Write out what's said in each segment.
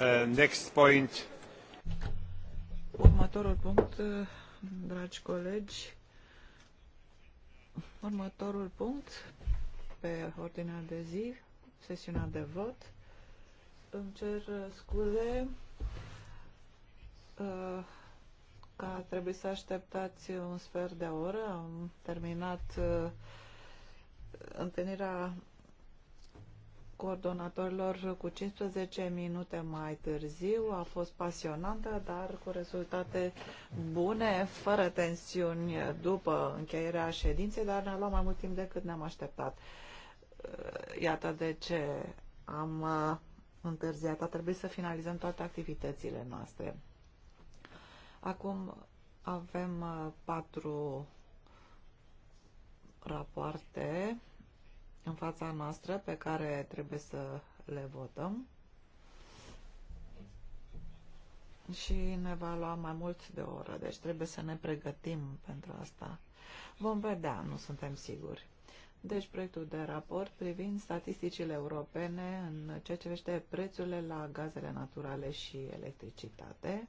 Uh, next point. Următorul punct, uh, dragi colegi, următorul punct pe ordinea de zi, sesiunea de vot. Îmi cer uh, scuze că că trebuie să așteptați un sfert de oră. Am terminat întâlnirea coordonatorilor cu 15 minute mai târziu. A fost pasionantă, dar cu rezultate bune, fără tensiuni după încheierea ședinței, dar ne-a luat mai mult timp decât ne-am așteptat. Uh, iată de ce am uh, întârziat. A trebuit să finalizăm toate activitățile noastre. Acum avem uh, patru rapoarte în fața noastră pe care trebuie să le votăm și ne va lua mai mult de o oră, deci trebuie să ne pregătim pentru asta. Vom vedea, nu suntem siguri. Deci, proiectul de raport privind statisticile europene în ceea ce vește prețurile la gazele naturale și electricitate.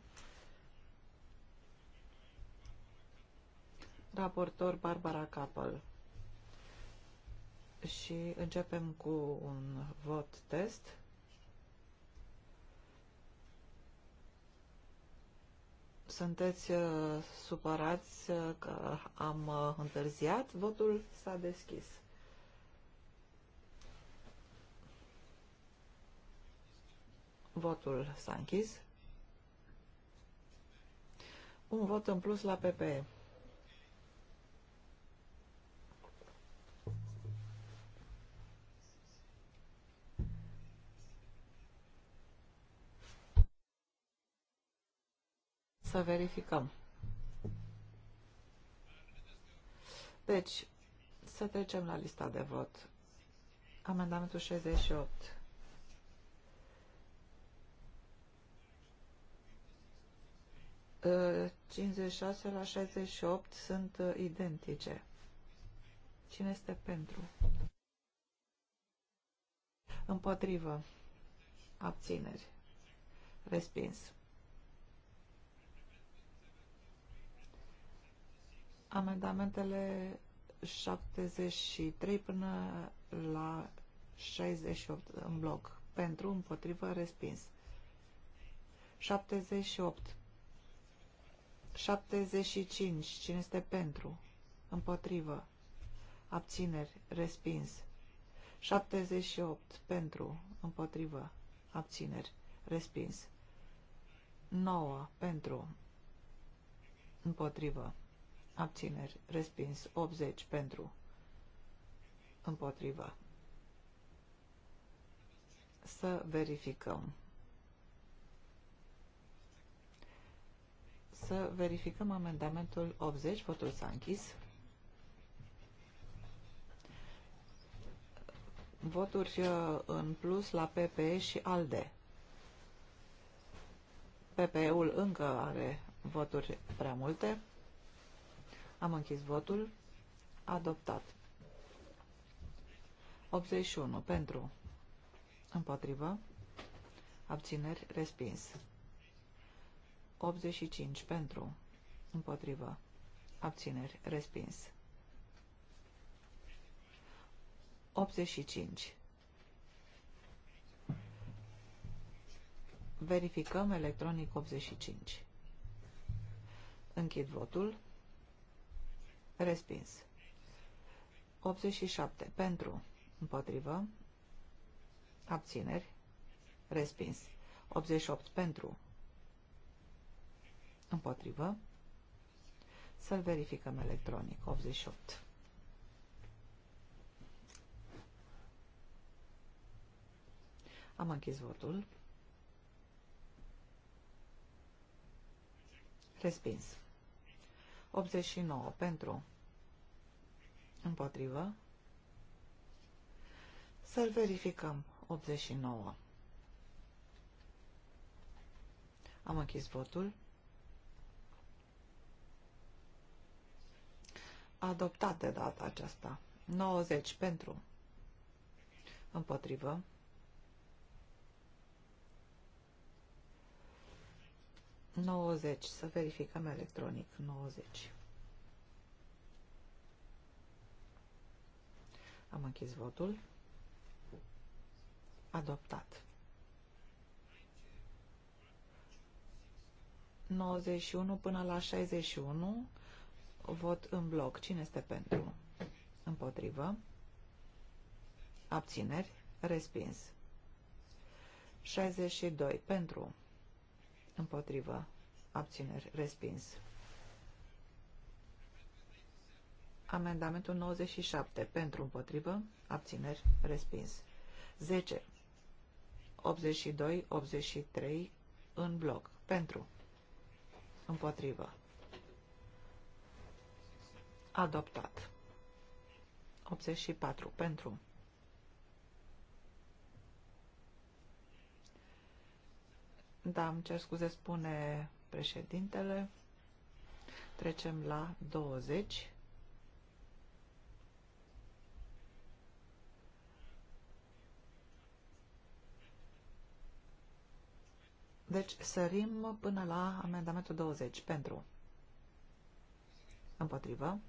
Raportor Barbara Kappel și începem cu un vot test. Sunteți uh, supărați uh, că am uh, întârziat? Votul s-a deschis. Votul s-a închis. Un vot în plus la PPE. să verificăm. Deci, să trecem la lista de vot. Amendamentul 68. Uh, 56 la 68 sunt uh, identice. Cine este pentru? Împotrivă. Abțineri. Respins. Amendamentele 73 până la 68 în bloc. Pentru, împotrivă, respins. 78. 75. Cine este pentru? Împotrivă. Abțineri. Respins. 78. Pentru. Împotrivă. Abțineri. Respins. 9. Pentru. Împotrivă abțineri, respins, 80 pentru, împotrivă. Să verificăm. Să verificăm amendamentul 80, votul s-a închis. Voturi uh, în plus la PPE și ALDE. PPE-ul încă are voturi prea multe. Am închis votul. Adoptat. 81. Pentru. Împotrivă. Abțineri. Respins. 85. Pentru. Împotrivă. Abțineri. Respins. 85. Verificăm electronic 85. Închid votul. Respins. 87. Pentru. Împotrivă. Abțineri. Respins. 88. Pentru. Împotrivă. Să-l verificăm electronic. 88. Am închis votul. Respins. 89. Pentru. Împotrivă. Să-l verificăm. 89. Am închis votul. Adoptat de data aceasta. 90 pentru. Împotrivă. Nouăzeci. Să verificăm electronic. 90. Am închis votul. Adoptat. 91 până la 61. Vot în bloc. Cine este pentru? Împotrivă. Abțineri. Respins. 62. Pentru. Împotrivă. Abțineri. Respins. Amendamentul 97. Pentru împotrivă. Abțineri. Respins. 10. 82, 83 în bloc. Pentru. Împotrivă. Adoptat. 84. Pentru. Da, îmi cer scuze, spune președintele. Trecem la 20. Deci sărim până la amendamentul 20 pentru împotrivă.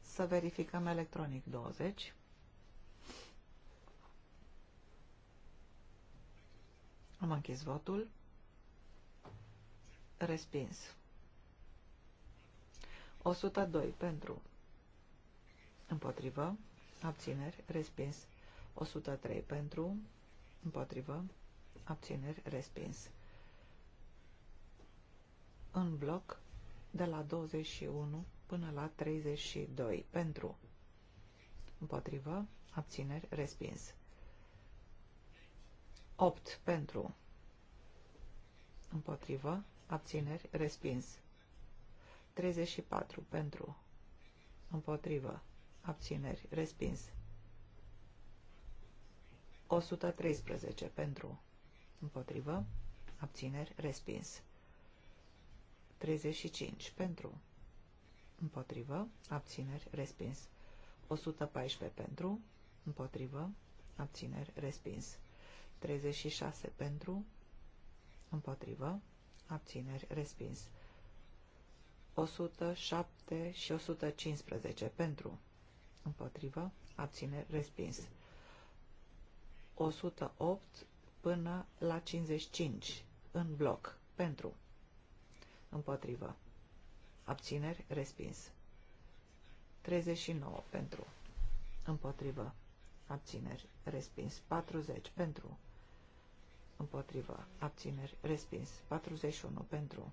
Să verificăm electronic 20. Am închis votul. Respins. 102 pentru împotrivă. Abțineri. Respins. 103 pentru împotrivă abțineri, respins. În bloc, de la 21 până la 32, pentru, împotrivă, abțineri, respins. 8 pentru, împotrivă, abțineri, respins. 34 pentru, împotrivă, abțineri, respins. 113 pentru, Împotrivă. Abțineri. Respins. 35. Pentru. Împotrivă. Abțineri. Respins. 114 pentru. Împotrivă. Abțineri. Respins. 36 pentru. Împotrivă. Abțineri. Respins. 107 și 115 pentru. Împotrivă. Abțineri. Respins. 108 până la 55 în bloc pentru împotrivă abțineri respins 39 pentru împotrivă abțineri respins 40 pentru împotrivă abțineri respins 41 pentru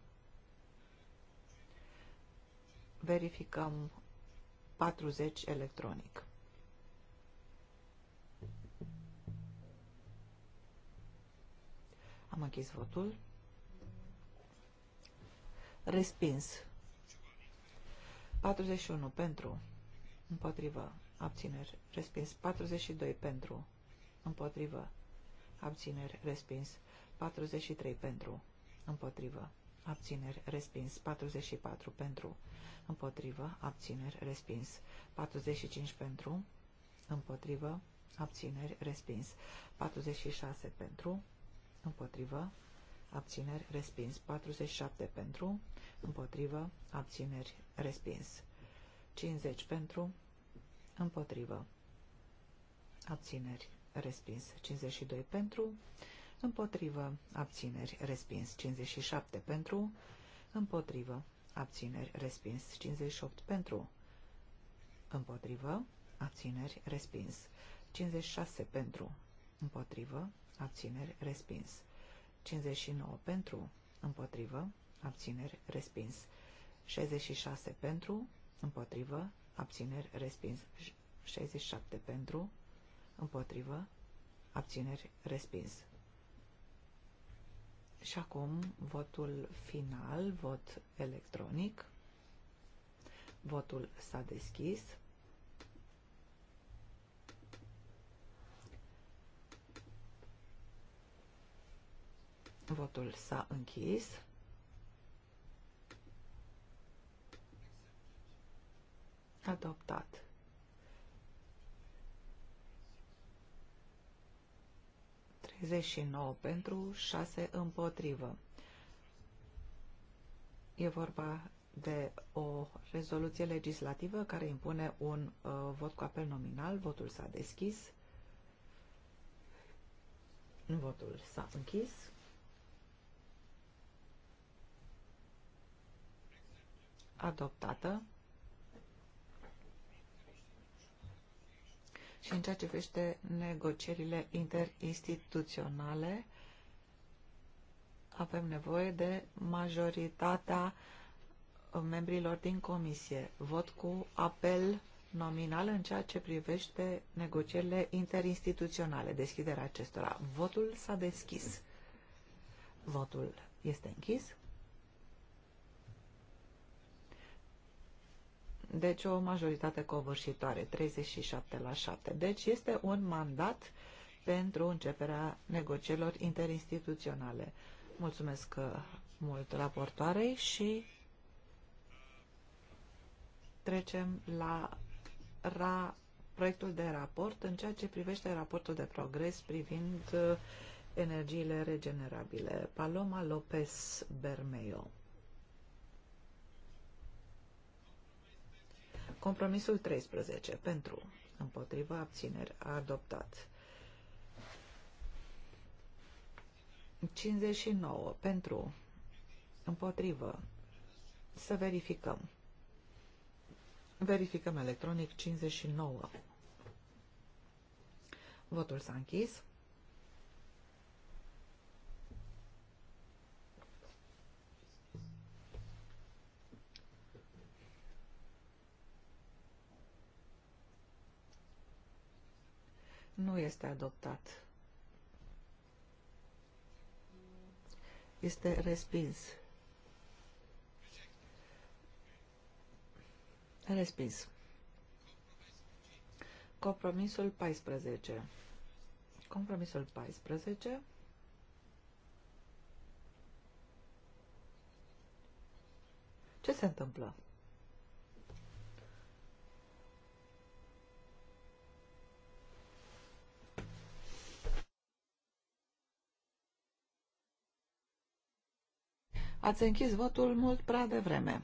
verificăm 40 electronic Am închis votul. Respins. 41 pentru. Împotrivă. Abțineri. Respins. 42 pentru. Împotrivă. Abțineri. Respins. 43 pentru. Împotrivă. Abțineri. Respins. 44 pentru. Împotrivă. Abțineri. Respins. 45 pentru. Împotrivă. Abțineri. Respins. 46 pentru împotrivă, abțineri, respins. 47 pentru, împotrivă, abțineri, respins. 50 pentru, împotrivă, abțineri, respins. 52 pentru, împotrivă, abțineri, respins. 57 pentru, împotrivă, abțineri, respins. 58 pentru, împotrivă, abțineri, respins. 56 pentru, împotrivă, abțineri, respins. 59 pentru, împotrivă, abțineri, respins. 66 pentru, împotrivă, abțineri, respins. 67 pentru, împotrivă, abțineri, respins. Și acum votul final, vot electronic. Votul s-a deschis. Votul s-a închis. Adoptat. Treizeci pentru, 6 împotrivă. E vorba de o rezoluție legislativă care impune un uh, vot cu apel nominal. Votul s-a deschis. Votul s-a închis. adoptată. Și în ceea ce privește negocierile interinstituționale, avem nevoie de majoritatea membrilor din comisie. Vot cu apel nominal în ceea ce privește negocierile interinstituționale, deschiderea acestora. Votul s-a deschis. Votul este închis. Deci o majoritate covârșitoare, 37 la 7. Deci este un mandat pentru începerea negocierilor interinstituționale. Mulțumesc uh, mult raportoarei și trecem la ra, proiectul de raport în ceea ce privește raportul de progres privind uh, energiile regenerabile. Paloma López Bermeo. Compromisul 13. Pentru. Împotriva abțineri. Adoptat. 59. Pentru. Împotrivă. Să verificăm. Verificăm electronic 59. Votul s-a închis. nu este adoptat. Este respins. Respins. Compromisul 14. Compromisul 14. Ce se întâmplă? Ați închis votul mult prea devreme.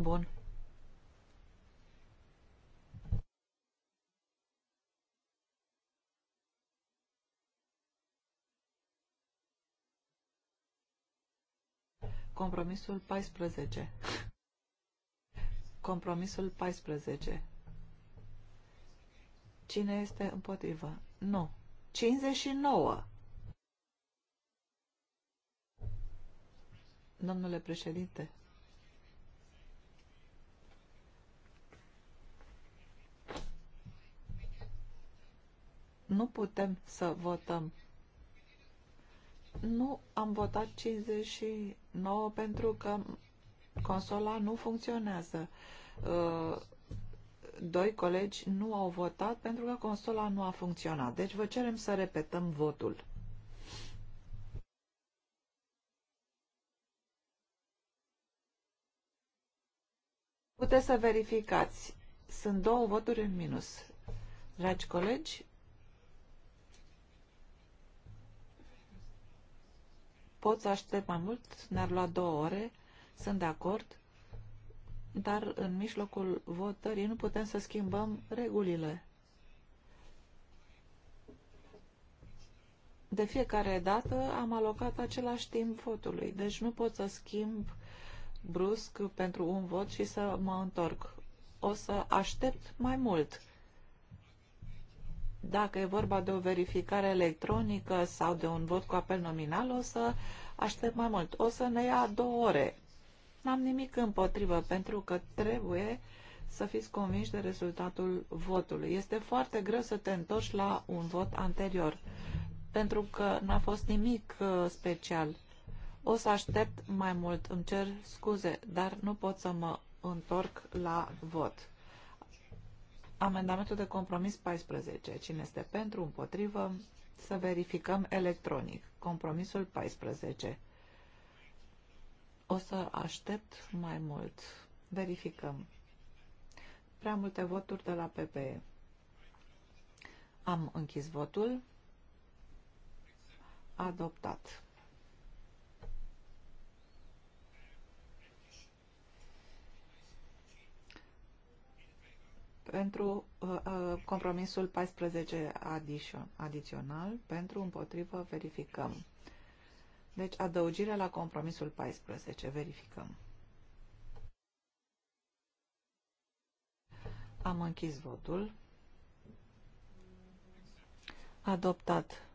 Bun. Compromisul 14. Compromisul 14. Cine este împotrivă? Nu. 59. Domnule președinte, nu putem să votăm. Nu am votat 59 pentru că consola nu funcționează. Uh, doi colegi nu au votat pentru că consola nu a funcționat. Deci vă cerem să repetăm votul. Puteți să verificați. Sunt două voturi în minus. Dragi colegi, pot să aștept mai mult, ne-ar lua două ore, sunt de acord dar în mijlocul votării nu putem să schimbăm regulile. De fiecare dată am alocat același timp votului, deci nu pot să schimb brusc pentru un vot și să mă întorc. O să aștept mai mult. Dacă e vorba de o verificare electronică sau de un vot cu apel nominal, o să aștept mai mult. O să ne ia două ore N-am nimic împotrivă, pentru că trebuie să fiți convinși de rezultatul votului. Este foarte greu să te întorci la un vot anterior, pentru că n-a fost nimic uh, special. O să aștept mai mult, îmi cer scuze, dar nu pot să mă întorc la vot. Amendamentul de compromis 14. Cine este pentru, împotrivă, să verificăm electronic. Compromisul 14. O să aștept mai mult. Verificăm. Prea multe voturi de la PPE. Am închis votul. Adoptat. pentru uh, uh, compromisul 14 addition, adițional, pentru împotrivă verificăm. Deci, adăugirea la compromisul 14. Verificăm. Am închis votul. Adoptat.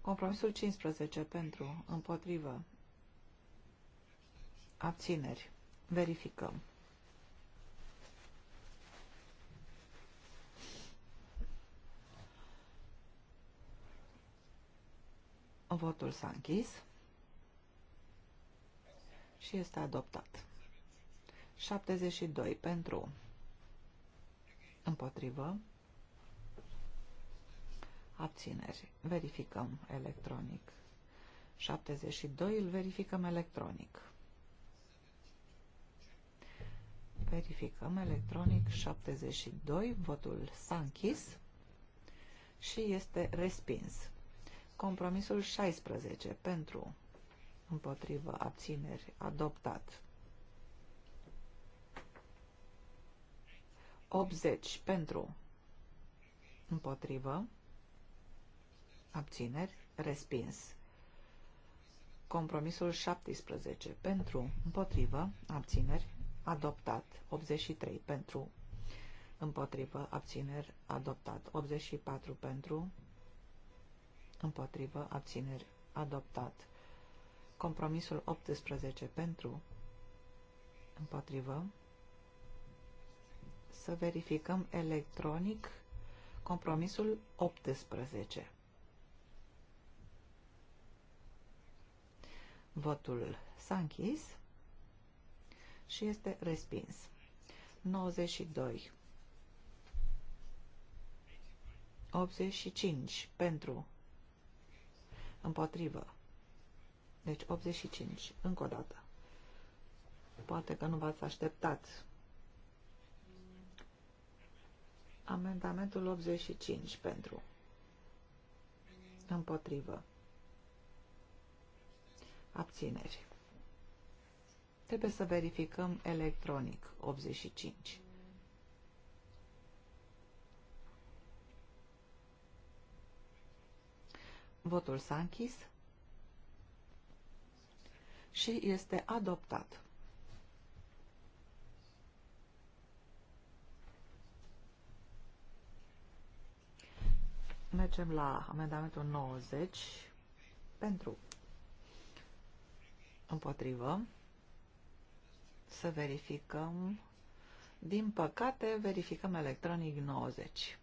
Compromisul 15 pentru, împotrivă, abțineri. Verificăm. Votul s-a închis și este adoptat. 72 pentru împotrivă abțineri. Verificăm electronic. 72 îl verificăm electronic. Verificăm electronic 72, votul s-a închis și este respins. Compromisul 16 pentru împotrivă abțineri adoptat. 80 pentru împotrivă abțineri respins. Compromisul 17 pentru împotrivă abțineri adoptat. 83 pentru împotrivă abțineri adoptat. 84 pentru împotrivă, abțineri, adoptat. Compromisul 18 pentru, împotrivă. Să verificăm electronic compromisul 18. Votul s-a închis și este respins. 92 85 pentru Împotrivă. Deci 85. Încă o dată. Poate că nu v-ați așteptat. Amendamentul 85 pentru. Împotrivă. Abțineri. Trebuie să verificăm electronic 85. Votul s-a închis și este adoptat. Mergem la amendamentul 90 pentru împotrivă să verificăm din păcate verificăm electronic 90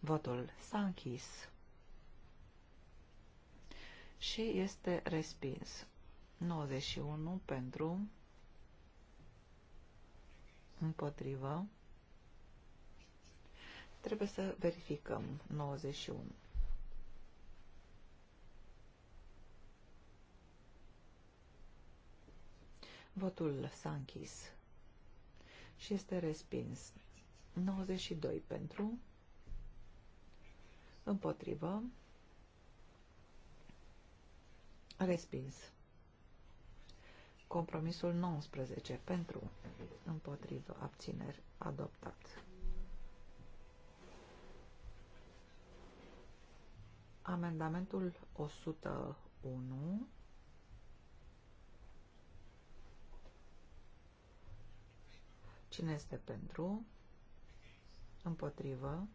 Votul s-a închis. Și este respins. 91 pentru, împotrivă. Trebuie să verificăm 91. Votul s-a închis și este respins. 92 pentru, Împotrivă. Respins. Compromisul 19 pentru împotrivă abțineri adoptat. Amendamentul 101 Cine este pentru? Împotrivă?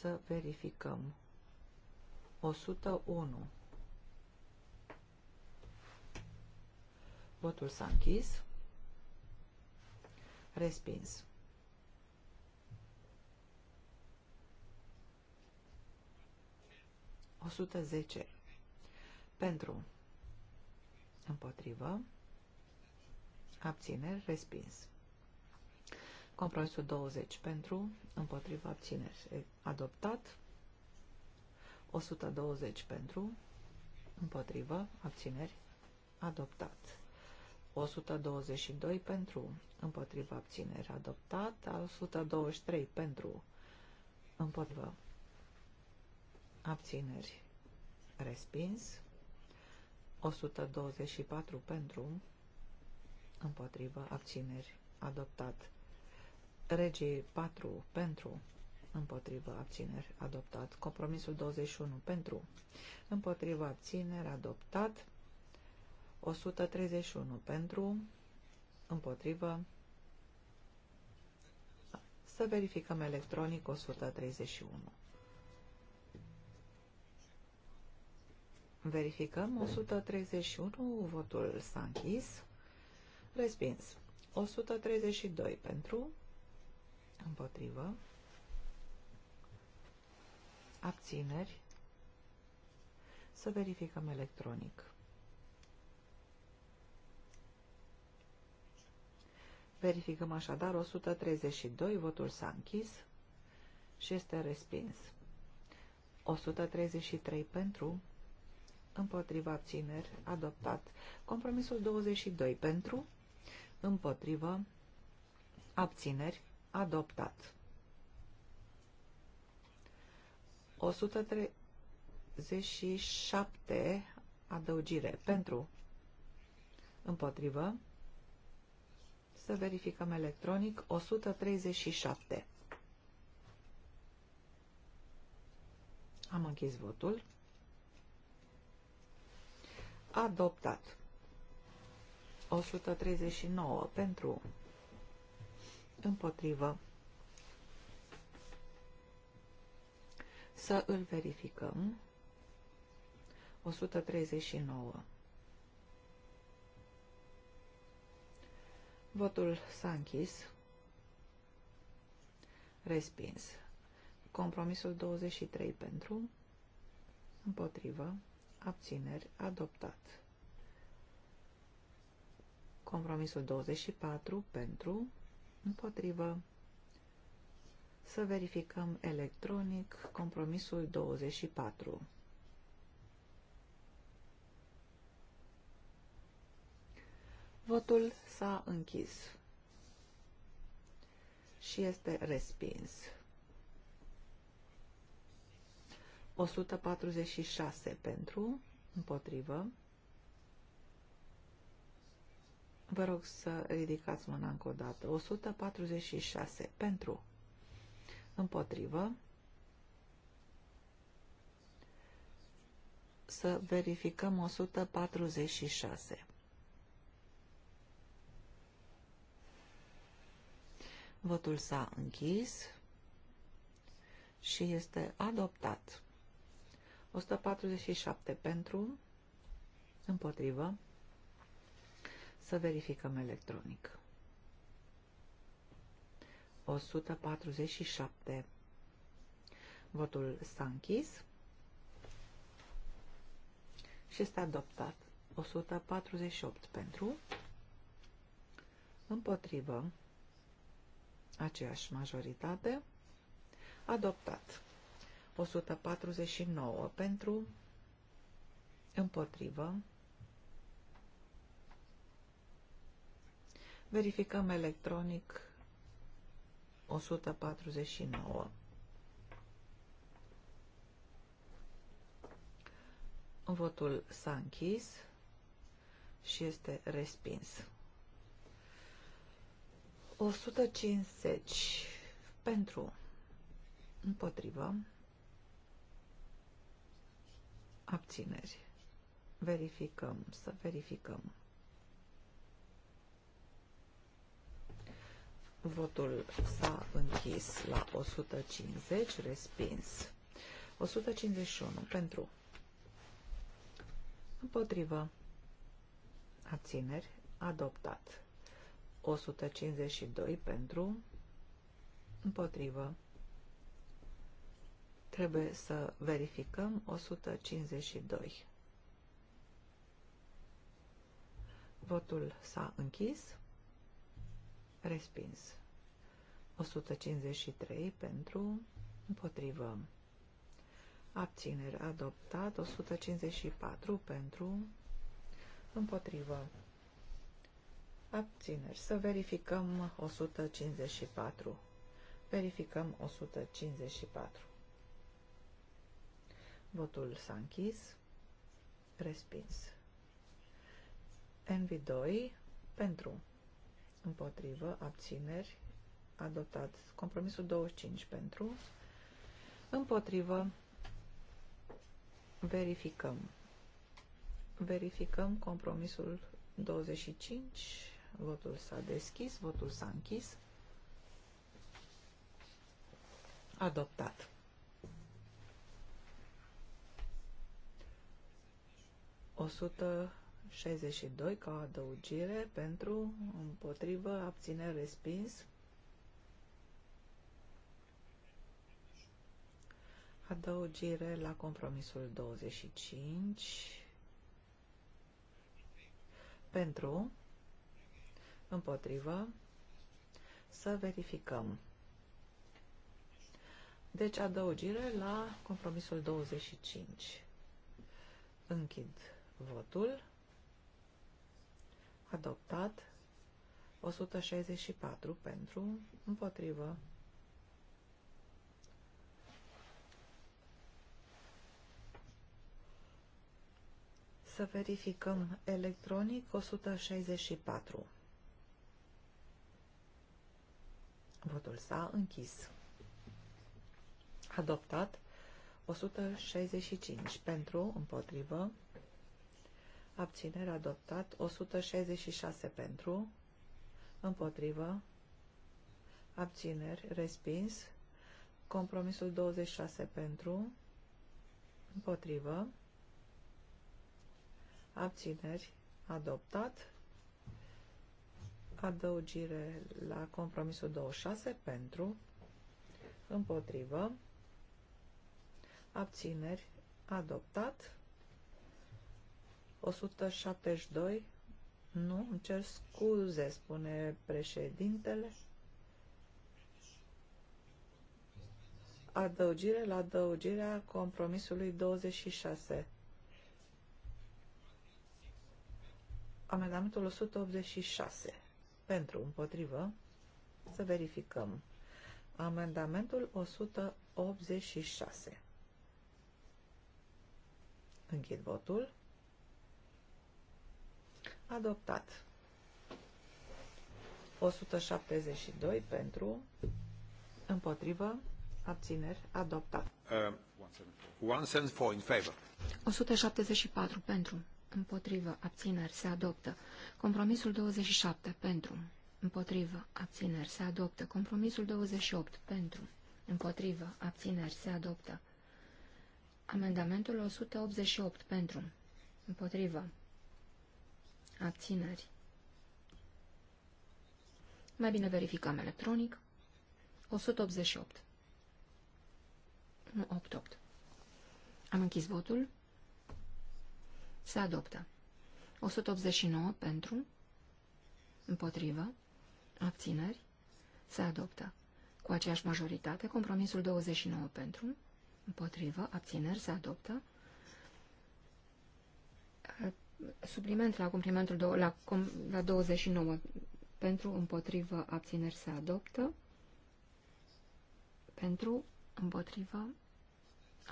să verificăm. 101. Votul s-a închis. Respins. O sută zece. Pentru. Împotrivă. Abțineri. Respins. Compromisul 20 pentru, împotriva abțineri adoptat. 120 pentru, împotriva abțineri adoptat. 122 pentru, împotriva abțineri adoptat. 123 pentru, împotriva abțineri respins. 124 pentru, împotriva abțineri adoptat. Regii 4 pentru, împotrivă, abțineri, adoptat. Compromisul 21 pentru, împotrivă, abțineri, adoptat. 131 pentru, împotrivă. Să verificăm electronic 131. Verificăm 131, votul s-a închis. Respins. 132 pentru, Împotrivă. Abțineri. Să verificăm electronic. Verificăm așadar 132, votul s-a închis și este respins. 133 pentru, împotriva abțineri, adoptat. Compromisul 22 pentru, împotriva abțineri, Adoptat. 137 adăugire pentru împotrivă. Să verificăm electronic. 137. Am închis votul. Adoptat. 139 pentru împotrivă. Să îl verificăm. 139. Votul s-a închis. Respins. Compromisul 23 pentru. Împotrivă. Abțineri. Adoptat. Compromisul 24 pentru împotrivă. Să verificăm electronic compromisul 24. Votul s-a închis și este respins. 146 pentru, împotrivă, Vă rog să ridicați mâna încă o dată. 146 pentru împotrivă. Să verificăm 146. Votul s-a închis și este adoptat. 147 pentru, împotrivă, să verificăm electronic. 147. Votul s-a închis și este adoptat. 148 pentru, împotrivă, aceeași majoritate, adoptat. 149 pentru, împotrivă, Verificăm electronic 149. Votul s-a închis și este respins. 150 pentru împotrivă abțineri. Verificăm, să verificăm. Votul s-a închis la 150, respins. 151 pentru. Împotrivă. Abțineri. Adoptat. 152 pentru. Împotrivă. Trebuie să verificăm 152. Votul s-a închis. Respins. 153 pentru, împotrivă. Abținere adoptat. 154 pentru, împotrivă. Abțineri. Să verificăm 154. Verificăm 154. Votul s-a închis. Respins. NV2 pentru împotrivă, abțineri, adoptat. Compromisul 25 pentru, împotrivă, verificăm. Verificăm compromisul 25, votul s-a deschis, votul s-a închis, adoptat. O 100 62 ca adăugire pentru, împotrivă, abțineri, respins. Adăugire la compromisul 25 pentru, împotrivă, să verificăm. Deci adăugire la compromisul 25. Închid votul adoptat 164 pentru, împotrivă. Să verificăm electronic 164. Votul s-a închis. Adoptat 165 pentru, împotrivă, Abțineri adoptat, 166 pentru, împotrivă, abțineri, respins, compromisul 26 pentru, împotrivă, abțineri, adoptat, adăugire la compromisul 26 pentru, împotrivă, abțineri, adoptat, 172. Nu, îmi cer scuze, spune președintele. Adăugire la adăugirea compromisului 26. Amendamentul 186. Pentru, împotrivă, să verificăm. Amendamentul 186. Închid votul. Adoptat. 172 pentru, împotrivă, abțineri, adoptat. Uh, 174 in favor. 174 pentru, împotrivă, abțineri, se adoptă. Compromisul 27 pentru, împotrivă, abțineri, se adoptă. Compromisul 28 pentru, împotrivă, abțineri, se adoptă. Amendamentul 188 pentru, împotrivă, abțineri. Mai bine verificăm electronic. 188. Nu, 88. Am închis votul. Se adoptă. 189 pentru, împotrivă, abțineri, se adoptă. Cu aceeași majoritate, compromisul 29 pentru, împotrivă, abțineri, se adoptă supliment la complimentul do la, com la 29 pentru împotrivă abțineri se adoptă, pentru împotrivă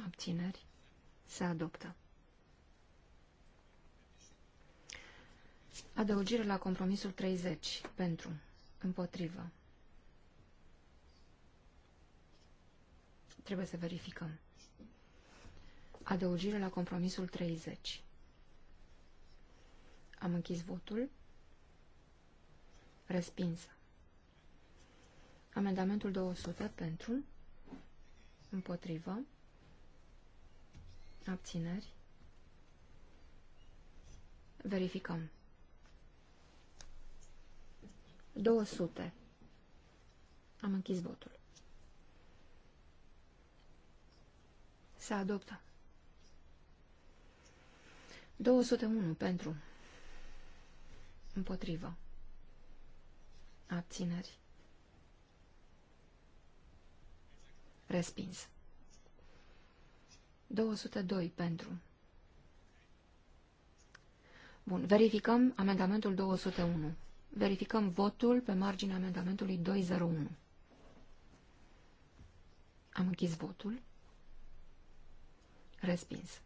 abțineri se adoptă. Adăugire la compromisul 30 pentru împotrivă. Trebuie să verificăm. Adăugire la compromisul 30. Am închis votul. Respinsă. Amendamentul 200 pentru, împotrivă, abțineri. Verificăm. 200. Am închis votul. Se adoptă. 201 pentru, Împotrivă. Abțineri. Respins. 202 pentru. Bun, verificăm amendamentul 201. Verificăm votul pe marginea amendamentului 201. Am închis votul. Respins.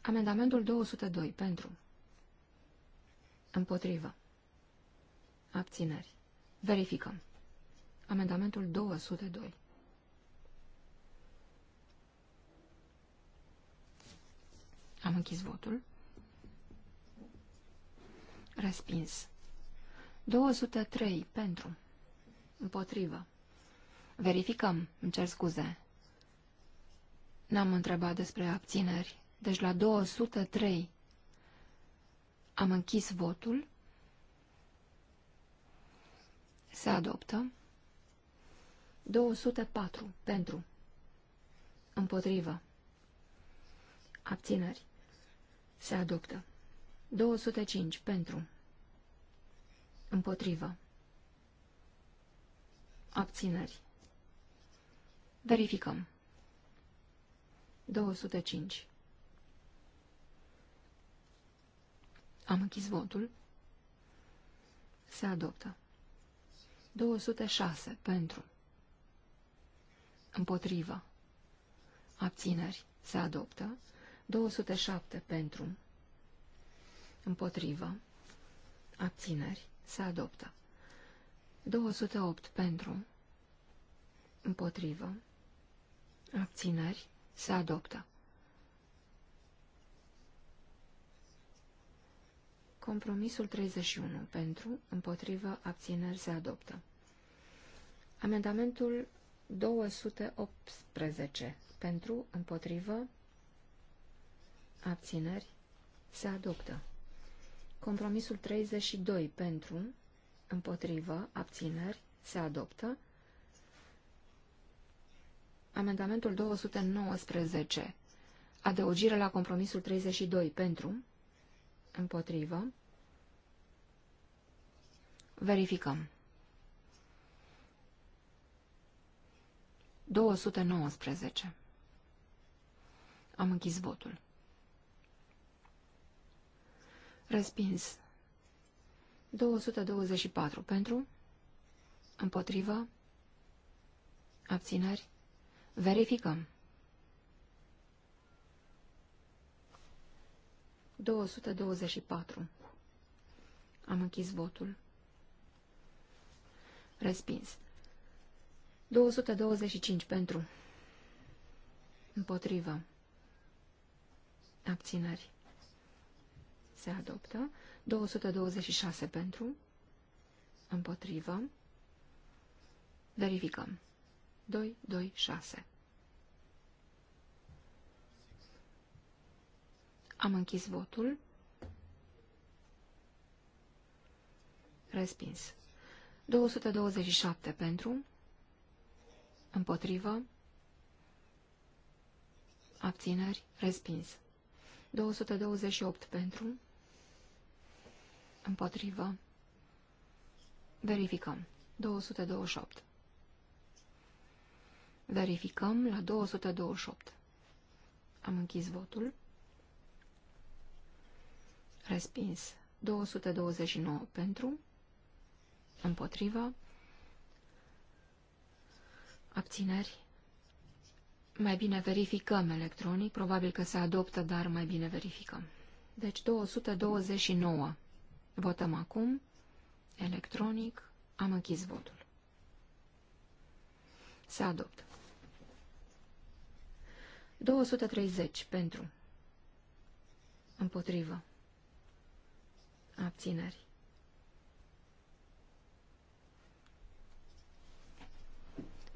Amendamentul 202 pentru. Împotrivă. Abțineri. Verificăm. Amendamentul 202. Am închis votul. Respins. 203 pentru. Împotrivă. Verificăm. Îmi cer scuze. N-am întrebat despre abțineri. Deci la 203 am închis votul. Se adoptă. 204 pentru. Împotrivă. Abțineri. Se adoptă. 205 pentru. Împotrivă. Abțineri. Verificăm. 205. Am închis votul. Se adoptă. 206 pentru. Împotrivă. Abțineri. Se adoptă. 207 pentru. Împotrivă. Abțineri. Se adoptă. 208 pentru. Împotrivă. Abțineri. Se adoptă. Compromisul 31. Pentru, împotrivă, abțineri se adoptă. Amendamentul 218. Pentru, împotrivă, abțineri se adoptă. Compromisul 32. Pentru, împotrivă, abțineri se adoptă. Amendamentul 219. Adăugire la compromisul 32. Pentru, Împotrivă. Verificăm. 219. Am închis votul. Respins. 224 pentru. Împotrivă. Abțineri. Verificăm. 224. Am închis votul. Respins. 225 pentru. Împotrivă. Abținări. Se adoptă. 226 pentru. Împotrivă. Verificăm. 2, 2, 6. Am închis votul. Respins. 227 pentru. Împotrivă. Abțineri. Respins. 228 pentru. Împotrivă. Verificăm. 228. Verificăm la 228. Am închis votul. Respins. 229 pentru. Împotrivă. Abțineri. Mai bine verificăm electronic. Probabil că se adoptă, dar mai bine verificăm. Deci 229. Votăm acum. Electronic. Am închis votul. Se adoptă. 230 pentru. Împotrivă abțineri.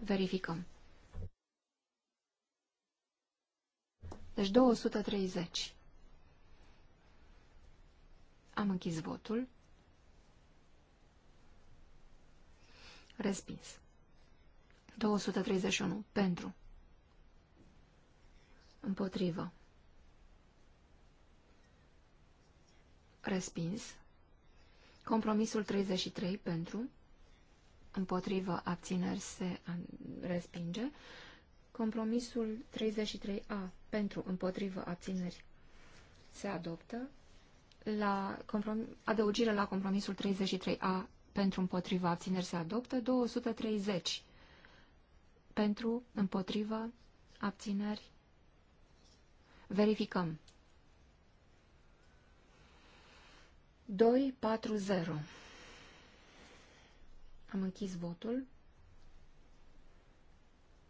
Verificăm. Deci 230. Am închis votul. Respins. 231. Pentru. Împotrivă. Respins. Compromisul 33 pentru. Împotrivă abțineri se respinge. Compromisul 33A pentru împotrivă abțineri se adoptă. La adăugire la compromisul 33A pentru împotriva abțineri se adoptă. 230 pentru împotriva abțineri. Verificăm. 240. Am închis votul.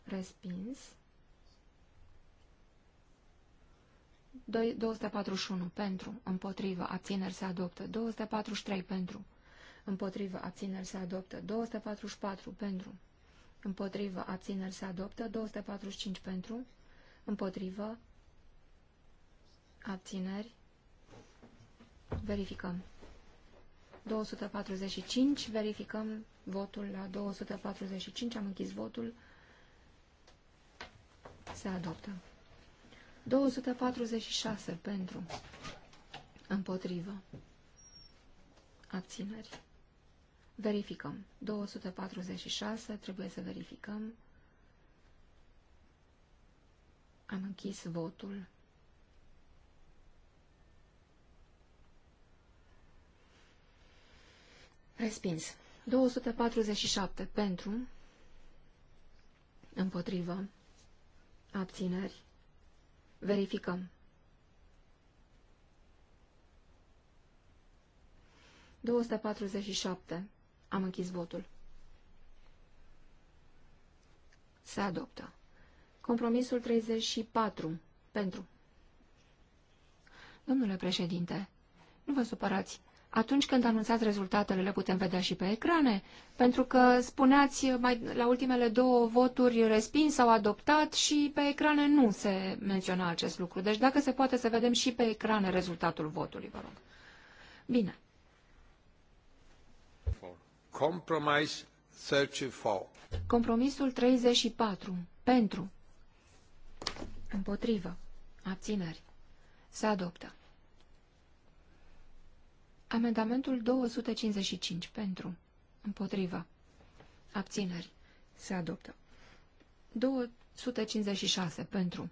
Respins. 241 pentru, împotrivă, abțineri se adoptă. 243 pentru, împotrivă, abțineri se adoptă. 244 pentru, împotrivă, abțineri se adoptă. 245 pentru, împotrivă, abțineri. Verificăm. 245. Verificăm votul la 245. Am închis votul. Se adoptă. 246 pentru. Împotrivă. Abțineri. Verificăm. 246. Trebuie să verificăm. Am închis votul. Respins. 247 pentru, împotrivă, abțineri, verificăm. 247. Am închis votul. Se adoptă. Compromisul 34. Pentru. Domnule președinte, nu vă supărați atunci când anunțați rezultatele, le putem vedea și pe ecrane? Pentru că spuneați mai, la ultimele două voturi respins sau adoptat și pe ecrane nu se menționa acest lucru. Deci dacă se poate să vedem și pe ecrane rezultatul votului, vă rog. Bine. Compromise 34. Compromisul 34. Pentru. Împotrivă. Abțineri. Se adoptă. Amendamentul 255 pentru. Împotrivă. Abțineri. Se adoptă. 256 pentru.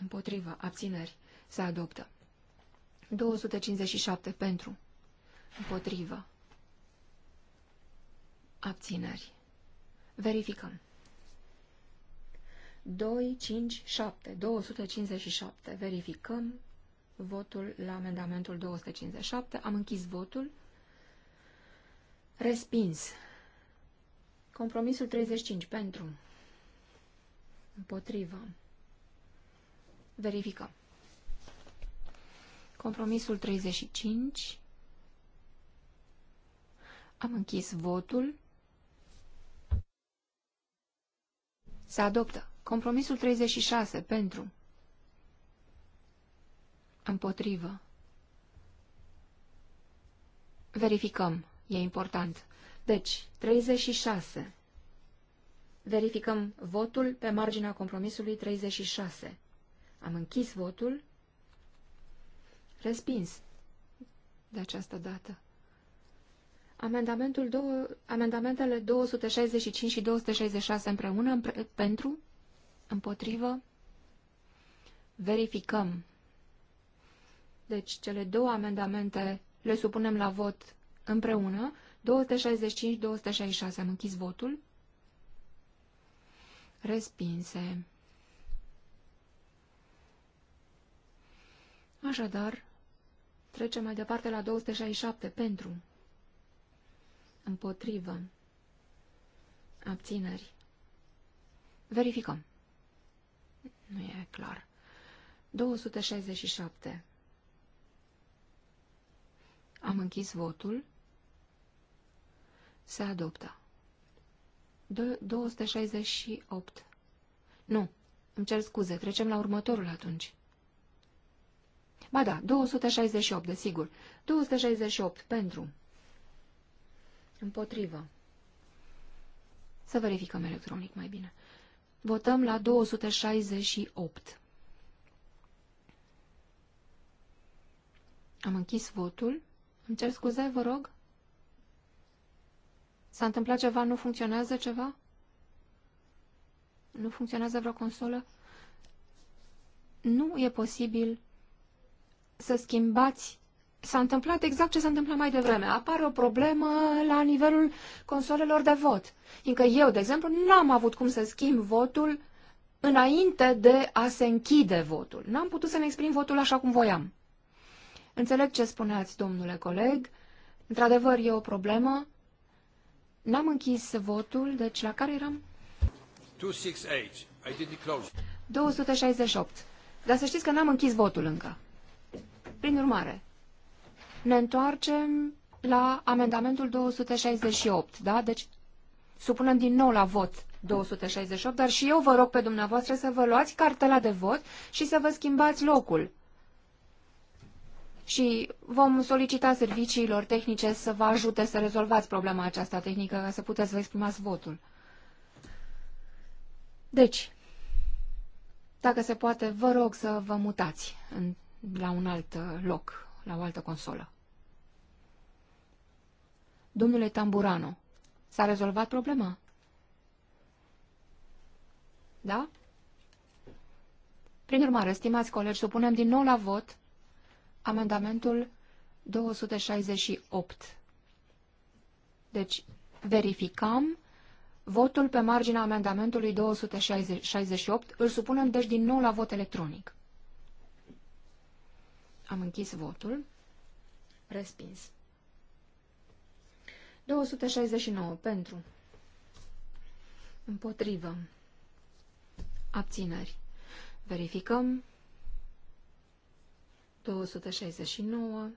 Împotrivă. Abțineri. Se adoptă. 257 pentru. Împotrivă. Abțineri. Verificăm. 2, 5, 7, 257. Verificăm votul la amendamentul 257. Am închis votul. Respins. Compromisul 35. Pentru. Împotrivă. Verificăm. Compromisul 35. Am închis votul. Se adoptă. Compromisul 36. Pentru. Împotrivă. Verificăm. E important. Deci, 36. Verificăm votul pe marginea compromisului 36. Am închis votul. Respins. De această dată. Amendamentul două, amendamentele 265 și 266 împreună împre, pentru, împotrivă, verificăm deci cele două amendamente le supunem la vot împreună. 265-266 am închis votul. Respinse. Așadar, trecem mai departe la 267 pentru. Împotrivă. Abțineri. Verificăm. Nu e clar. 267. Am închis votul. Se adoptă. 268. Nu, îmi cer scuze, trecem la următorul atunci. Ba da, 268, desigur. 268 pentru. Împotrivă. Să verificăm electronic mai bine. Votăm la 268. Am închis votul. Îmi cer scuze, vă rog? S-a întâmplat ceva? Nu funcționează ceva? Nu funcționează vreo consolă? Nu e posibil să schimbați s-a întâmplat exact ce s-a întâmplat mai devreme. Apare o problemă la nivelul consolelor de vot. Fiindcă eu, de exemplu, n-am avut cum să schimb votul înainte de a se închide votul. N-am putut să-mi exprim votul așa cum voiam. Înțeleg ce spuneați, domnule coleg. Într-adevăr, e o problemă. N-am închis votul, deci la care eram? 268. I didn't close. 268. Dar să știți că n-am închis votul încă. Prin urmare, ne întoarcem la amendamentul 268, da? Deci supunem din nou la vot 268, dar și eu vă rog pe dumneavoastră să vă luați cartela de vot și să vă schimbați locul și vom solicita serviciilor tehnice să vă ajute să rezolvați problema aceasta tehnică ca să puteți să exprimați votul. Deci, dacă se poate, vă rog să vă mutați în, la un alt loc, la o altă consolă. Domnule Tamburano, s-a rezolvat problema? Da? Prin urmare, stimați colegi, supunem din nou la vot amendamentul 268. Deci, verificăm votul pe marginea amendamentului 268, îl supunem deci din nou la vot electronic. Am închis votul. Respins. 269 pentru. Împotrivă. Abțineri. Verificăm. 269.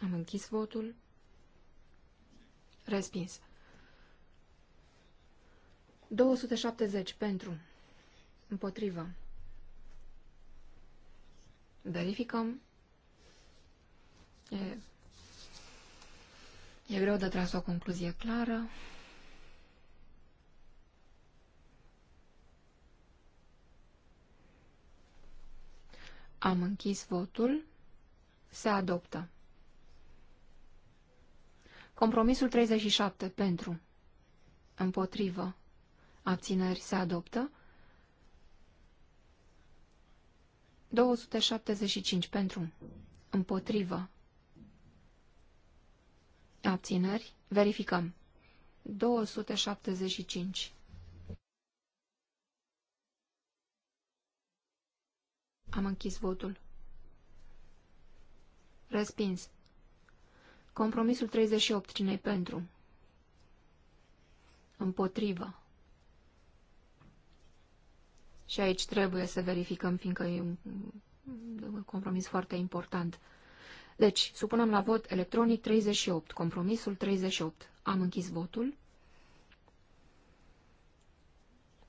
Am închis votul. Respins. 270 pentru. Împotrivă. Verificăm. E, e greu de tras o concluzie clară. Am închis votul. Se adoptă. Compromisul 37. Pentru. Împotrivă. Abțineri se adoptă. 275. Pentru. Împotrivă. Abțineri. Verificăm. 275. Am închis votul. Respins. Compromisul 38. cine pentru? Împotrivă. Și aici trebuie să verificăm, fiindcă e un, un compromis foarte important. Deci, supunem la vot electronic 38, compromisul 38. Am închis votul.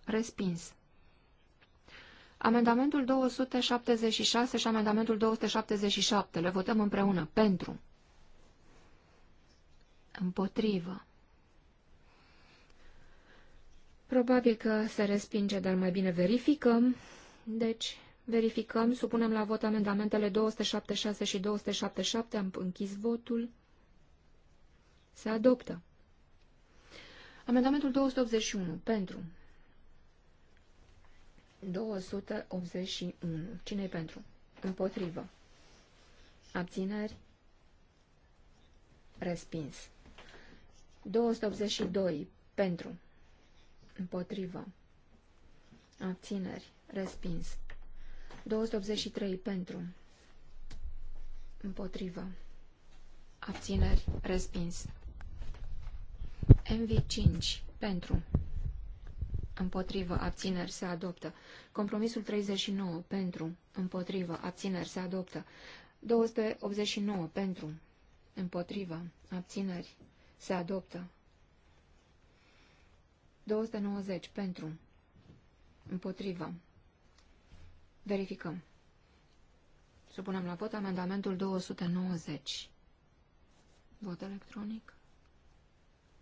Respins. Amendamentul 276 și amendamentul 277 le votăm împreună. Pentru. Împotrivă. Probabil că se respinge, dar mai bine verificăm. Deci, verificăm, supunem la vot amendamentele 276 și 277, am închis votul. Se adoptă. Amendamentul 281, pentru. 281. cine pentru? Împotrivă. Abțineri? Respins. 282. Pentru. Împotrivă. Abțineri. Respins. 283. Pentru. Împotrivă. Abțineri. Respins. MV5. Pentru. Împotrivă. Abțineri. Se adoptă. Compromisul 39. Pentru. Împotrivă. Abțineri. Se adoptă. 289. Pentru. Împotrivă. Abțineri. Se adoptă. 290. Pentru. Împotrivă. Verificăm. Supunem la vot amendamentul 290. Vot electronic.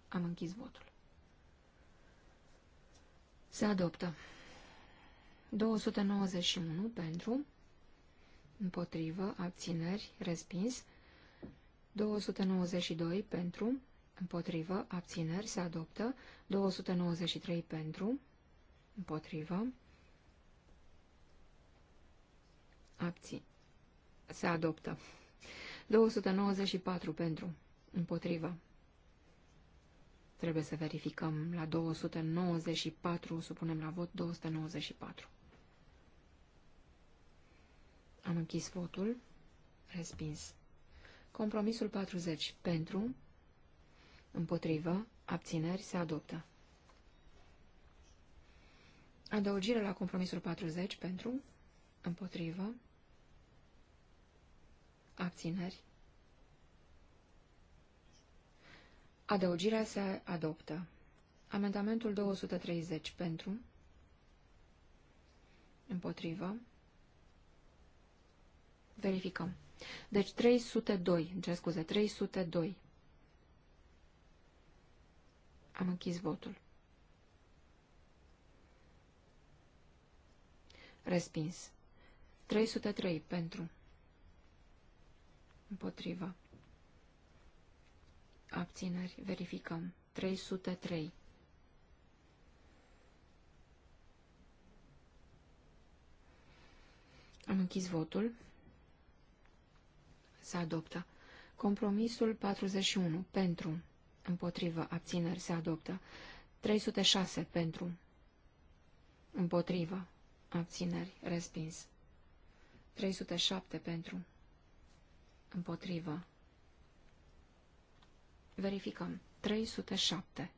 Am închis votul. Se adoptă. 291 pentru, împotrivă, abțineri, respins. 292 pentru, împotrivă, abțineri, se adoptă. 293 pentru, împotrivă, abții se adoptă. 294 pentru, împotrivă, Trebuie să verificăm. La 294 supunem la vot 294. Am închis votul. Respins. Compromisul 40. Pentru. Împotrivă. Abțineri. Se adoptă. Adăugire la compromisul 40. Pentru. Împotrivă. Abțineri. Adăugirea se adoptă. Amendamentul 230 pentru. Împotrivă. Verificăm. Deci 302, ce scuze, 302. Am închis votul. Respins. 303 pentru. Împotrivă abțineri, verificăm. 303. Am închis votul. Se adoptă. Compromisul 41. Pentru. Împotrivă. Abțineri. Se adoptă. 306. Pentru. Împotrivă. Abțineri. Respins. 307. Pentru. Împotrivă. Verificăm. 307.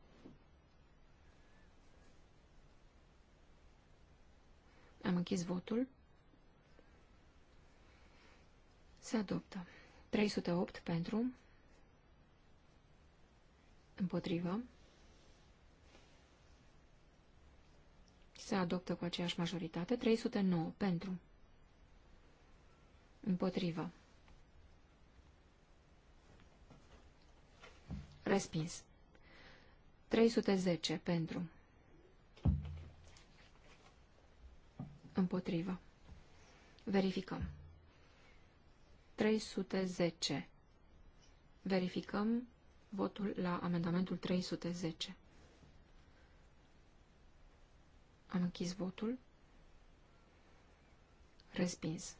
Am închis votul. Se adoptă. 308 pentru. Împotrivă. Se adoptă cu aceeași majoritate. 309 pentru. Împotrivă. Respins. 310 pentru. Împotrivă. Verificăm. 310. Verificăm votul la amendamentul 310. Am închis votul. Respins.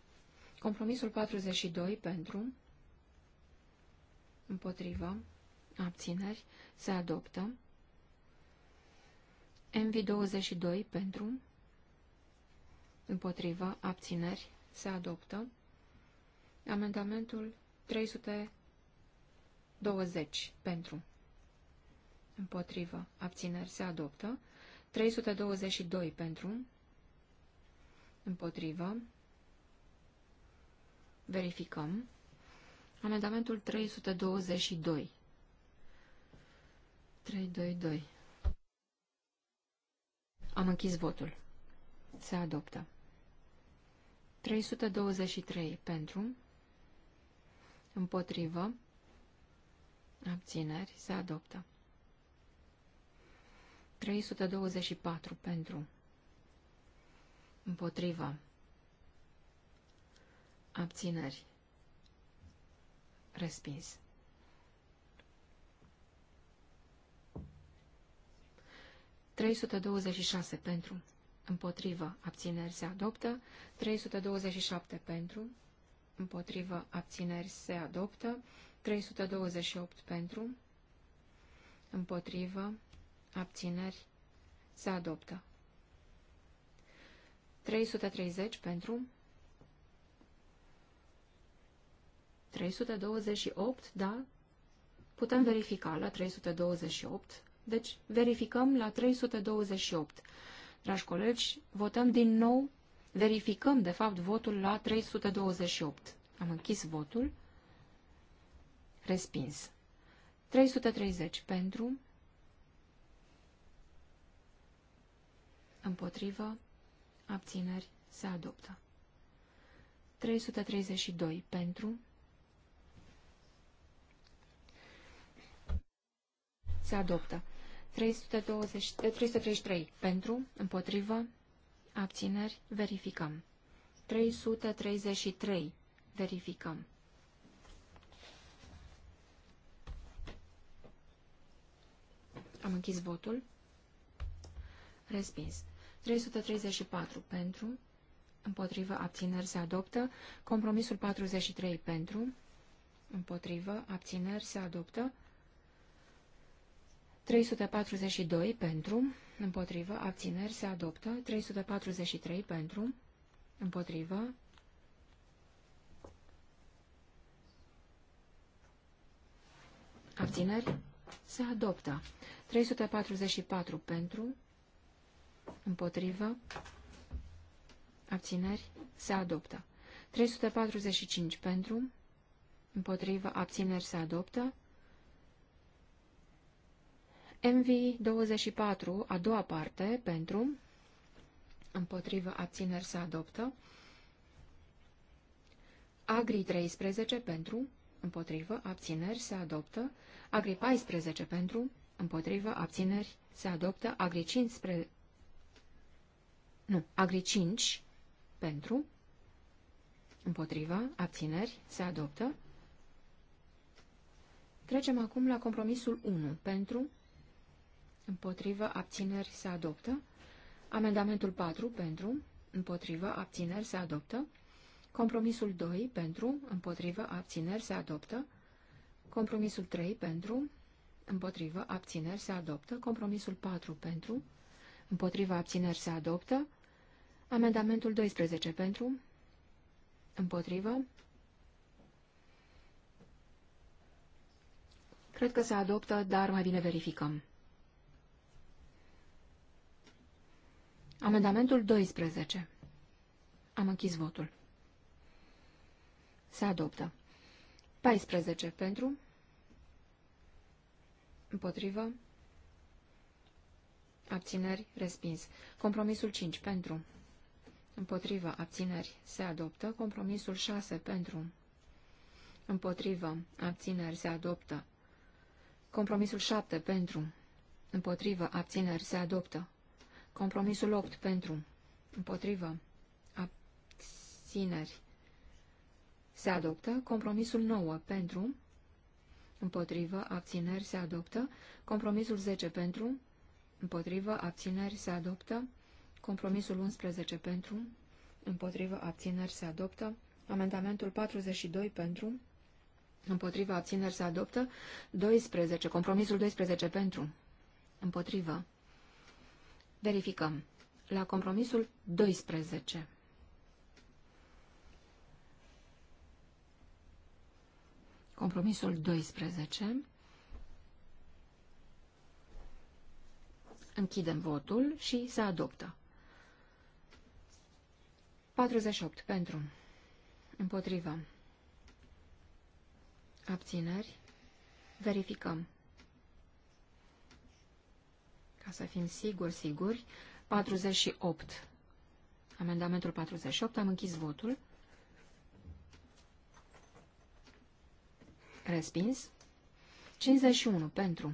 Compromisul 42 pentru. Împotrivă abțineri, se adoptă. MV22 pentru, împotriva abțineri, se adoptă. Amendamentul 320 pentru, împotriva abțineri, se adoptă. 322 pentru, împotriva verificăm. Amendamentul 322. 322. Am închis votul. Se adoptă. 323 pentru, împotrivă, abțineri, se adoptă. 324 pentru, împotrivă, abțineri, respins. 326 pentru, împotrivă, abțineri se adoptă, 327 pentru, împotrivă, abțineri se adoptă, 328 pentru, împotrivă, abțineri se adoptă. 330 pentru, 328, da, putem verifica la 328, deci verificăm la 328. Dragi colegi, votăm din nou, verificăm de fapt votul la 328. Am închis votul. Respins. 330 pentru. Împotrivă. Abțineri. Se adoptă. 332 pentru. Se adoptă. 320, 333 eh, pentru, împotrivă, abțineri, verificăm. 333, verificăm. Am închis votul. Respins. 334 pentru, împotrivă, abțineri, se adoptă. Compromisul 43 pentru, împotrivă, abțineri, se adoptă. 342 pentru, împotrivă, abțineri se adoptă. 343 pentru, împotrivă. Abțineri se adoptă. 344 pentru, împotrivă, abțineri se adoptă. 345 pentru, împotrivă, abțineri se adoptă. MV24, a doua parte, pentru, împotrivă, abțineri se adoptă. Agri 13, pentru, împotrivă, abțineri se adoptă. Agri 14, pentru, împotrivă, abțineri se adoptă. Agri 15, nu, Agri 5, pentru, împotrivă, abțineri se adoptă. Trecem acum la compromisul 1, pentru, împotrivă, abțineri, se adoptă. Amendamentul 4 pentru, împotrivă, abțineri, se adoptă. Compromisul 2 pentru, împotrivă, abțineri, se adoptă. Compromisul 3 pentru, împotrivă, abțineri, se adoptă. Compromisul 4 pentru, împotrivă, abțineri, se adoptă. Amendamentul 12 pentru, împotrivă, Cred că se adoptă, dar mai bine verificăm. Amendamentul 12. Am închis votul. Se adoptă. 14 pentru. Împotrivă. Abțineri. Respins. Compromisul 5 pentru. Împotrivă. Abțineri. Se adoptă. Compromisul 6 pentru. Împotrivă. Abțineri. Se adoptă. Compromisul 7 pentru. Împotrivă. Abțineri. Se adoptă. Compromisul 8 pentru. Împotrivă. Abțineri. Se adoptă. Compromisul 9 pentru. Împotrivă. Abțineri. Se adoptă. Compromisul 10 pentru. Împotrivă. Abțineri. Se adoptă. Compromisul 11 pentru. Împotrivă. Abțineri. Se adoptă. Amendamentul 42 pentru. Împotrivă. Abțineri. Se adoptă. 12. Compromisul 12 pentru. Împotrivă. Verificăm. La compromisul 12. Compromisul 12. Închidem votul și se adoptă. 48 pentru. Împotriva. Abțineri. Verificăm ca să fim siguri, siguri, 48. Amendamentul 48, am închis votul. Respins. 51 pentru.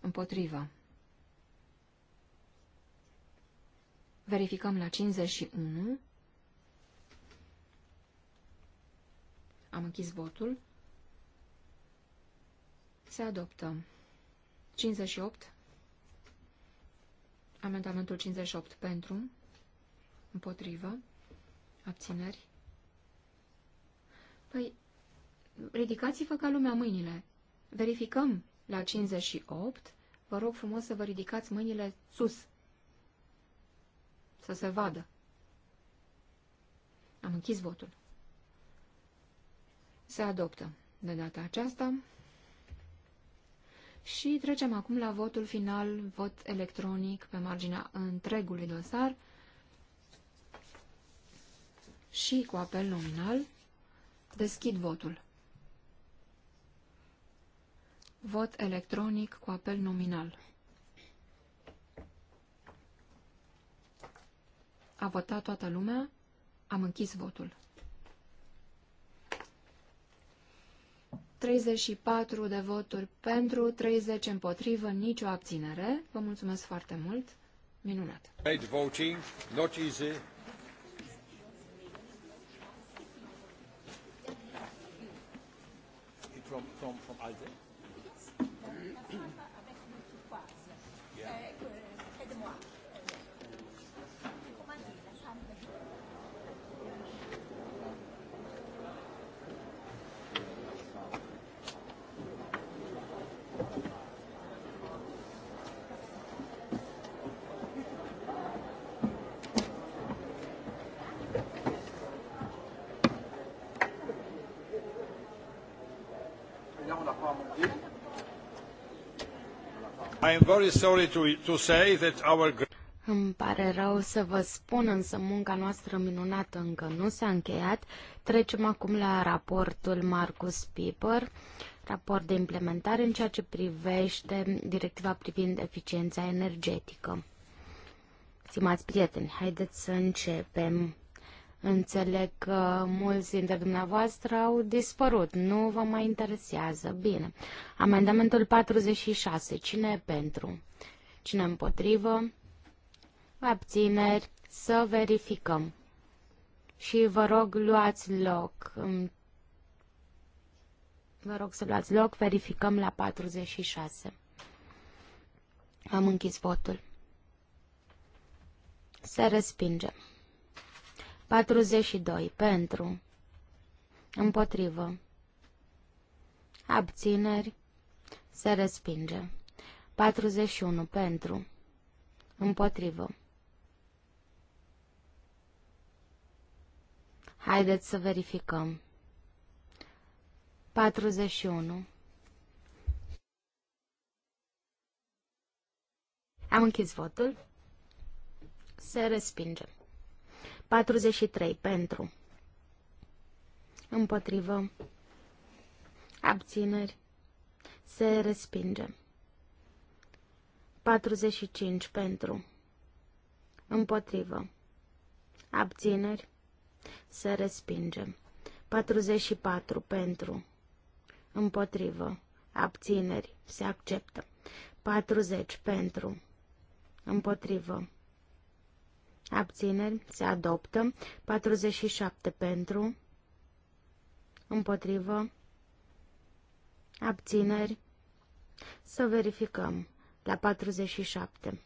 Împotrivă. Verificăm la 51. Am închis votul. Se adoptă. 58. Amendamentul 58 pentru, împotrivă, abțineri. Păi, ridicați-vă ca lumea mâinile. Verificăm la 58. Vă rog frumos să vă ridicați mâinile sus. Să se vadă. Am închis votul. Se adoptă de data aceasta. Și trecem acum la votul final, vot electronic pe marginea întregului dosar și cu apel nominal. Deschid votul. Vot electronic cu apel nominal. A votat toată lumea. Am închis votul. 34 de voturi pentru, 30 împotrivă, nicio abținere. Vă mulțumesc foarte mult. Minunat. Voting, not easy. From, from, from am very sorry to, to say that our... Îmi pare rău să vă spun, însă munca noastră minunată încă nu s-a încheiat. Trecem acum la raportul Marcus Piper, raport de implementare în ceea ce privește directiva privind eficiența energetică. Stimați prieteni, haideți să începem Înțeleg că mulți dintre dumneavoastră au dispărut, nu vă mai interesează. Bine. Amendamentul 46. Cine e pentru? Cine împotrivă? Abțineri. Să verificăm. Și vă rog, luați loc. Vă rog să luați loc, verificăm la 46. Am închis votul. Se respinge. 42. Pentru. Împotrivă. Abțineri. Se respinge. 41. Pentru. Împotrivă. Haideți să verificăm. 41. Am închis votul. Se respinge. 43 pentru. Împotrivă. Abțineri. Se respinge. 45 pentru. Împotrivă. Abțineri. Se respinge. 44 pentru. Împotrivă. Abțineri. Se acceptă. 40 pentru. Împotrivă. Abțineri se adoptă. 47 pentru. Împotrivă. Abțineri. Să verificăm. La 47.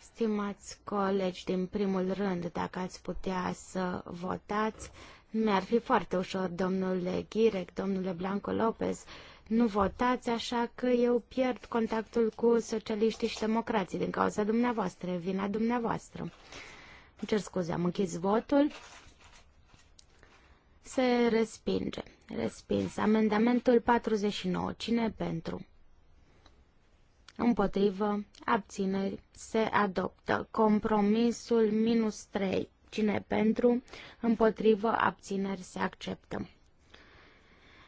Stimați colegi din primul rând, dacă ați putea să votați, mi-ar fi foarte ușor, domnule Ghirec, domnule Blanco Lopez, nu votați, așa că eu pierd contactul cu socialiștii și democrații din cauza dumneavoastră, vina dumneavoastră. Îmi cer scuze, am închis votul. Se respinge. Respins. Amendamentul 49. Cine pentru? Împotrivă. Abțineri. Se adoptă. Compromisul minus 3. Cine pentru? Împotrivă. Abțineri. Se acceptă.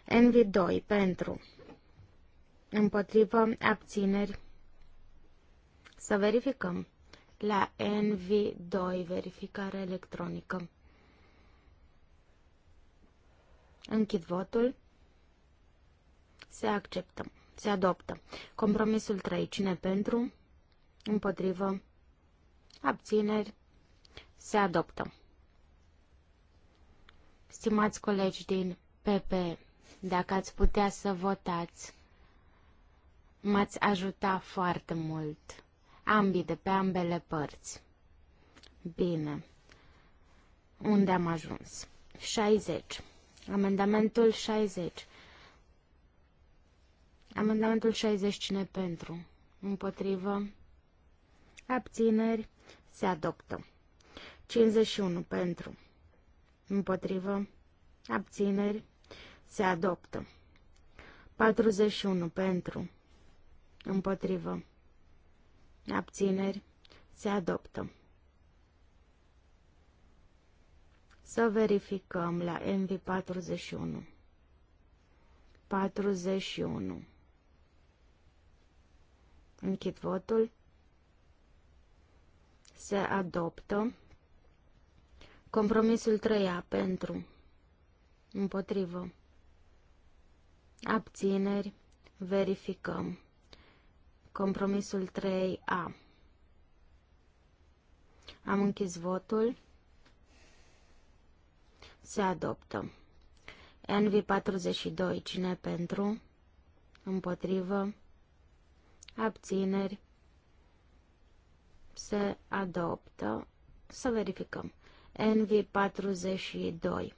NV2 pentru împotrivă abțineri. Să verificăm. La NV2 verificare electronică. Închid votul. Se acceptă. Se adoptă. Compromisul 3. Cine pentru? Împotrivă. Abțineri. Se adoptă. Stimați colegi din PP, dacă ați putea să votați. M-ați ajuta foarte mult. Ambii de pe ambele părți. Bine. Unde am ajuns? 60. Amendamentul 60. Amendamentul 60 cine pentru? Împotrivă? Abțineri? Se adoptă. 51 pentru. Împotrivă? Abțineri? Se adoptă. 41 pentru. Împotrivă. Abțineri. Se adoptă. Să verificăm la MV41. 41. Închid votul. Se adoptă. Compromisul 3A pentru. Împotrivă. Abțineri. Verificăm. Compromisul 3A. Am închis votul. Se adoptă. NV42. Cine pentru? Împotrivă. Abțineri. Se adoptă. Să verificăm. NV42.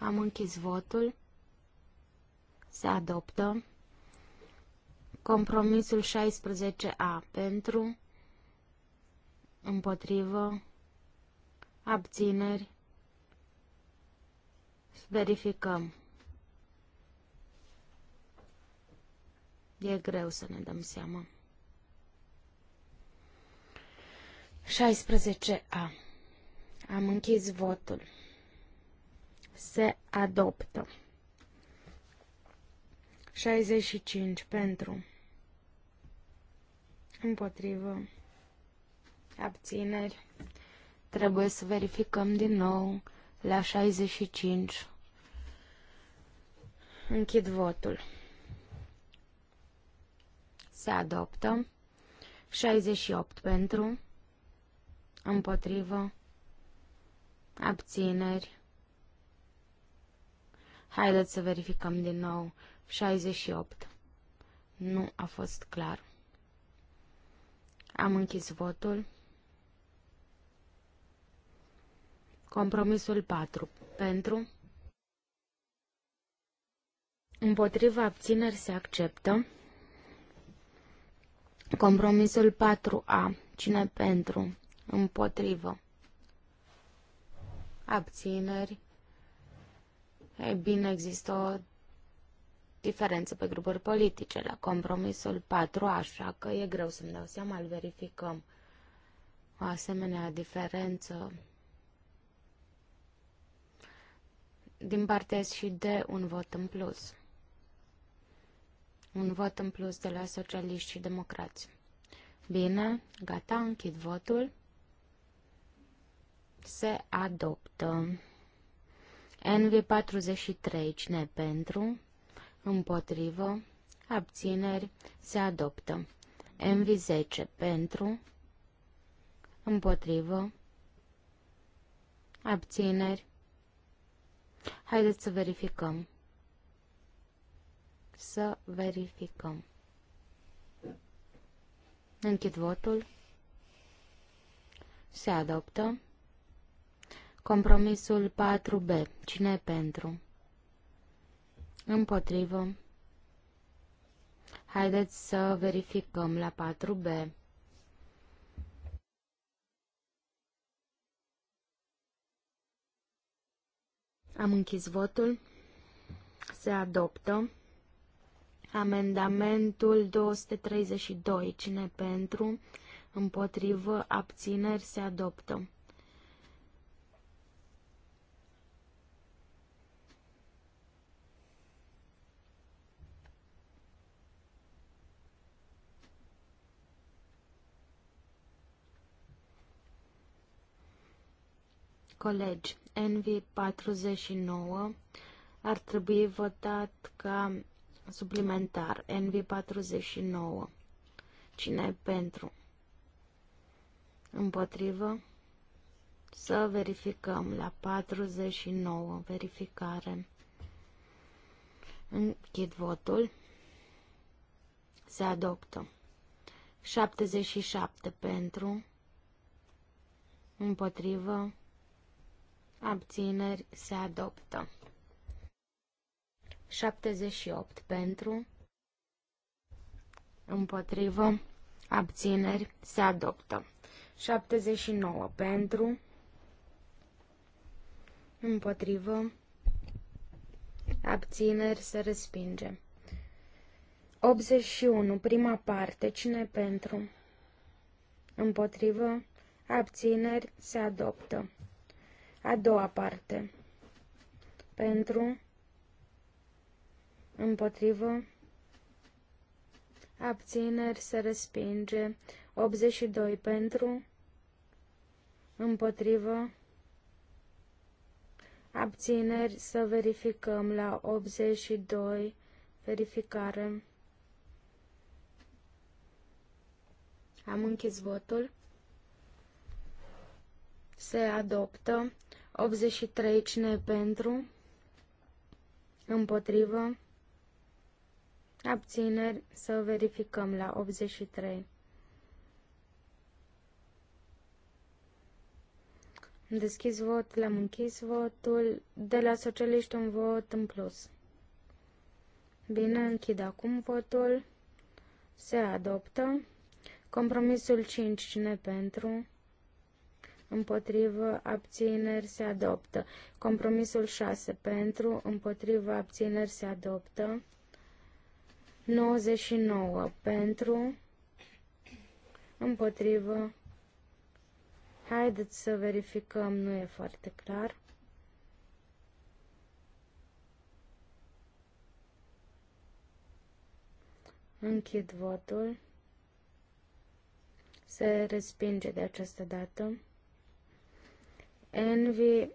Am închis votul. Se adoptă. Compromisul 16A pentru, împotrivă, abțineri. Verificăm. E greu să ne dăm seama. 16A. Am închis votul se adoptă. 65 pentru împotrivă abțineri. Trebuie să verificăm din nou la 65. Închid votul. Se adoptă. 68 pentru. Împotrivă. Abțineri. Haideți să verificăm din nou. 68. Nu a fost clar. Am închis votul. Compromisul 4. Pentru. Împotriva abțineri se acceptă. Compromisul 4A. Cine pentru? Împotrivă. Abțineri ei bine, există o diferență pe grupuri politice la compromisul 4, așa că e greu să-mi dau seama, îl verificăm. O asemenea diferență din partea și de un vot în plus. Un vot în plus de la socialiști și democrați. Bine, gata, închid votul. Se adoptă. NV43, cine pentru, împotrivă, abțineri, se adoptă. NV10, pentru, împotrivă, abțineri. Haideți să verificăm. Să verificăm. Închid votul. Se adoptă. Compromisul 4B. Cine pentru? Împotrivă. Haideți să verificăm la 4B. Am închis votul. Se adoptă. Amendamentul 232. Cine pentru? Împotrivă? Abțineri? Se adoptă. Colegi, NV49 ar trebui votat ca suplimentar, NV49. Cine e pentru? Împotrivă? Să verificăm la 49, verificare. Închid votul. Se adoptă. 77 pentru. Împotrivă abțineri se adoptă. 78 pentru, împotrivă, abțineri se adoptă. 79 pentru, împotrivă, abțineri se respinge. 81. Prima parte. Cine pentru? Împotrivă? Abțineri se adoptă. A doua parte. Pentru, împotrivă, abțineri se respinge. 82 pentru, împotrivă, abțineri să verificăm la 82, verificare. Am închis votul. Se adoptă 83 cine pentru, împotrivă, abțineri, să verificăm la 83. Am deschis vot, l-am închis votul, de la socialiști un vot în plus. Bine, închid acum votul, se adoptă, compromisul 5 cine pentru, împotrivă, abțineri se adoptă. Compromisul 6 pentru, împotrivă, abțineri se adoptă. 99 pentru, împotrivă. Haideți să verificăm, nu e foarte clar. Închid votul. Se respinge de această dată. Envy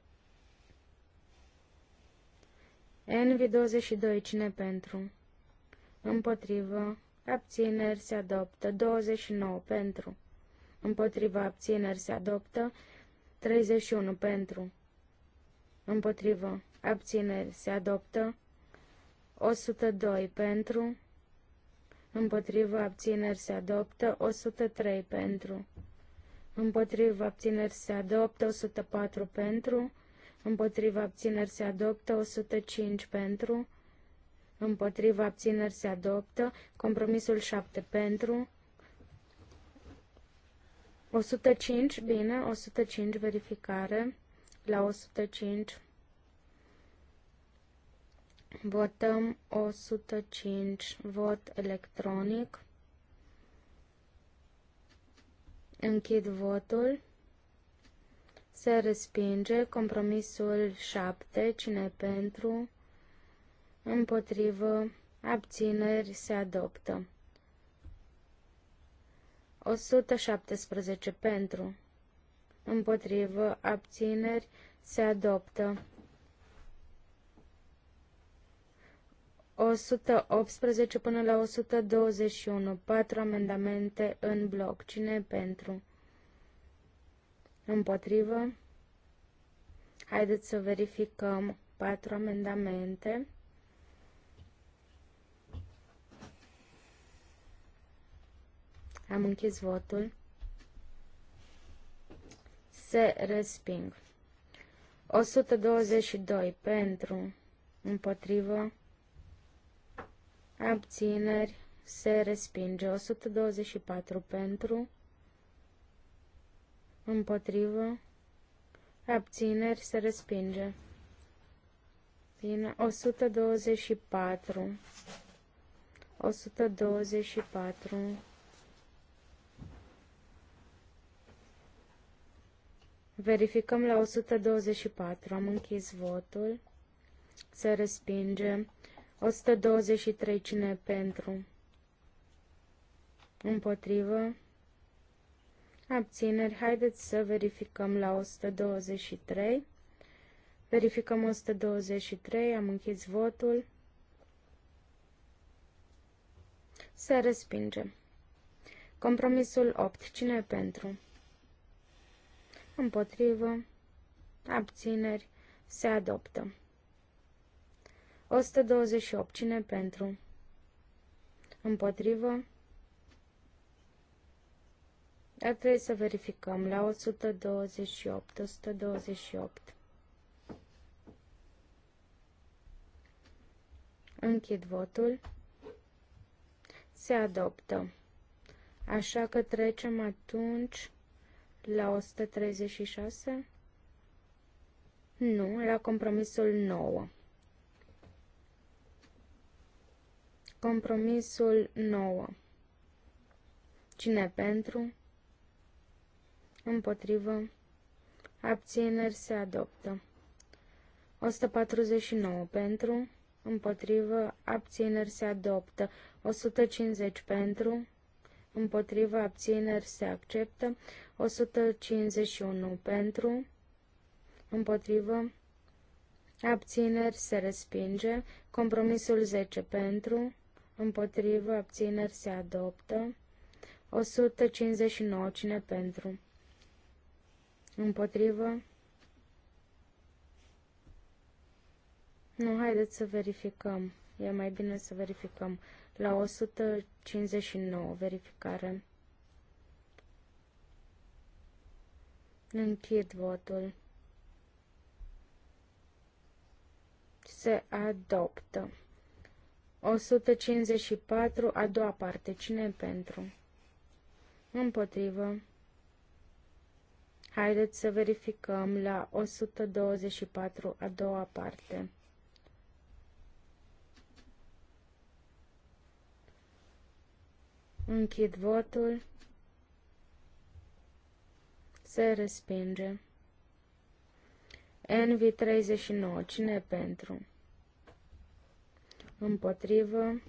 Envy 22, cine pentru? Împotrivă. Abțineri se adoptă. 29 pentru. Împotrivă abțineri se adoptă. 31 pentru. Împotrivă abțineri se adoptă. 102 pentru. Împotrivă abțineri se adoptă. 103 pentru împotriva abțineri se adoptă 104 pentru, împotriva abțineri se adoptă 105 pentru, împotriva abțineri se adoptă compromisul 7 pentru, 105, bine, 105 verificare la 105. Votăm 105 vot electronic. Închid votul. Se respinge compromisul 7. Cine pentru? Împotrivă. Abțineri se adoptă. 117 pentru. Împotrivă. Abțineri se adoptă. 118 până la 121, patru amendamente în bloc. Cine e pentru? Împotrivă? Haideți să verificăm patru amendamente. Am închis votul. Se resping. 122 pentru, împotrivă, abțineri, se respinge. 124 pentru, împotrivă, abțineri, se respinge. Bine, 124. 124. Verificăm la 124. Am închis votul. Se respinge. 123 cine pentru? Împotrivă? Abțineri. Haideți să verificăm la 123. Verificăm 123. Am închis votul. Se respinge. Compromisul 8. Cine pentru? Împotrivă. Abțineri. Se adoptă. 128. Cine pentru? Împotrivă? Dar trebuie să verificăm. La 128. 128. Închid votul. Se adoptă. Așa că trecem atunci la 136? Nu, la compromisul 9. Compromisul 9. Cine pentru? Împotrivă. Abțineri se adoptă. 149 pentru. Împotrivă. Abțineri se adoptă. 150 pentru. Împotrivă. Abțineri se acceptă. 151 pentru. Împotrivă. Abțineri se respinge. Compromisul 10 pentru împotrivă, abțineri se adoptă. 159, cine pentru? Împotrivă? Nu, haideți să verificăm. E mai bine să verificăm. La 159, verificare. Închid votul. Se adoptă. 154, a doua parte. Cine pentru? Împotrivă. Haideți să verificăm la 124, a doua parte. Închid votul. Se respinge. NV39. Cine pentru? împotrivă,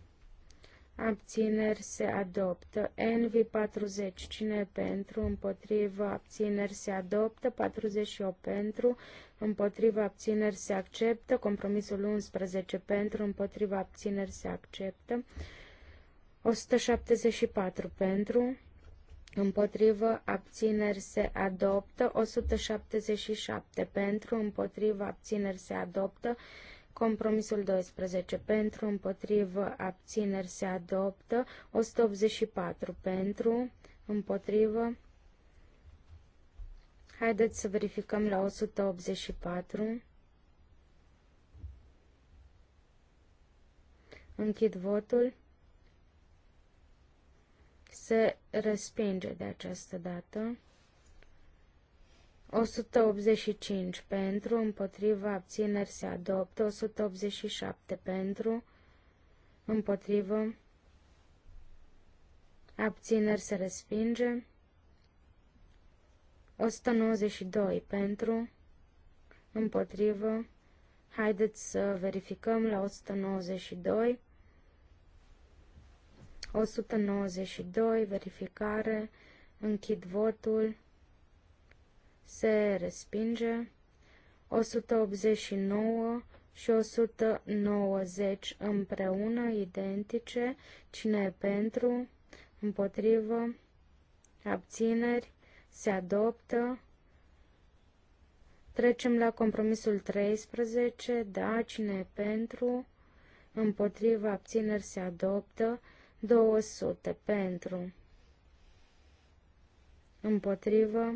abțineri se adoptă. nv 40, cine pentru, împotrivă, abțineri se adoptă. 48 pentru, împotrivă, abțineri se acceptă. Compromisul 11 pentru, împotrivă, abțineri se acceptă. 174 pentru, Împotrivă abțineri se adoptă 177 pentru, împotrivă abțineri se adoptă Compromisul 12 pentru, împotrivă, abțineri se adoptă. 184 pentru, împotrivă. Haideți să verificăm la 184. Închid votul. Se respinge de această dată. 185 pentru, împotriva abțineri se adoptă, 187 pentru, împotrivă, abțineri se respinge, 192 pentru, împotrivă, haideți să verificăm la 192, 192, verificare, închid votul, se respinge, 189 și 190 împreună, identice, cine e pentru, împotrivă, abțineri, se adoptă. Trecem la compromisul 13, da, cine e pentru, împotrivă, abțineri, se adoptă, 200 pentru, împotrivă,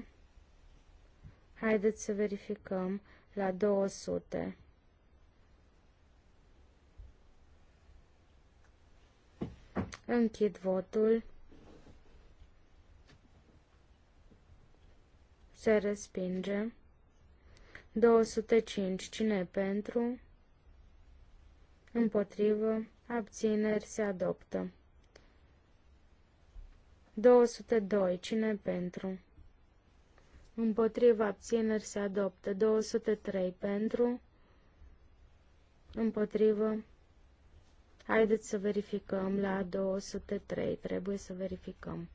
Haideți să verificăm la 200. Închid votul. Se respinge. 205. Cine pentru? Împotrivă. Abțineri se adoptă. 202. Cine pentru? împotriva abțineri se adoptă. 203 pentru, împotrivă. Haideți să verificăm la 203, trebuie să verificăm.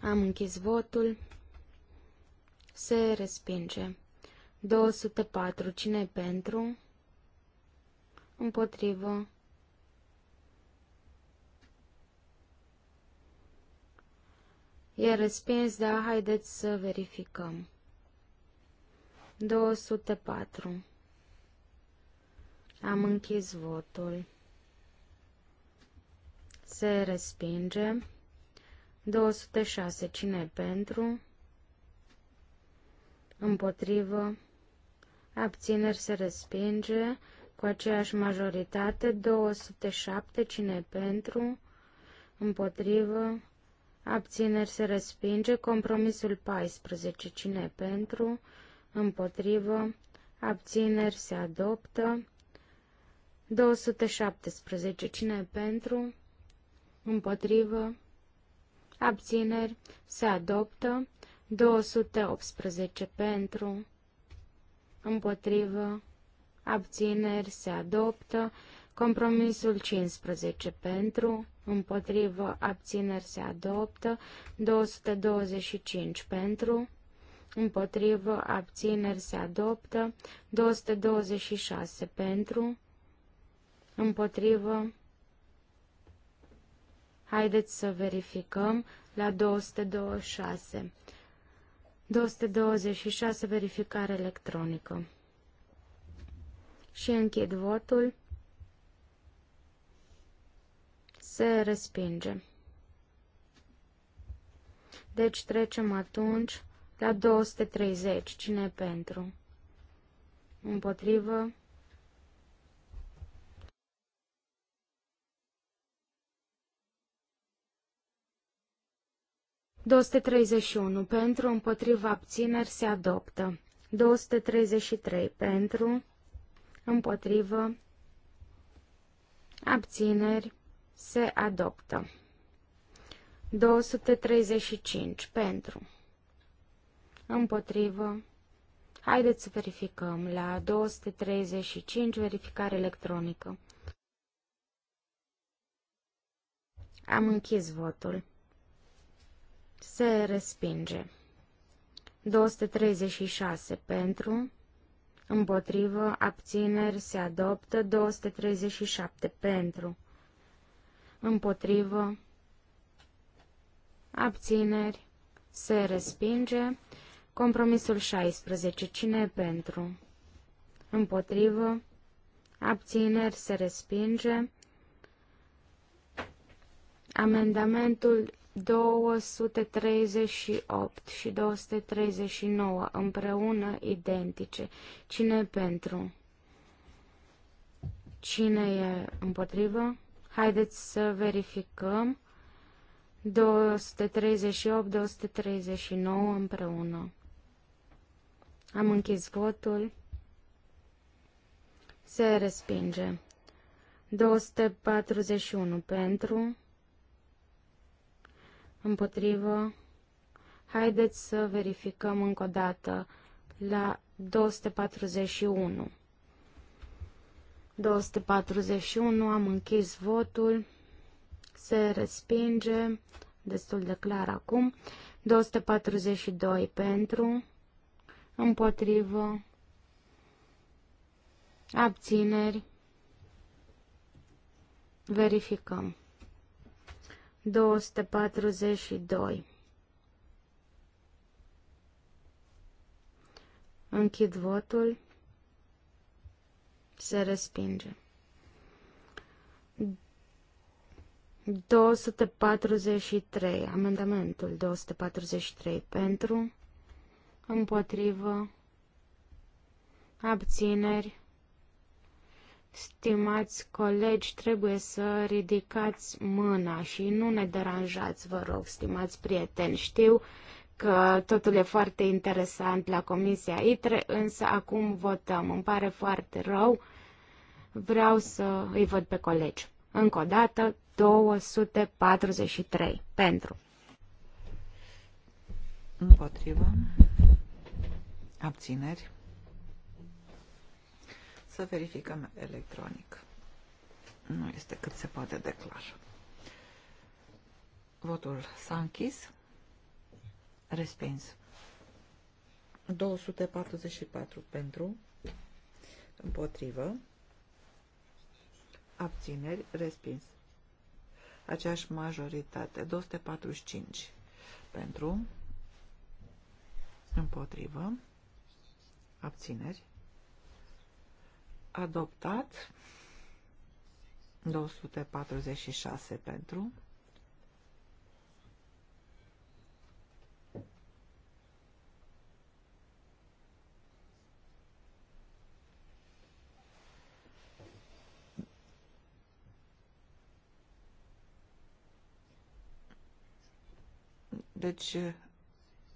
Am închis votul. Se respinge. 204. Cine pentru? Împotrivă. E respins, da, haideți să verificăm. 204. Am închis votul. Se respinge. 206. Cine pentru? Împotrivă. Abțineri se respinge. Cu aceeași majoritate. 207. Cine pentru? Împotrivă. Abțineri se respinge. Compromisul 14. Cine pentru? Împotrivă. Abțineri se adoptă. 217. Cine pentru? Împotrivă. Abțineri se adoptă. 218 pentru. Împotrivă. Abțineri se adoptă. Compromisul 15 pentru împotrivă, abțineri se adoptă, 225 pentru, împotrivă, abțineri se adoptă, 226 pentru, împotrivă. Haideți să verificăm la 226. 226 verificare electronică. Și închid votul se respinge. Deci trecem atunci la 230. Cine e pentru? Împotrivă? unu pentru, împotriva abțineri se adoptă. 233 pentru, împotrivă, abțineri, se adoptă. 235 pentru. Împotrivă. Haideți să verificăm. La 235 verificare electronică. Am închis votul. Se respinge. 236 pentru. Împotrivă. Abțineri. Se adoptă. 237 pentru împotrivă, abțineri, se respinge. Compromisul 16. Cine e pentru? Împotrivă, abțineri, se respinge. Amendamentul 238 și 239 împreună identice. Cine e pentru? Cine e împotrivă? Haideți să verificăm 238-239 împreună. Am închis votul. Se respinge. 241 pentru. Împotrivă. Haideți să verificăm încă o dată la 241. 241, am închis votul, se respinge, destul de clar acum, 242 pentru, împotrivă, abțineri, verificăm, 242. Închid votul. Se respinge. 243. Amendamentul 243. Pentru. Împotrivă. Abțineri. Stimați colegi, trebuie să ridicați mâna și nu ne deranjați, vă rog, stimați prieteni. Știu că totul e foarte interesant la Comisia ITRE, însă acum votăm. Îmi pare foarte rău. Vreau să îi văd pe colegi. Încă o dată, 243 pentru. Împotrivă. Abțineri. Să verificăm electronic. Nu este cât se poate declar. Votul s-a închis. Respins. 244 pentru, împotrivă, abțineri, respins. Aceeași majoritate, 245 pentru, împotrivă, abțineri, adoptat, 246 pentru, Deci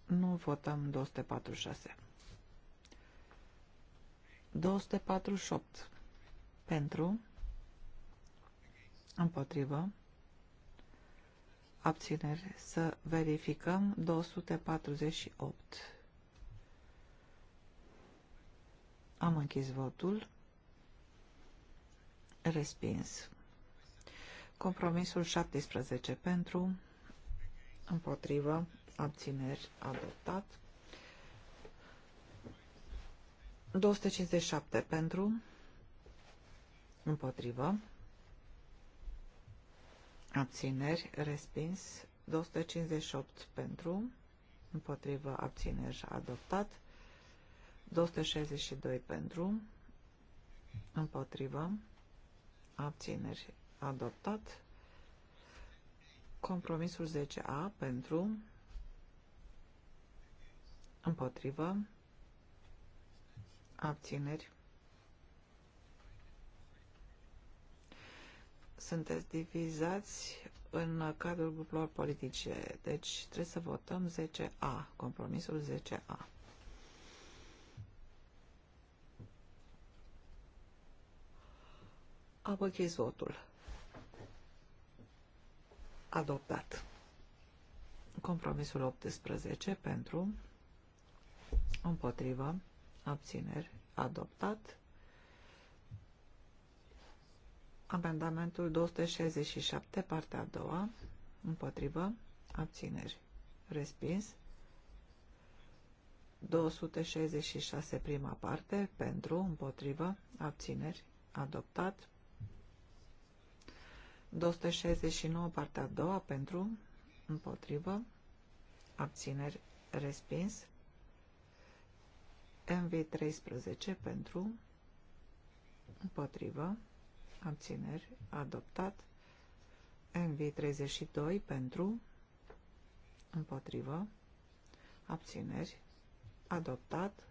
nu votăm 246. 248 pentru, împotrivă, abțineri. Să verificăm 248. Am închis votul. Respins. Compromisul 17 pentru, împotrivă, abțineri, adoptat. 257 pentru, împotrivă, abțineri, respins, 258 pentru, împotrivă, abțineri, adoptat, 262 pentru, împotrivă, abțineri, adoptat, Compromisul 10A pentru împotrivă abțineri. Sunteți divizați în cadrul grupurilor politice, deci trebuie să votăm 10A, compromisul 10A. Am închis votul adoptat. Compromisul 18 pentru, împotrivă, abțineri, adoptat. Amendamentul 267, partea a doua, împotrivă, abțineri, respins. 266, prima parte, pentru, împotrivă, abțineri, adoptat. 269, partea a doua, pentru, împotrivă, abțineri, respins. MV13 pentru, împotrivă, abțineri, adoptat. MV32 pentru, împotrivă, abțineri, adoptat.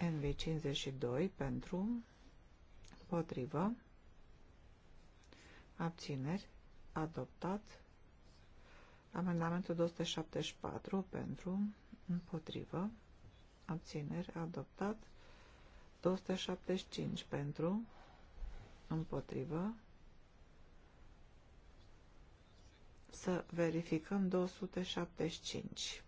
MV52 pentru, împotrivă, abțineri, adoptat. Amendamentul 274 pentru, împotrivă, abțineri, adoptat. 275 pentru, împotrivă. Să verificăm 275.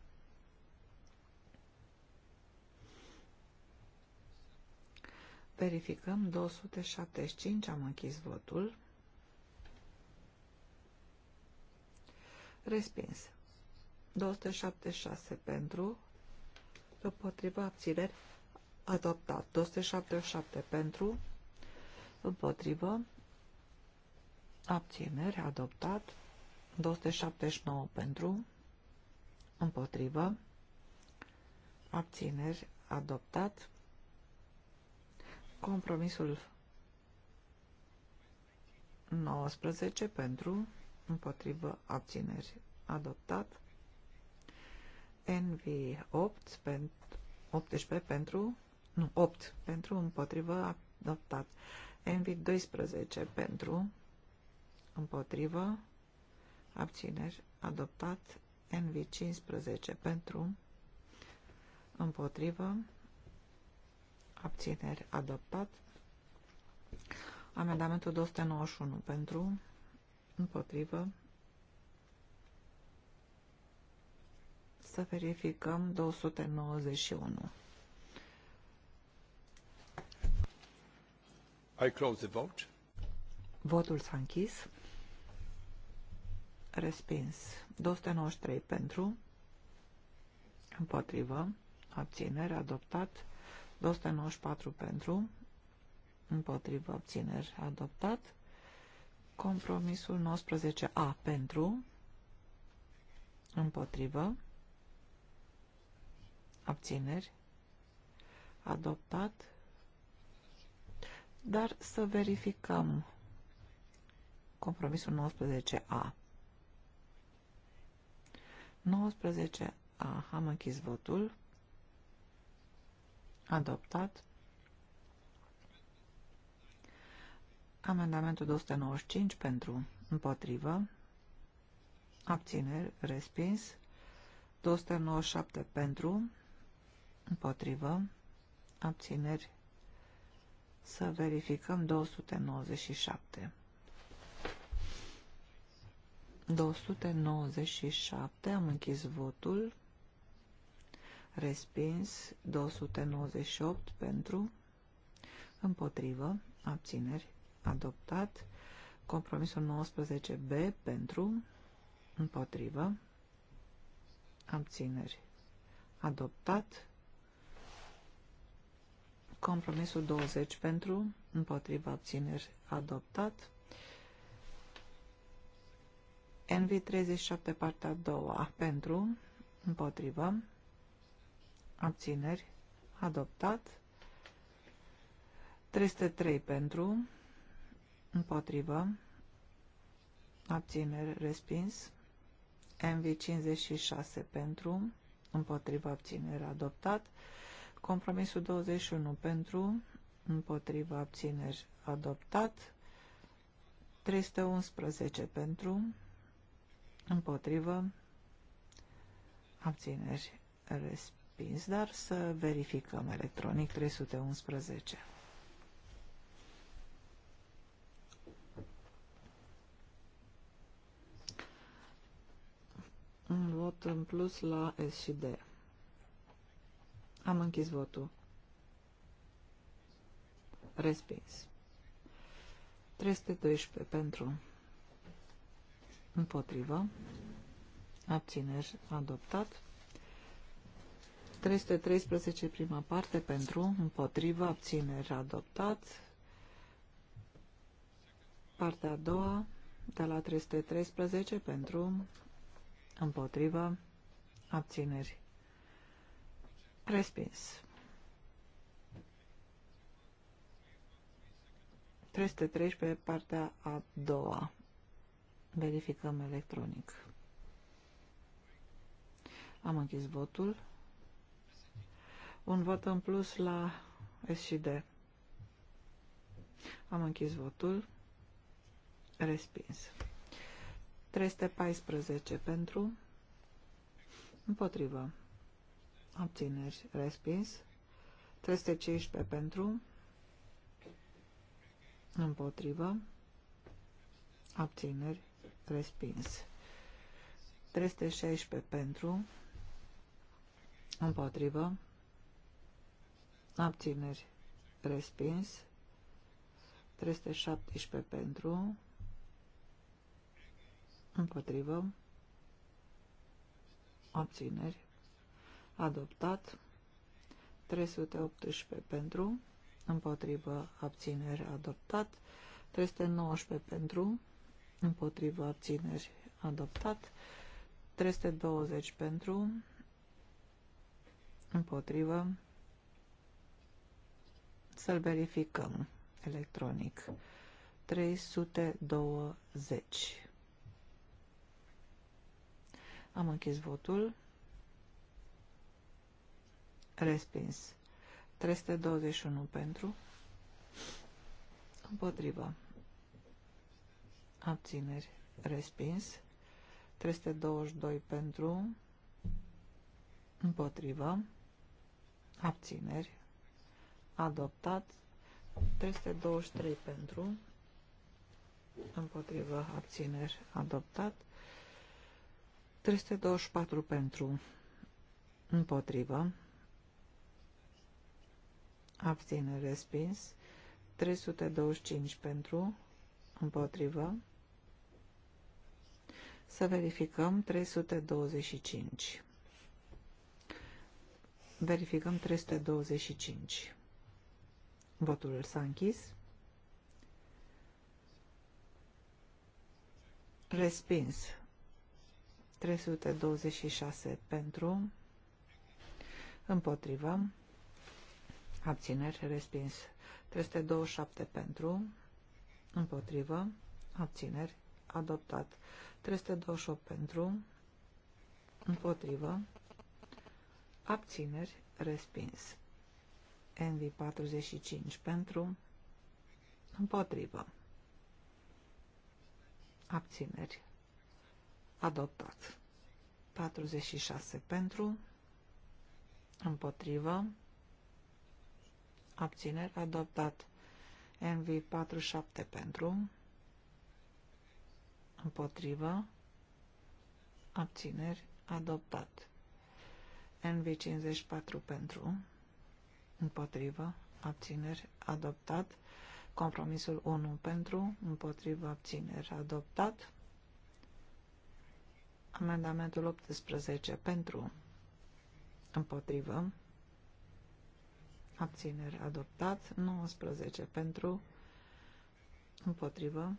Verificăm 275, am închis votul. Respins. 276 pentru, împotriva abțineri, adoptat. 277 pentru, împotrivă, abțineri, adoptat. 279 pentru, împotrivă, abțineri, adoptat. Compromisul 19 pentru, împotrivă abțineri adoptat. NV 8 pentru 18 pentru nu 8 pentru împotrivă adoptat. NV 12 pentru împotrivă abțineri adoptat. NV 15 pentru împotrivă abțineri adoptat. Amendamentul 291 pentru împotrivă. Să verificăm 291. I close the vote. Votul s-a închis. Respins. 293 pentru. Împotrivă. Abțineri. Adoptat. 294 pentru. Împotrivă. Abțineri. Adoptat. Compromisul 19A pentru, împotrivă, abțineri, adoptat, dar să verificăm compromisul 19A. 19A, am închis votul, adoptat, Amendamentul 295 pentru împotrivă. Abțineri respins. 297 pentru împotrivă. Abțineri. Să verificăm 297. 297, am închis votul, respins 298 pentru, împotrivă, abțineri, adoptat. Compromisul 19B pentru, împotrivă, abțineri, adoptat. Compromisul 20 pentru, împotrivă, abțineri, adoptat. NV37 partea a doua pentru, împotrivă, abțineri, adoptat. 303 pentru, împotrivă, abținere, respins, MV56 pentru, împotrivă, abținere, adoptat, compromisul 21 pentru, împotrivă, abțineri, adoptat, 311 pentru, împotrivă, abțineri, respins, dar să verificăm electronic 311. Un vot în plus la S și D. Am închis votul. Respins. 312 pentru împotrivă. Abțineri adoptat. 313 prima parte pentru împotrivă. Abțineri adoptat. Partea a doua de la 313 pentru împotrivă, abțineri, respins. 313, partea a doua. Verificăm electronic. Am închis votul. Un vot în plus la S și D. Am închis votul. Respins. 314 pentru, împotrivă, abțineri, respins, 315 pentru, împotrivă, abțineri, respins, 316 pentru, împotrivă, abțineri, respins, 317 pentru, împotrivă, obțineri, adoptat, 318 pentru, împotrivă, abțineri, adoptat, 319 pentru, împotrivă, abțineri, adoptat, 320 pentru, împotrivă, să-l verificăm electronic, 320. Am închis votul. Respins. 321 pentru. Împotrivă. Abțineri. Respins. 322 pentru. Împotrivă. Abțineri. Adoptat. 323 pentru. Împotrivă. Abțineri. Adoptat. 324 pentru, împotrivă, abține, respins, 325 pentru, împotrivă, să verificăm 325. Verificăm 325. Votul s-a închis. Respins 326 pentru, împotriva, abțineri, respins. 327 pentru, împotrivă, abțineri, adoptat. 328 pentru, împotrivă, abțineri, respins. NV 45 pentru, împotrivă, abțineri, adoptat. 46 pentru, împotrivă, abțineri, adoptat. NV 47 pentru, împotrivă, abțineri, adoptat. NV 54 pentru, împotrivă, abțineri, adoptat. Compromisul 1 pentru, împotrivă, abțineri, adoptat. Amendamentul 18 pentru împotrivă. Abțineri adoptat. 19 pentru împotrivă.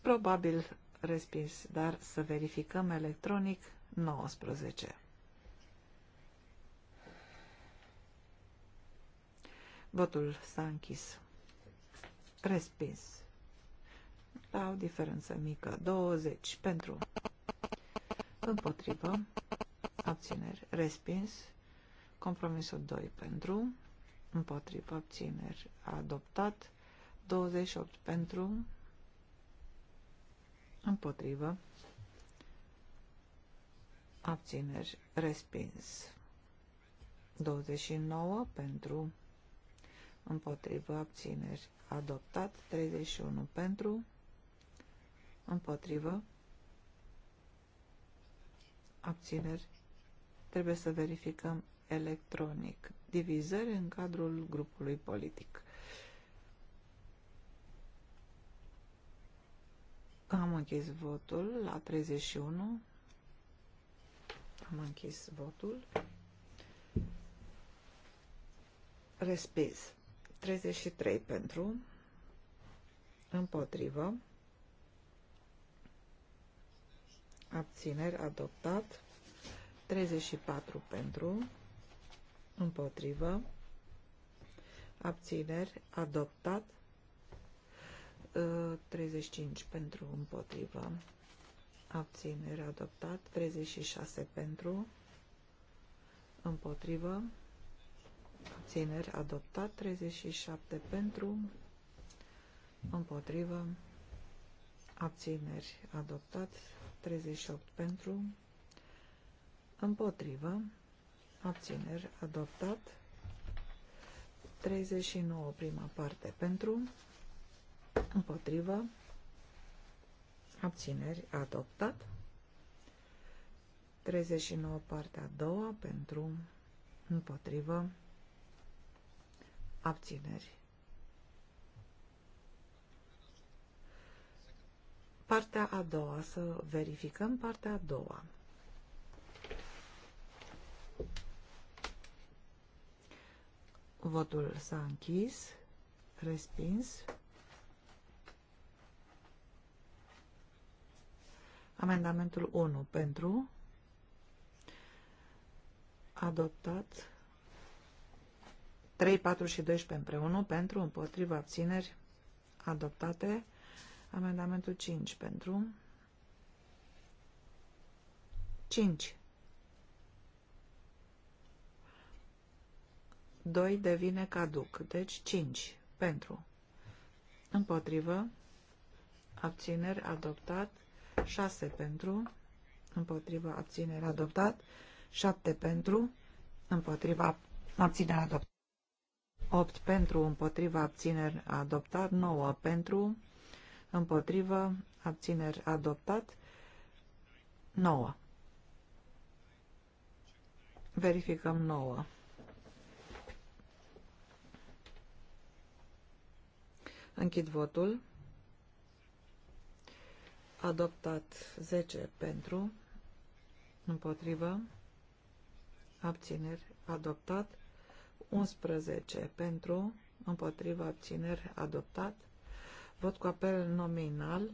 Probabil respins, dar să verificăm electronic 19. Votul s-a închis. Respins la o diferență mică. 20 pentru împotrivă, abțineri, respins, compromisul 2 pentru, împotrivă, abțineri, adoptat, 28 pentru, împotrivă, abțineri, respins, 29 pentru, împotrivă, abțineri, adoptat, 31 pentru, împotrivă, abțineri, trebuie să verificăm electronic, divizări în cadrul grupului politic. Am închis votul la 31. Am închis votul. Respins. 33 pentru. Împotrivă. abțineri, adoptat. 34 pentru, împotrivă, abțineri, adoptat. 35 uh, pentru, împotrivă, abțineri, adoptat. 36 pentru, împotrivă, abțineri, adoptat. 37 pentru, împotrivă, abțineri, adoptat. 38 pentru, împotrivă, abțineri, adoptat, 39 prima parte pentru, împotrivă, abțineri, adoptat, 39 partea a doua pentru, împotrivă, abțineri, Partea a doua, să verificăm partea a doua. Votul s-a închis, respins. Amendamentul 1 pentru, adoptat, 3, 4 și 12 împreună, pentru, împotriva, abțineri, adoptate, Amendamentul 5 pentru. 5. 2 devine caduc, deci 5 pentru. Împotrivă. Abțineri adoptat. 6 pentru. Împotrivă abțineri adoptat. 7 pentru. Împotriva abțineri adoptat. 8 pentru. Împotriva abțineri adoptat. 9 pentru împotrivă, abțineri adoptat, 9. Verificăm 9. Închid votul. Adoptat 10 pentru, împotrivă, abțineri, adoptat 11 pentru, împotrivă, abțineri, adoptat Vot cu apel nominal.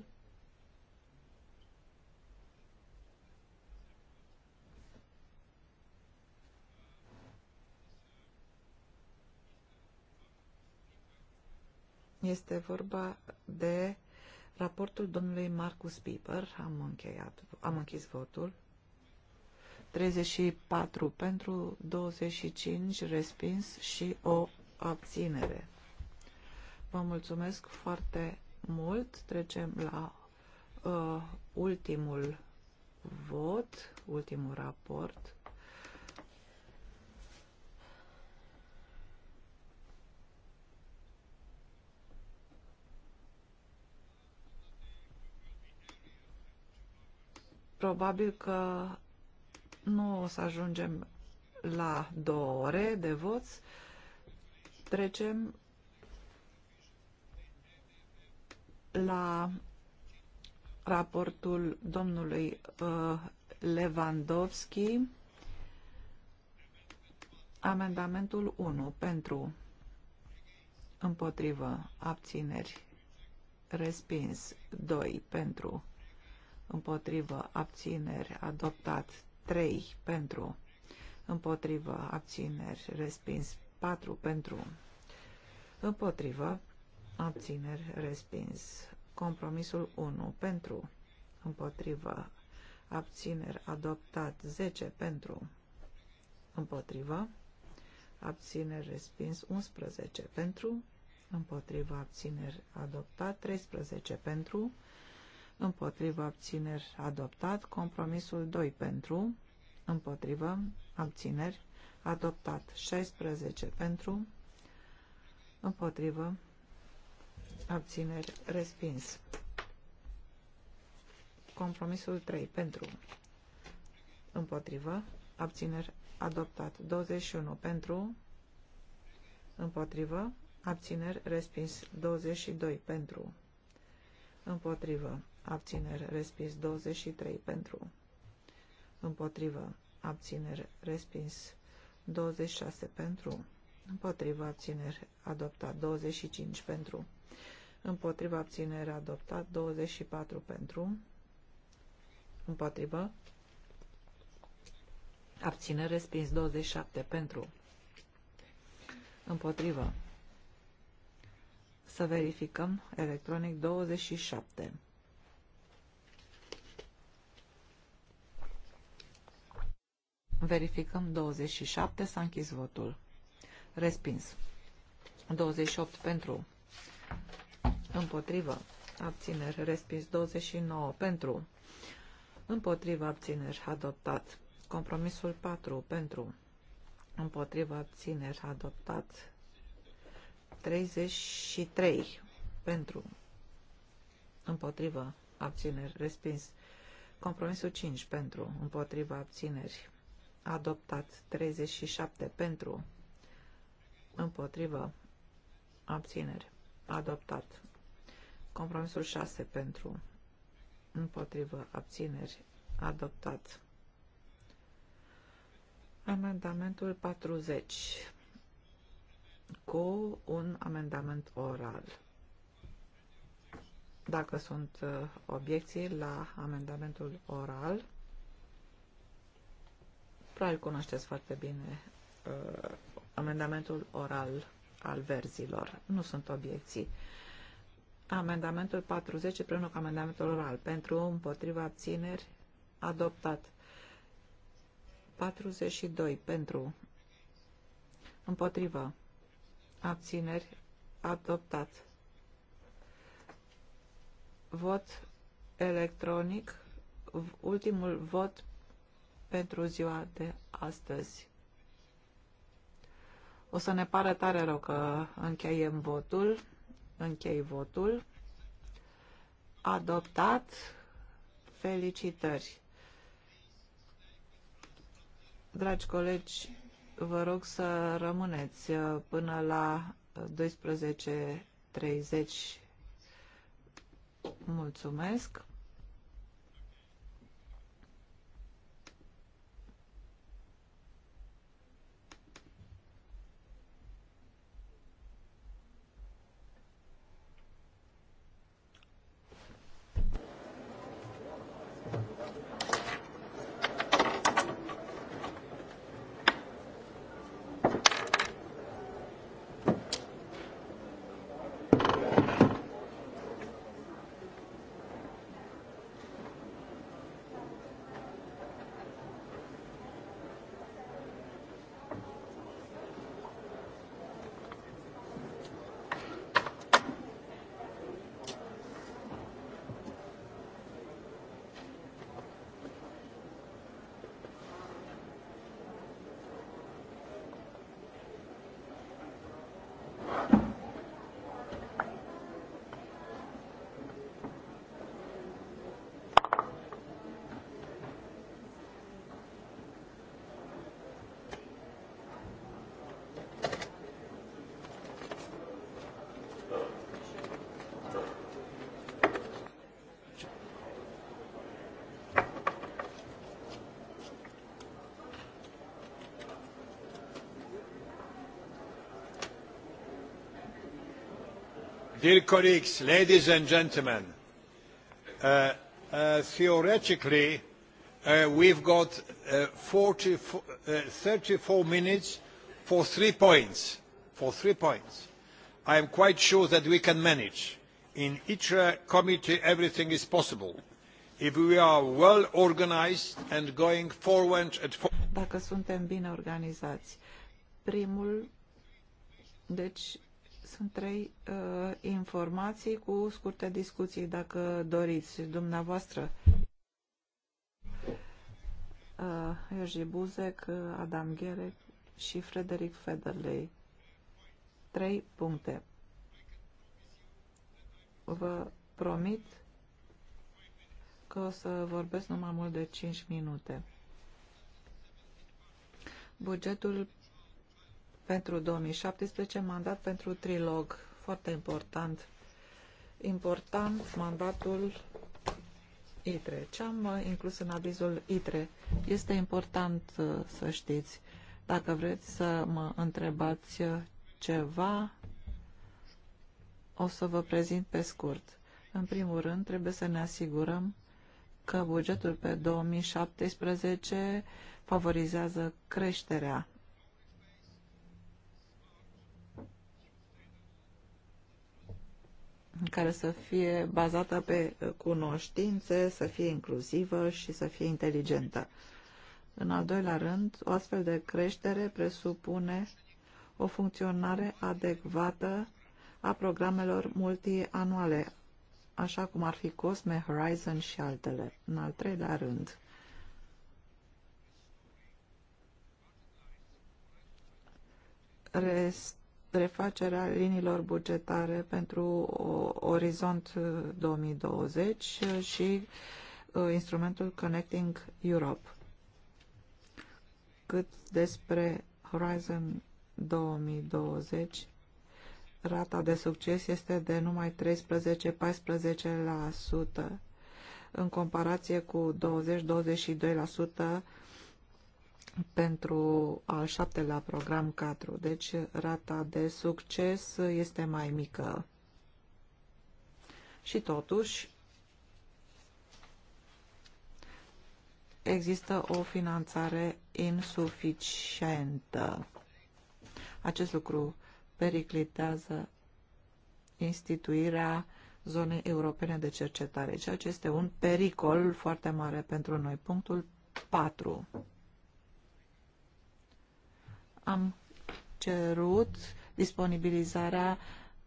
Este vorba de raportul domnului Marcus Piper. Am încheiat, am închis votul. 34 pentru, 25 respins și o abținere. Vă mulțumesc foarte mult. Trecem la uh, ultimul vot, ultimul raport. Probabil că nu o să ajungem la două ore de voți. Trecem la raportul domnului uh, Lewandowski, amendamentul 1 pentru împotrivă abțineri respins 2 pentru împotrivă abțineri adoptat 3 pentru împotrivă abțineri respins 4 pentru împotrivă abțineri, respins. Compromisul 1 pentru, împotrivă, abțineri, adoptat. 10 pentru, împotrivă, abțineri, respins. 11 pentru, împotrivă, abțineri, adoptat. 13 pentru, împotrivă, abțineri, adoptat. Compromisul 2 pentru, împotrivă, abțineri, adoptat. 16 pentru, împotrivă, abțineri, respins. Compromisul 3, pentru, împotrivă, abțineri, adoptat. 21, pentru, împotrivă, abțineri, respins. 22, pentru, împotrivă, abțineri, respins. 23, pentru, împotrivă, abțineri, respins. 26, pentru, Împotriva abțineri adoptat 25 pentru împotriva abținere adoptat, 24 pentru, împotriva, abținere respins, 27 pentru, împotriva. Să verificăm electronic 27. Verificăm 27, s-a închis votul. Respins. 28 pentru împotrivă, abțineri, respins 29 pentru, împotrivă, abțineri, adoptat. Compromisul 4 pentru, împotrivă, abțineri, adoptat. 33 pentru, împotrivă, abțineri, respins. Compromisul 5 pentru, împotrivă, abțineri, adoptat. 37 pentru, împotrivă, abțineri, adoptat. Compromisul 6 pentru împotrivă abțineri adoptat. Amendamentul 40 cu un amendament oral. Dacă sunt uh, obiecții la amendamentul oral, probabil cunoașteți foarte bine uh, amendamentul oral al verzilor. Nu sunt obiecții. Uh, Amendamentul 40 împreună cu amendamentul oral. Pentru, împotriva, abțineri, adoptat. 42 pentru, împotriva, abțineri, adoptat. Vot electronic, ultimul vot pentru ziua de astăzi. O să ne pare tare rău că încheiem votul. Închei votul. Adoptat. Felicitări. Dragi colegi, vă rog să rămâneți uh, până la 12.30. Mulțumesc. Dear colleagues, ladies and gentlemen, uh, uh, theoretically, uh, we've got uh, 40, uh, 34 minutes for three points. For three points. I am quite sure that we can manage. In each uh, committee, everything is possible. If we are well organized and going forward at Dacă suntem bine organizați, primul, deci sunt trei uh, informații cu scurte discuții, dacă doriți, dumneavoastră. Uh, Iorgi Buzek, Adam Gherec și Frederic Federley. Trei puncte. Vă promit că o să vorbesc numai mult de 5 minute. Bugetul pentru 2017, mandat pentru trilog, foarte important. Important mandatul ITRE. Ce am uh, inclus în avizul ITRE? Este important uh, să știți. Dacă vreți să mă întrebați uh, ceva, o să vă prezint pe scurt. În primul rând, trebuie să ne asigurăm că bugetul pe 2017 favorizează creșterea care să fie bazată pe uh, cunoștințe, să fie inclusivă și să fie inteligentă. În al doilea rând, o astfel de creștere presupune o funcționare adecvată a programelor multianuale, așa cum ar fi Cosme, Horizon și altele. În al treilea rând, rest refacerea liniilor bugetare pentru Orizont 2020 și uh, instrumentul Connecting Europe. Cât despre Horizon 2020, rata de succes este de numai 13-14% în comparație cu 20-22% pentru al șaptelea program 4, deci rata de succes este mai mică. Și totuși există o finanțare insuficientă. Acest lucru periclitează instituirea zonei europene de cercetare, ceea ce este un pericol foarte mare pentru noi. Punctul 4. Am cerut disponibilizarea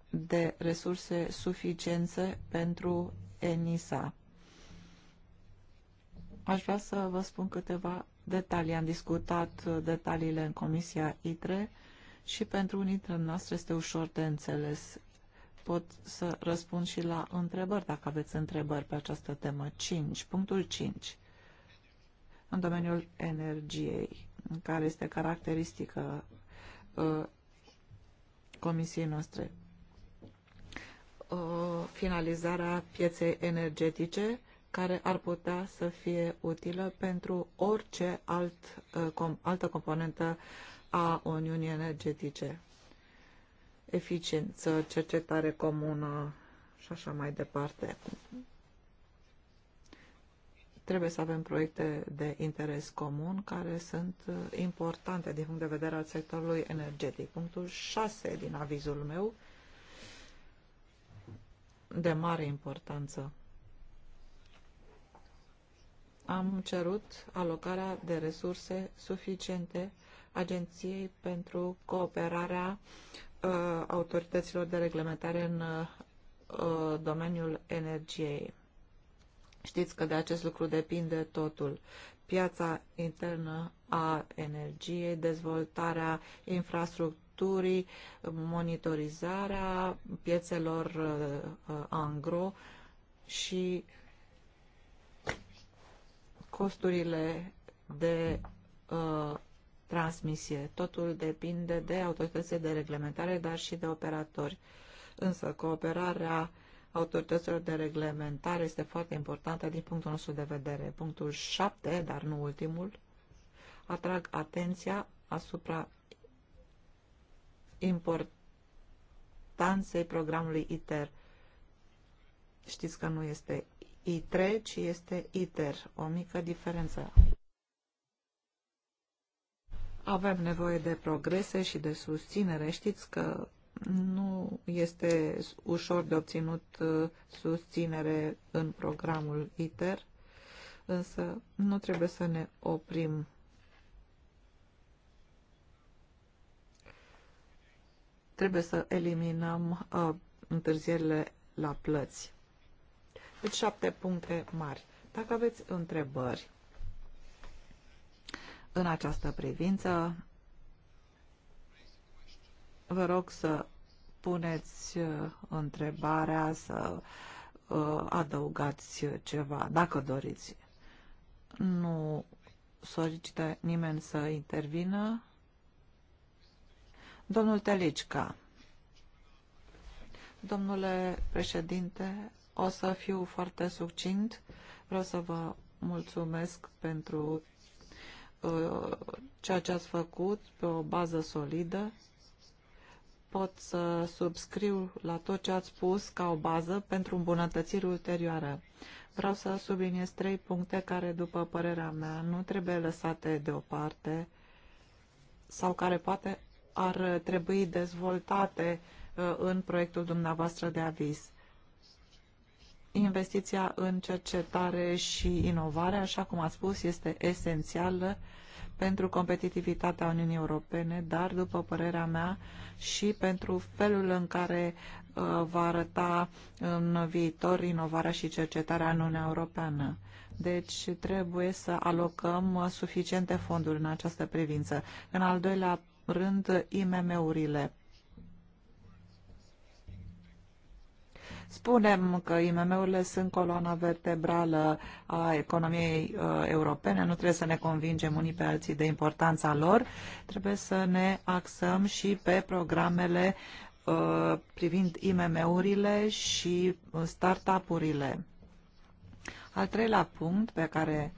de resurse suficiențe pentru ENISA. Aș vrea să vă spun câteva detalii. Am discutat detaliile în Comisia ITRE și pentru unii dintre noastre este ușor de înțeles. Pot să răspund și la întrebări, dacă aveți întrebări pe această temă. 5. Punctul 5. În domeniul energiei care este caracteristică uh, comisiei noastre. Uh, finalizarea pieței energetice care ar putea să fie utilă pentru orice alt, uh, altă componentă a Uniunii Energetice. Eficiență, cercetare comună și așa mai departe. Trebuie să avem proiecte de interes comun care sunt uh, importante din punct de vedere al sectorului energetic. Punctul 6 din avizul meu de mare importanță. Am cerut alocarea de resurse suficiente Agenției pentru cooperarea uh, autorităților de reglementare în uh, domeniul energiei. Știți că de acest lucru depinde totul. Piața internă a energiei, dezvoltarea infrastructurii, monitorizarea piețelor uh, angro și costurile de uh, transmisie. Totul depinde de autoritățile de reglementare, dar și de operatori. Însă cooperarea uh, autorităților de reglementare este foarte importantă din punctul nostru de vedere. Punctul 7, dar nu ultimul, atrag atenția asupra importanței programului ITER. Știți că nu este I3, ci este ITER. O mică diferență. Avem nevoie de progrese și de susținere. Știți că nu este ușor de obținut uh, susținere în programul ITER, însă nu trebuie să ne oprim. Trebuie să eliminăm uh, întârzierile la plăți. Deci șapte puncte mari. Dacă aveți întrebări în această privință, Vă rog să puneți uh, întrebarea, să uh, adăugați ceva, dacă doriți. Nu solicită nimeni să intervină. Domnul Telicica. Domnule președinte, o să fiu foarte succint. Vreau să vă mulțumesc pentru uh, ceea ce ați făcut pe o bază solidă pot să subscriu la tot ce ați spus ca o bază pentru îmbunătățiri ulterioară. Vreau să subliniez trei puncte care, după părerea mea, nu trebuie lăsate deoparte sau care poate ar trebui dezvoltate uh, în proiectul dumneavoastră de aviz. Investiția în cercetare și inovare, așa cum a spus, este esențială pentru competitivitatea Uniunii Europene, dar, după părerea mea, și pentru felul în care uh, va arăta în viitor inovarea și cercetarea în Uniunea Europeană. Deci trebuie să alocăm suficiente fonduri în această privință. În al doilea rând, IMM-urile Spunem că IMM-urile sunt coloana vertebrală a economiei uh, europene, nu trebuie să ne convingem unii pe alții de importanța lor, trebuie să ne axăm și pe programele uh, privind IMM-urile și startup-urile. Al treilea punct pe care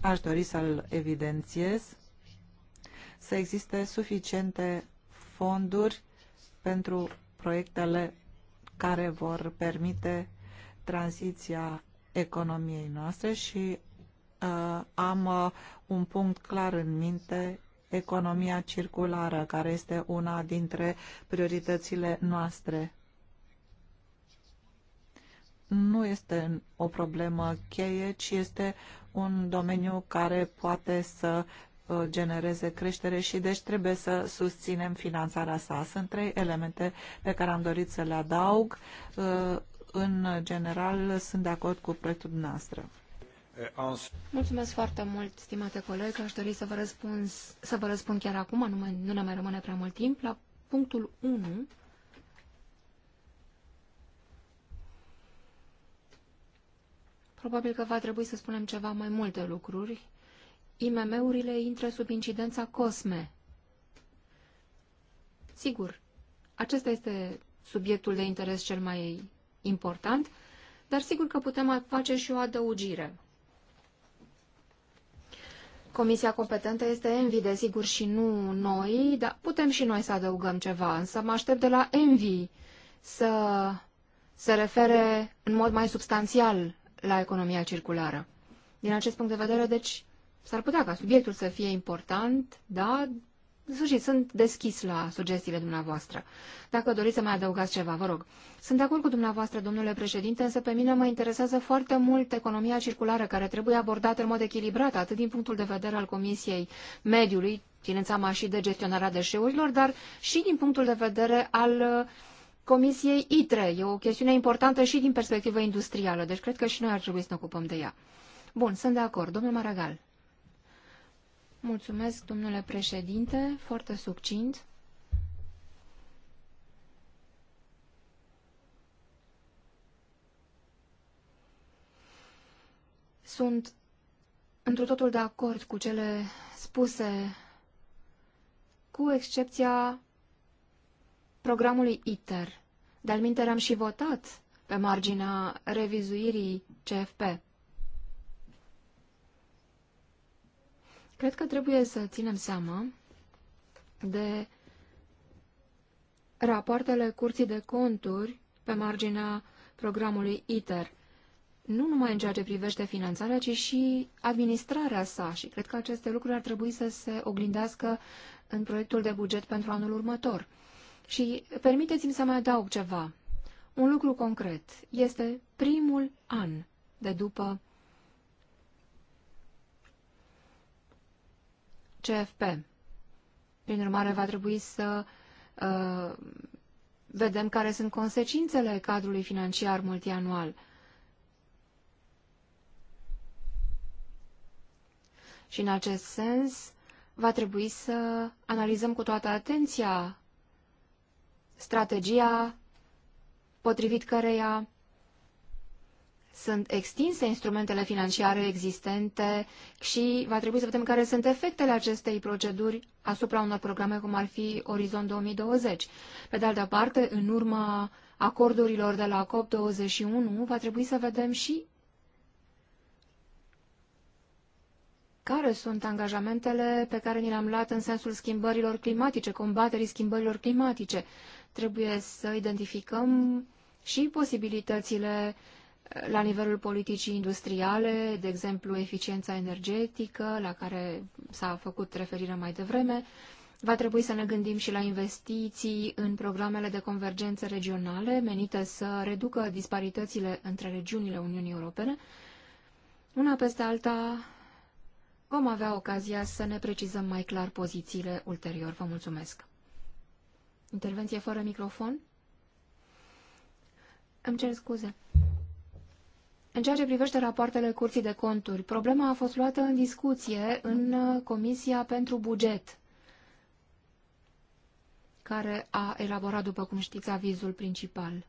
aș dori să-l evidențiez, să existe suficiente fonduri pentru proiectele care vor permite tranziția economiei noastre și uh, am uh, un punct clar în minte, economia circulară, care este una dintre prioritățile noastre. Nu este o problemă cheie, ci este un domeniu care poate să Uh, genereze creștere și deci trebuie să susținem finanțarea sa. Sunt trei elemente pe care am dorit să le adaug. Uh, în general, sunt de acord cu proiectul noastră. Mulțumesc foarte mult, stimate coleg. Aș dori să vă, răspund, să vă răspund chiar acum, nu, mai, nu ne mai rămâne prea mult timp, la punctul 1 Probabil că va trebui să spunem ceva mai multe lucruri IMM-urile intră sub incidența COSME. Sigur, acesta este subiectul de interes cel mai important, dar sigur că putem face și o adăugire. Comisia competentă este Envi, desigur, și nu noi, dar putem și noi să adăugăm ceva, însă mă aștept de la Envi să se refere în mod mai substanțial la economia circulară. Din acest punct de vedere, deci, S-ar putea ca subiectul să fie important, da. în sfârșit, sunt deschis la sugestiile dumneavoastră. Dacă doriți să mai adăugați ceva, vă rog. Sunt de acord cu dumneavoastră, domnule președinte, însă pe mine mă interesează foarte mult economia circulară, care trebuie abordată în mod echilibrat, atât din punctul de vedere al Comisiei Mediului, ținând seama și de gestionarea deșeurilor, dar și din punctul de vedere al uh, Comisiei ITRE. E o chestiune importantă și din perspectivă industrială, deci cred că și noi ar trebui să ne ocupăm de ea. Bun, sunt de acord. Domnul Maragal. Mulțumesc, domnule președinte, foarte succint. Sunt întru totul de acord cu cele spuse, cu excepția programului ITER. De-al am și votat pe marginea revizuirii CFP. Cred că trebuie să ținem seama de rapoartele Curții de Conturi pe marginea programului ITER, nu numai în ceea ce privește finanțarea, ci și administrarea sa și cred că aceste lucruri ar trebui să se oglindească în proiectul de buget pentru anul următor. Și permiteți-mi să mai adaug ceva. Un lucru concret este primul an de după CFP. Prin urmare, va trebui să uh, vedem care sunt consecințele cadrului financiar multianual. Și în acest sens, va trebui să analizăm cu toată atenția strategia potrivit căreia sunt extinse instrumentele financiare existente și va trebui să vedem care sunt efectele acestei proceduri asupra unor programe cum ar fi Orizont 2020. Pe de altă parte, în urma acordurilor de la COP21, va trebui să vedem și care sunt angajamentele pe care ni le-am luat în sensul schimbărilor climatice, combaterii schimbărilor climatice. Trebuie să identificăm și posibilitățile la nivelul politicii industriale, de exemplu eficiența energetică, la care s-a făcut referire mai devreme, va trebui să ne gândim și la investiții în programele de convergență regionale menite să reducă disparitățile între regiunile Uniunii Europene. Una peste alta, vom avea ocazia să ne precizăm mai clar pozițiile ulterior. Vă mulțumesc. Intervenție fără microfon? Îmi cer scuze. În ceea ce privește rapoartele Curții de Conturi, problema a fost luată în discuție în uh, Comisia pentru Buget, care a elaborat, după cum știți, avizul principal.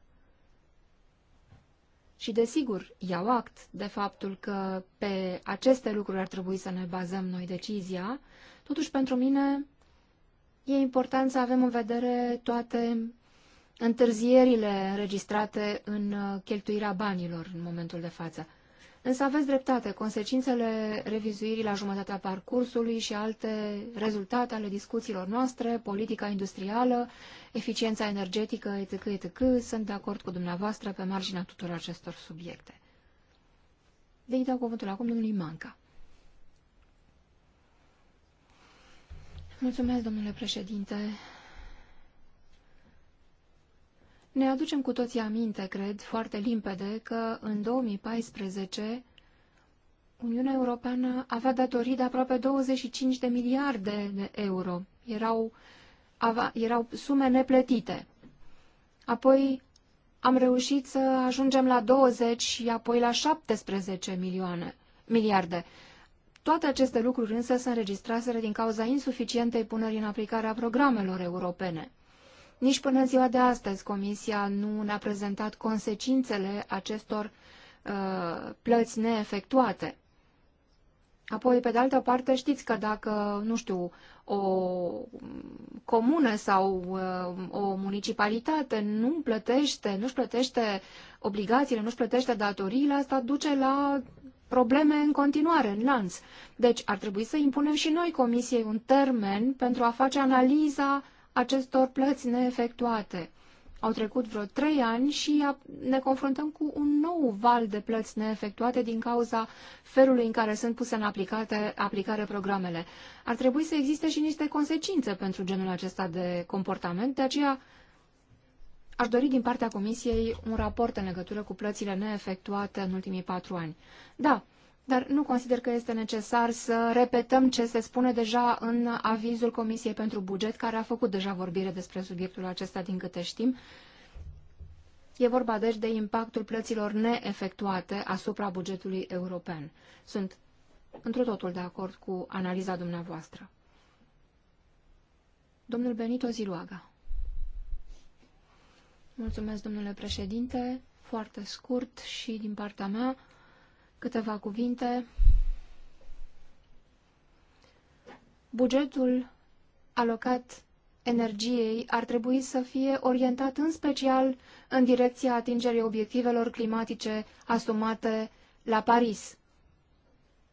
Și, desigur, iau act de faptul că pe aceste lucruri ar trebui să ne bazăm noi decizia, totuși, pentru mine, e important să avem în vedere toate întârzierile înregistrate în uh, cheltuirea banilor în momentul de față. Însă aveți dreptate, consecințele revizuirii la jumătatea parcursului și alte rezultate ale discuțiilor noastre, politica industrială, eficiența energetică, etc., etc., sunt de acord cu dumneavoastră pe marginea tuturor acestor subiecte. Deci dau cuvântul acum domnului Manca. Mulțumesc, domnule președinte. Ne aducem cu toții aminte, cred, foarte limpede, că în 2014 Uniunea Europeană avea datorii de aproape 25 de miliarde de euro. Erau, ava, erau sume neplătite. Apoi am reușit să ajungem la 20 și apoi la 17 milioane, miliarde. Toate aceste lucruri însă se înregistraseră din cauza insuficientei puneri în aplicare a programelor europene. Nici până în ziua de astăzi Comisia nu ne-a prezentat consecințele acestor uh, plăți neefectuate. Apoi, pe de altă parte, știți că dacă, nu știu, o comună sau uh, o municipalitate nu plătește, nu-și plătește obligațiile, nu-și plătește datoriile, asta duce la probleme în continuare, în lanț. Deci ar trebui să impunem și noi Comisiei un termen pentru a face analiza acestor plăți neefectuate. Au trecut vreo trei ani și ne confruntăm cu un nou val de plăți neefectuate din cauza felului în care sunt puse în aplicate, aplicare programele. Ar trebui să existe și niște consecințe pentru genul acesta de comportament, de aceea aș dori din partea Comisiei un raport în legătură cu plățile neefectuate în ultimii patru ani. Da, dar nu consider că este necesar să repetăm ce se spune deja în avizul Comisiei pentru Buget, care a făcut deja vorbire despre subiectul acesta din câte știm. E vorba deci de impactul plăților neefectuate asupra bugetului european. Sunt întru totul de acord cu analiza dumneavoastră. Domnul Benito Ziluaga. Mulțumesc, domnule președinte. Foarte scurt și din partea mea. Câteva cuvinte. Bugetul alocat energiei ar trebui să fie orientat în special în direcția atingerii obiectivelor climatice asumate la Paris.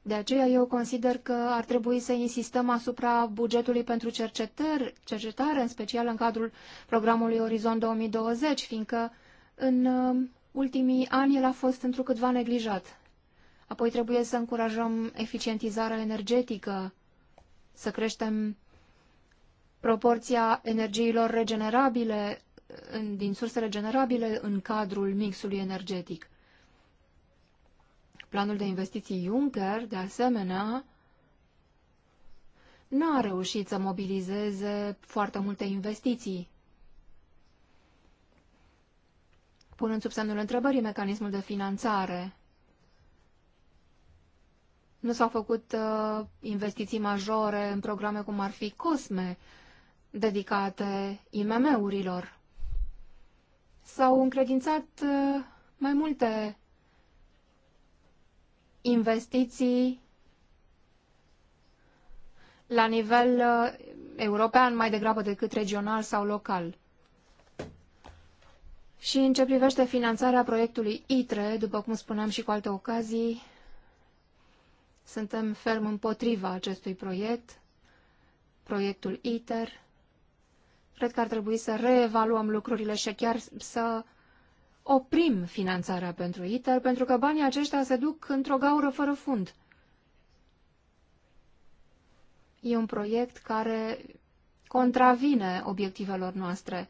De aceea eu consider că ar trebui să insistăm asupra bugetului pentru cercetări, cercetare, în special în cadrul programului Orizont 2020, fiindcă în uh, ultimii ani el a fost întrucâtva neglijat. Apoi trebuie să încurajăm eficientizarea energetică, să creștem proporția energiilor regenerabile în, din surse regenerabile în cadrul mixului energetic. Planul de investiții Juncker, de asemenea, n-a reușit să mobilizeze foarte multe investiții. Punând sub semnul întrebării mecanismul de finanțare, nu s-au făcut uh, investiții majore în programe cum ar fi COSME, dedicate IMM-urilor. S-au încredințat uh, mai multe investiții la nivel uh, european mai degrabă decât regional sau local. Și în ce privește finanțarea proiectului ITRE, după cum spuneam și cu alte ocazii, suntem ferm împotriva acestui proiect, proiectul ITER. Cred că ar trebui să reevaluăm lucrurile și chiar să oprim finanțarea pentru ITER, pentru că banii aceștia se duc într-o gaură fără fund. E un proiect care contravine obiectivelor noastre.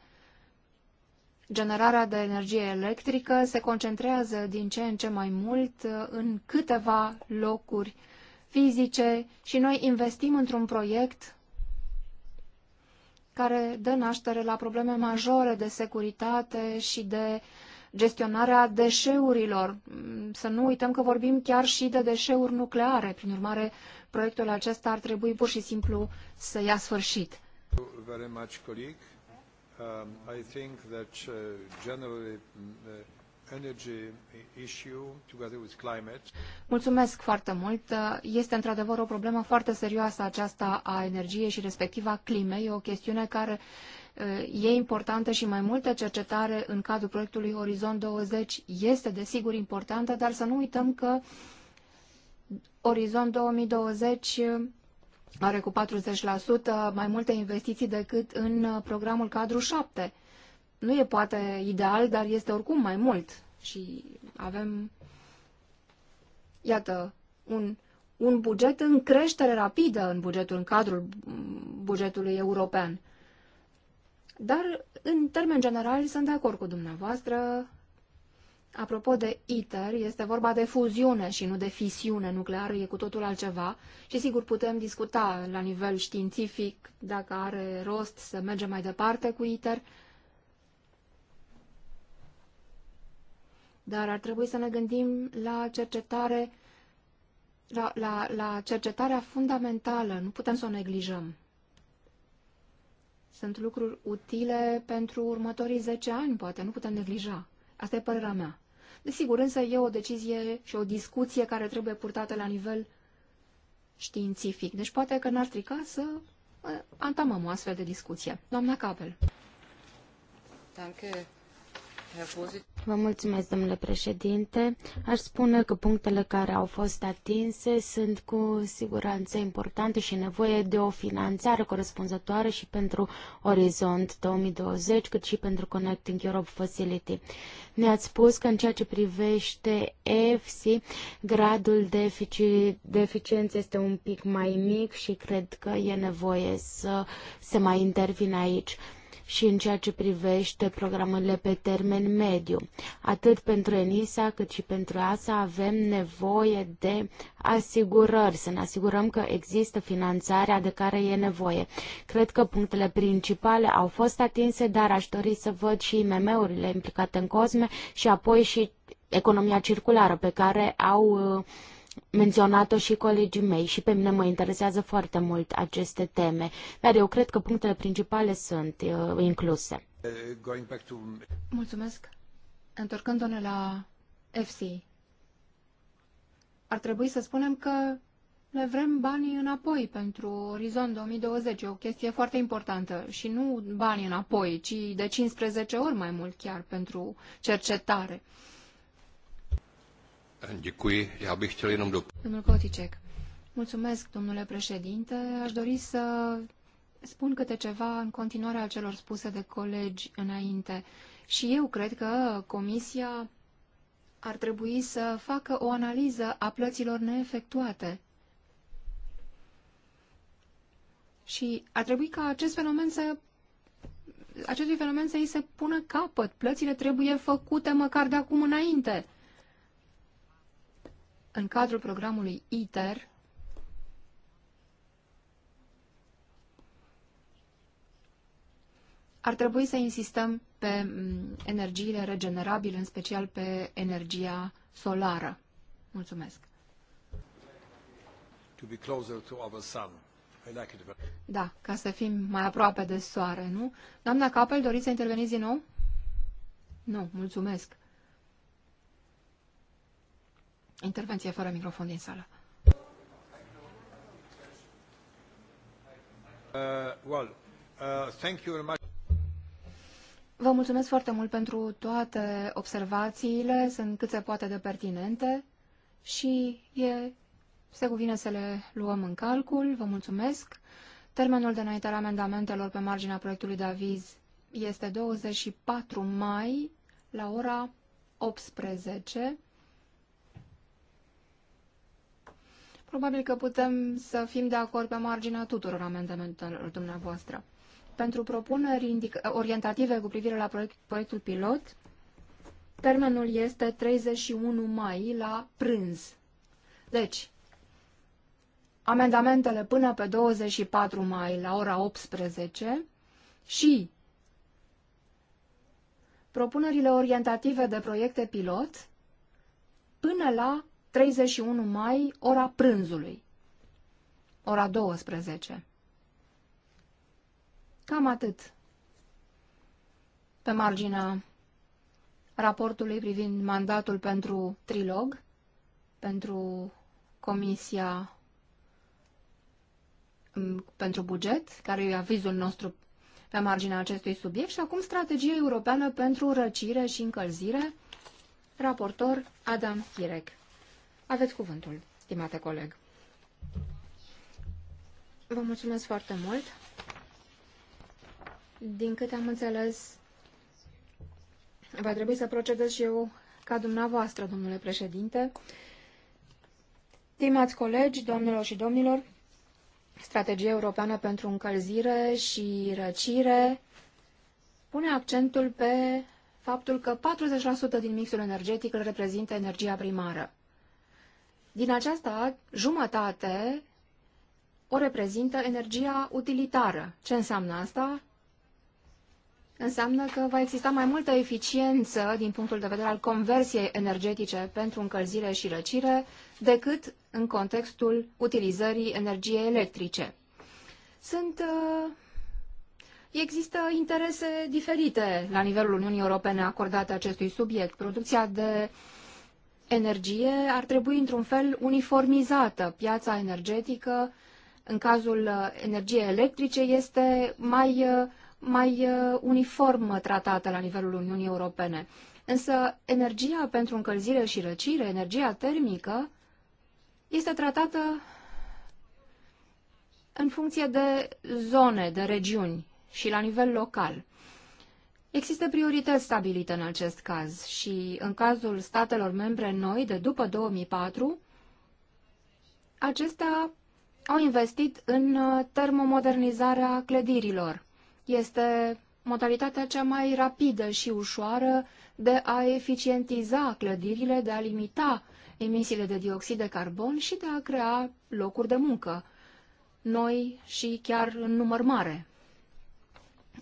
Generarea de energie electrică se concentrează din ce în ce mai mult în câteva locuri fizice și noi investim într-un proiect care dă naștere la probleme majore de securitate și de gestionarea deșeurilor. Să nu uităm că vorbim chiar și de deșeuri nucleare. Prin urmare, proiectul acesta ar trebui pur și simplu să ia sfârșit. Um, I think that uh, generally uh, Mulțumesc foarte mult. Este într-adevăr o problemă foarte serioasă aceasta a energiei și respectiva climei. E o chestiune care uh, e importantă și mai multă cercetare în cadrul proiectului Orizont 20 este desigur importantă, dar să nu uităm că Orizont 2020 uh, are cu 40% mai multe investiții decât în uh, programul cadru 7 nu e poate ideal, dar este oricum mai mult. Și avem, iată, un, un buget în creștere rapidă în bugetul, în cadrul bugetului european. Dar, în termen general, sunt de acord cu dumneavoastră. Apropo de ITER, este vorba de fuziune și nu de fisiune nucleară, e cu totul altceva și sigur putem discuta la nivel științific dacă are rost să mergem mai departe cu ITER, dar ar trebui să ne gândim la cercetare, la, la, la cercetarea fundamentală, nu putem să o neglijăm. Sunt lucruri utile pentru următorii 10 ani, poate, nu putem neglija. Asta e părerea mea. Desigur, însă e o decizie și o discuție care trebuie purtată la nivel științific. Deci poate că n-ar strica să eh, antamăm o astfel de discuție. Doamna Capel. Danke, Vă mulțumesc, domnule președinte. Aș spune că punctele care au fost atinse sunt cu siguranță importante și nevoie de o finanțare corespunzătoare și pentru Orizont 2020, cât și pentru Connecting Europe Facility. Ne-ați spus că în ceea ce privește EFSI, gradul de, efici- de eficiență este un pic mai mic și cred că e nevoie să se mai intervină aici și în ceea ce privește programele pe termen mediu. Atât pentru ENISA cât și pentru ASA avem nevoie de asigurări, să ne asigurăm că există finanțarea de care e nevoie. Cred că punctele principale au fost atinse, dar aș dori să văd și IMM-urile implicate în COSME și apoi și economia circulară pe care au uh, menționat-o și colegii mei și pe mine mă interesează foarte mult aceste teme, dar eu cred că punctele principale sunt uh, incluse. To... Mulțumesc. Întorcându-ne la FC, ar trebui să spunem că ne vrem banii înapoi pentru Orizont 2020. E o chestie foarte importantă și nu banii înapoi, ci de 15 ori mai mult chiar pentru cercetare. Uh, Děkuji. Já bych chtěl jenom do... Domnul Mulțumesc, domnule președinte. Aș dori să spun câte ceva în continuare al celor spuse de colegi înainte. Și eu cred că Comisia ar trebui să facă o analiză a plăților neefectuate. Și ar trebui ca acest fenomen să acestui fenomen să îi se pună capăt. Plățile trebuie făcute măcar de acum înainte în cadrul programului ITER, ar trebui să insistăm pe energiile regenerabile, în special pe energia solară. Mulțumesc. Da, ca să fim mai aproape de soare, nu? Doamna Capel, doriți să interveniți din nou? Nu, mulțumesc. Intervenție fără microfon din sală. Uh, well, uh, thank you very much. Vă mulțumesc foarte mult pentru toate observațiile, sunt cât se poate de pertinente și e, se cuvine să le luăm în calcul. Vă mulțumesc. Termenul de înaintare amendamentelor pe marginea proiectului de aviz este 24 mai la ora 18. Probabil că putem să fim de acord pe marginea tuturor amendamentelor dumneavoastră. Pentru propuneri orientative cu privire la proiect, proiectul pilot, termenul este 31 mai la prânz. Deci, amendamentele până pe 24 mai la ora 18 și propunerile orientative de proiecte pilot până la 31 mai, ora prânzului, ora 12. Cam atât. Pe marginea raportului privind mandatul pentru trilog, pentru Comisia pentru buget, care e avizul nostru pe marginea acestui subiect, și acum strategia europeană pentru răcire și încălzire, raportor Adam Hirek. Aveți cuvântul, stimate coleg. Vă mulțumesc foarte mult. Din câte am înțeles, va trebui să procedez și eu ca dumneavoastră, domnule președinte. Stimați colegi, domnilor și domnilor, strategia europeană pentru încălzire și răcire pune accentul pe faptul că 40% din mixul energetic îl reprezintă energia primară. Din aceasta, jumătate o reprezintă energia utilitară. Ce înseamnă asta? Înseamnă că va exista mai multă eficiență din punctul de vedere al conversiei energetice pentru încălzire și răcire decât în contextul utilizării energiei electrice. Sunt uh, Există interese diferite la nivelul Uniunii Europene acordate acestui subiect. Producția de uh, energie ar trebui într-un fel uniformizată. Piața energetică, în cazul uh, energiei electrice, este mai, uh, mai uh, uniform tratată la nivelul Uniunii Europene. Însă energia pentru încălzire și răcire, energia termică, este tratată în funcție de zone, de regiuni și la nivel local. Există priorități stabilite în acest caz și, în cazul statelor membre noi de după 2004, acestea au investit în uh, termomodernizarea clădirilor. Este modalitatea cea mai rapidă și ușoară de a eficientiza clădirile, de a limita emisiile de dioxid de carbon și de a crea locuri de muncă, noi și chiar în număr mare.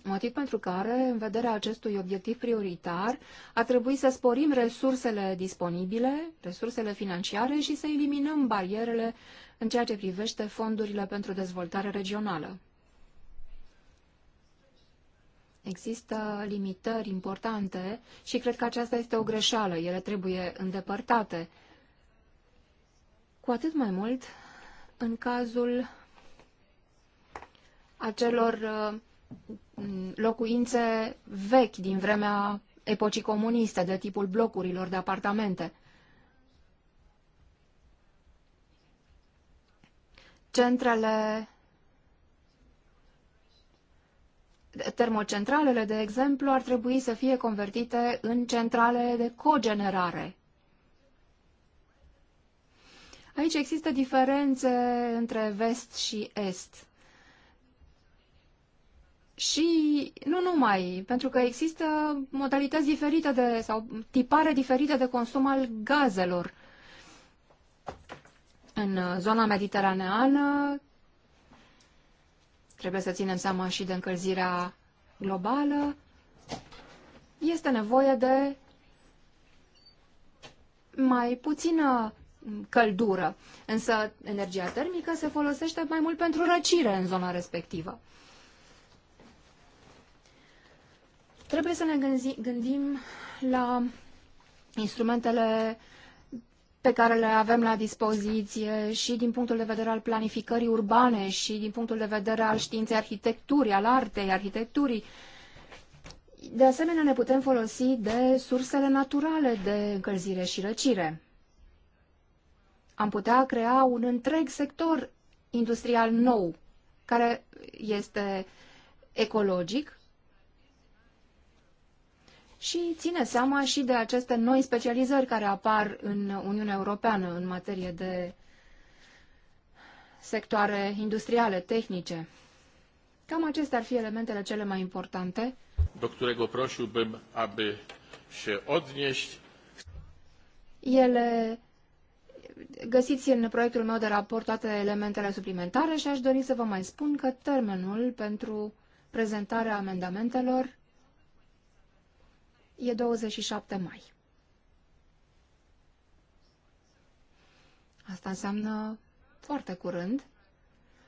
Motiv pentru care, în vederea acestui obiectiv prioritar, ar trebui să sporim resursele disponibile, resursele financiare și să eliminăm barierele în ceea ce privește fondurile pentru dezvoltare regională. Există limitări importante și cred că aceasta este o greșeală. Ele trebuie îndepărtate. Cu atât mai mult în cazul acelor uh, Mm, locuințe vechi din vremea epocii comuniste, de tipul blocurilor de apartamente. Centrele termocentralele, de exemplu, ar trebui să fie convertite în centrale de cogenerare. Aici există diferențe între vest și est. Și nu numai, pentru că există modalități diferite de, sau tipare diferite de consum al gazelor. În zona mediteraneană trebuie să ținem seama și de încălzirea globală. Este nevoie de mai puțină căldură, însă energia termică se folosește mai mult pentru răcire în zona respectivă. Trebuie să ne gândim la instrumentele pe care le avem la dispoziție și din punctul de vedere al planificării urbane și din punctul de vedere al științei arhitecturii, al artei arhitecturii. De asemenea, ne putem folosi de sursele naturale de încălzire și răcire. Am putea crea un întreg sector industrial nou, care este ecologic și ține seama și de aceste noi specializări care apar în Uniunea Europeană în materie de sectoare industriale, tehnice. Cam acestea ar fi elementele cele mai importante. Do prosiłbym, aby się odnieść. Ele găsiți în proiectul meu de raport toate elementele suplimentare și aș dori să vă mai spun că termenul pentru prezentarea amendamentelor e 27 mai. Asta înseamnă foarte curând.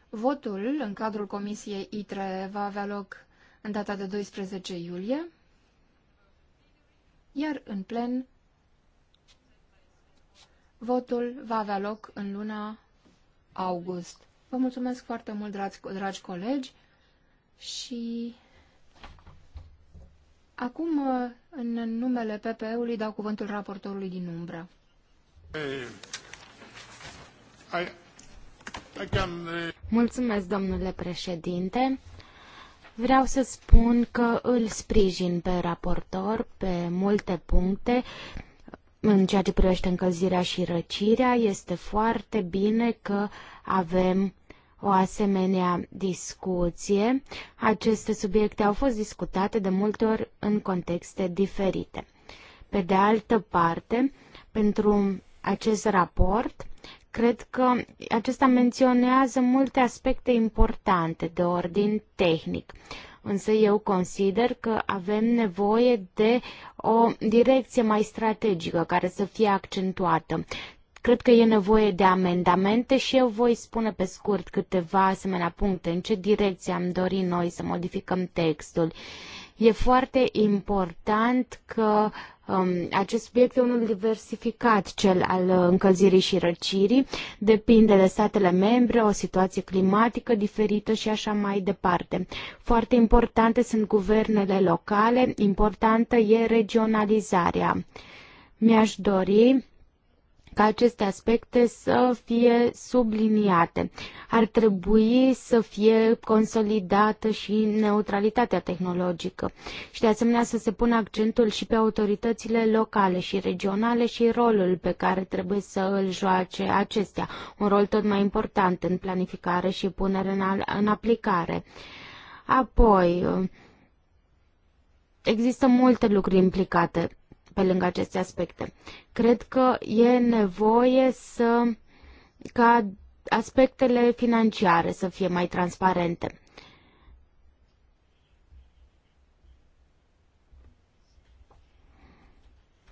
Votul în cadrul Comisiei ITRE va avea loc în data de 12 iulie, iar în plen votul va avea loc în luna august. Vă mulțumesc foarte mult, dragi, dragi colegi, și Acum, uh, în numele PPE-ului, dau cuvântul raportorului din umbră. Uh, Mulțumesc, domnule președinte. Vreau să spun că îl sprijin pe raportor pe multe puncte. În ceea ce privește încălzirea și răcirea, este foarte bine că avem o asemenea discuție. Aceste subiecte au fost discutate de multe ori în contexte diferite. Pe de altă parte, pentru acest raport, cred că acesta menționează multe aspecte importante de ordin tehnic. Însă eu consider că avem nevoie de o direcție mai strategică care să fie accentuată. Cred că e nevoie de amendamente și eu voi spune pe scurt câteva asemenea puncte, în ce direcție am dorit noi să modificăm textul. E foarte important că um, acest subiect e unul diversificat, cel al încălzirii și răcirii, depinde de statele membre, o situație climatică diferită și așa mai departe. Foarte importante sunt guvernele locale, importantă e regionalizarea. Mi-aș dori ca aceste aspecte să fie subliniate. Ar trebui să fie consolidată și neutralitatea tehnologică și de asemenea să se pună accentul și pe autoritățile locale și regionale și rolul pe care trebuie să îl joace acestea, un rol tot mai important în planificare și punere în, în aplicare. Apoi, există multe lucruri implicate pe lângă aceste aspecte. Cred că e nevoie să ca aspectele financiare să fie mai transparente.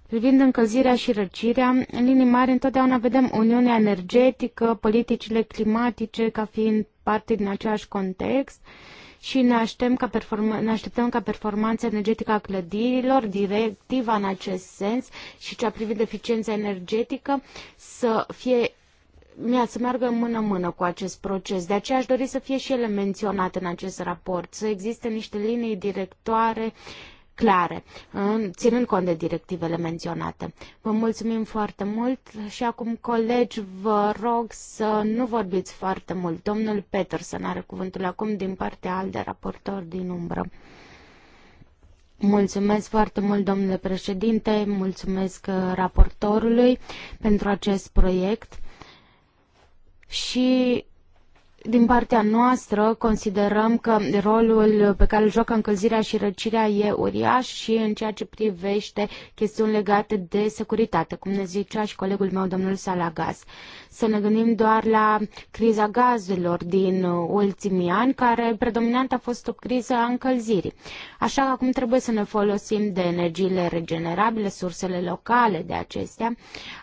Privind încălzirea și răcirea, în linii mari întotdeauna vedem Uniunea Energetică, politicile climatice ca fiind parte din același context și ne, așteptăm ca ne așteptăm ca performanța energetică a clădirilor, directiva în acest sens și cea privind eficiența energetică să fie mi-a să meargă mână-mână cu acest proces. De aceea aș dori să fie și ele menționate în acest raport, să existe niște linii directoare clare, ținând cont de directivele menționate. Vă mulțumim foarte mult și acum, colegi, vă rog să nu vorbiți foarte mult. Domnul Peterson are cuvântul acum din partea al de raportor din umbră. Mulțumesc foarte mult, domnule președinte, mulțumesc uh, raportorului pentru acest proiect și din partea noastră, considerăm că rolul pe care îl joacă încălzirea și răcirea e uriaș și în ceea ce privește chestiuni legate de securitate, cum ne zicea și colegul meu, domnul Salagas. Uh, să ne gândim doar la criza gazelor din ultimii ani, care predominant a fost o criză a încălzirii. Așa că acum trebuie să ne folosim de energiile regenerabile, sursele locale de acestea,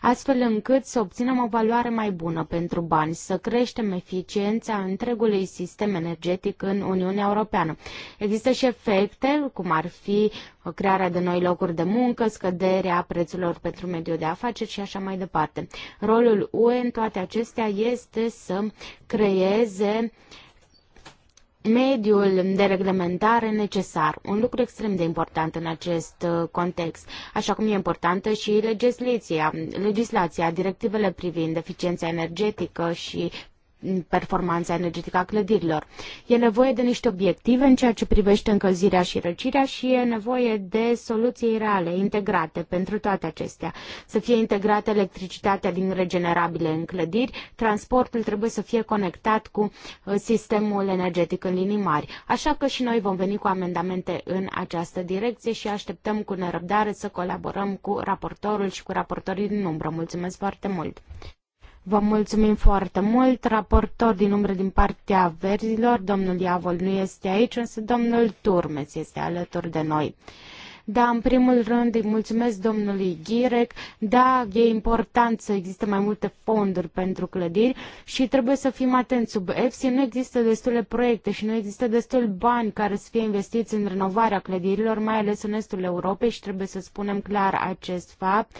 astfel încât să obținem o valoare mai bună pentru bani, să creștem eficiența întregului sistem energetic în Uniunea Europeană. Există și efecte, cum ar fi crearea de noi locuri de muncă, scăderea prețurilor pentru mediul de afaceri și așa mai departe. Rolul UE în toate acestea este să creeze mediul de reglementare necesar, un lucru extrem de important în acest uh, context, așa cum e importantă și legislația, legislația directivele privind eficiența energetică și performanța energetică a clădirilor. E nevoie de niște obiective în ceea ce privește încălzirea și răcirea și e nevoie de soluții reale, integrate pentru toate acestea. Să fie integrată electricitatea din regenerabile în clădiri, transportul trebuie să fie conectat cu uh, sistemul energetic în linii mari. Așa că și noi vom veni cu amendamente în această direcție și așteptăm cu nerăbdare să colaborăm cu raportorul și cu raportorii din umbră. Mulțumesc foarte mult! Vă mulțumim foarte mult. Raportor din umbră din partea verzilor, domnul Iavol nu este aici, însă domnul Turmes este alături de noi. Da, în primul rând îi mulțumesc domnului Ghirec. Da, e important să existe mai multe fonduri pentru clădiri și trebuie să fim atenți. Sub EFSI nu există destule proiecte și nu există destul bani care să fie investiți în renovarea clădirilor, mai ales în estul Europei și trebuie să spunem clar acest fapt.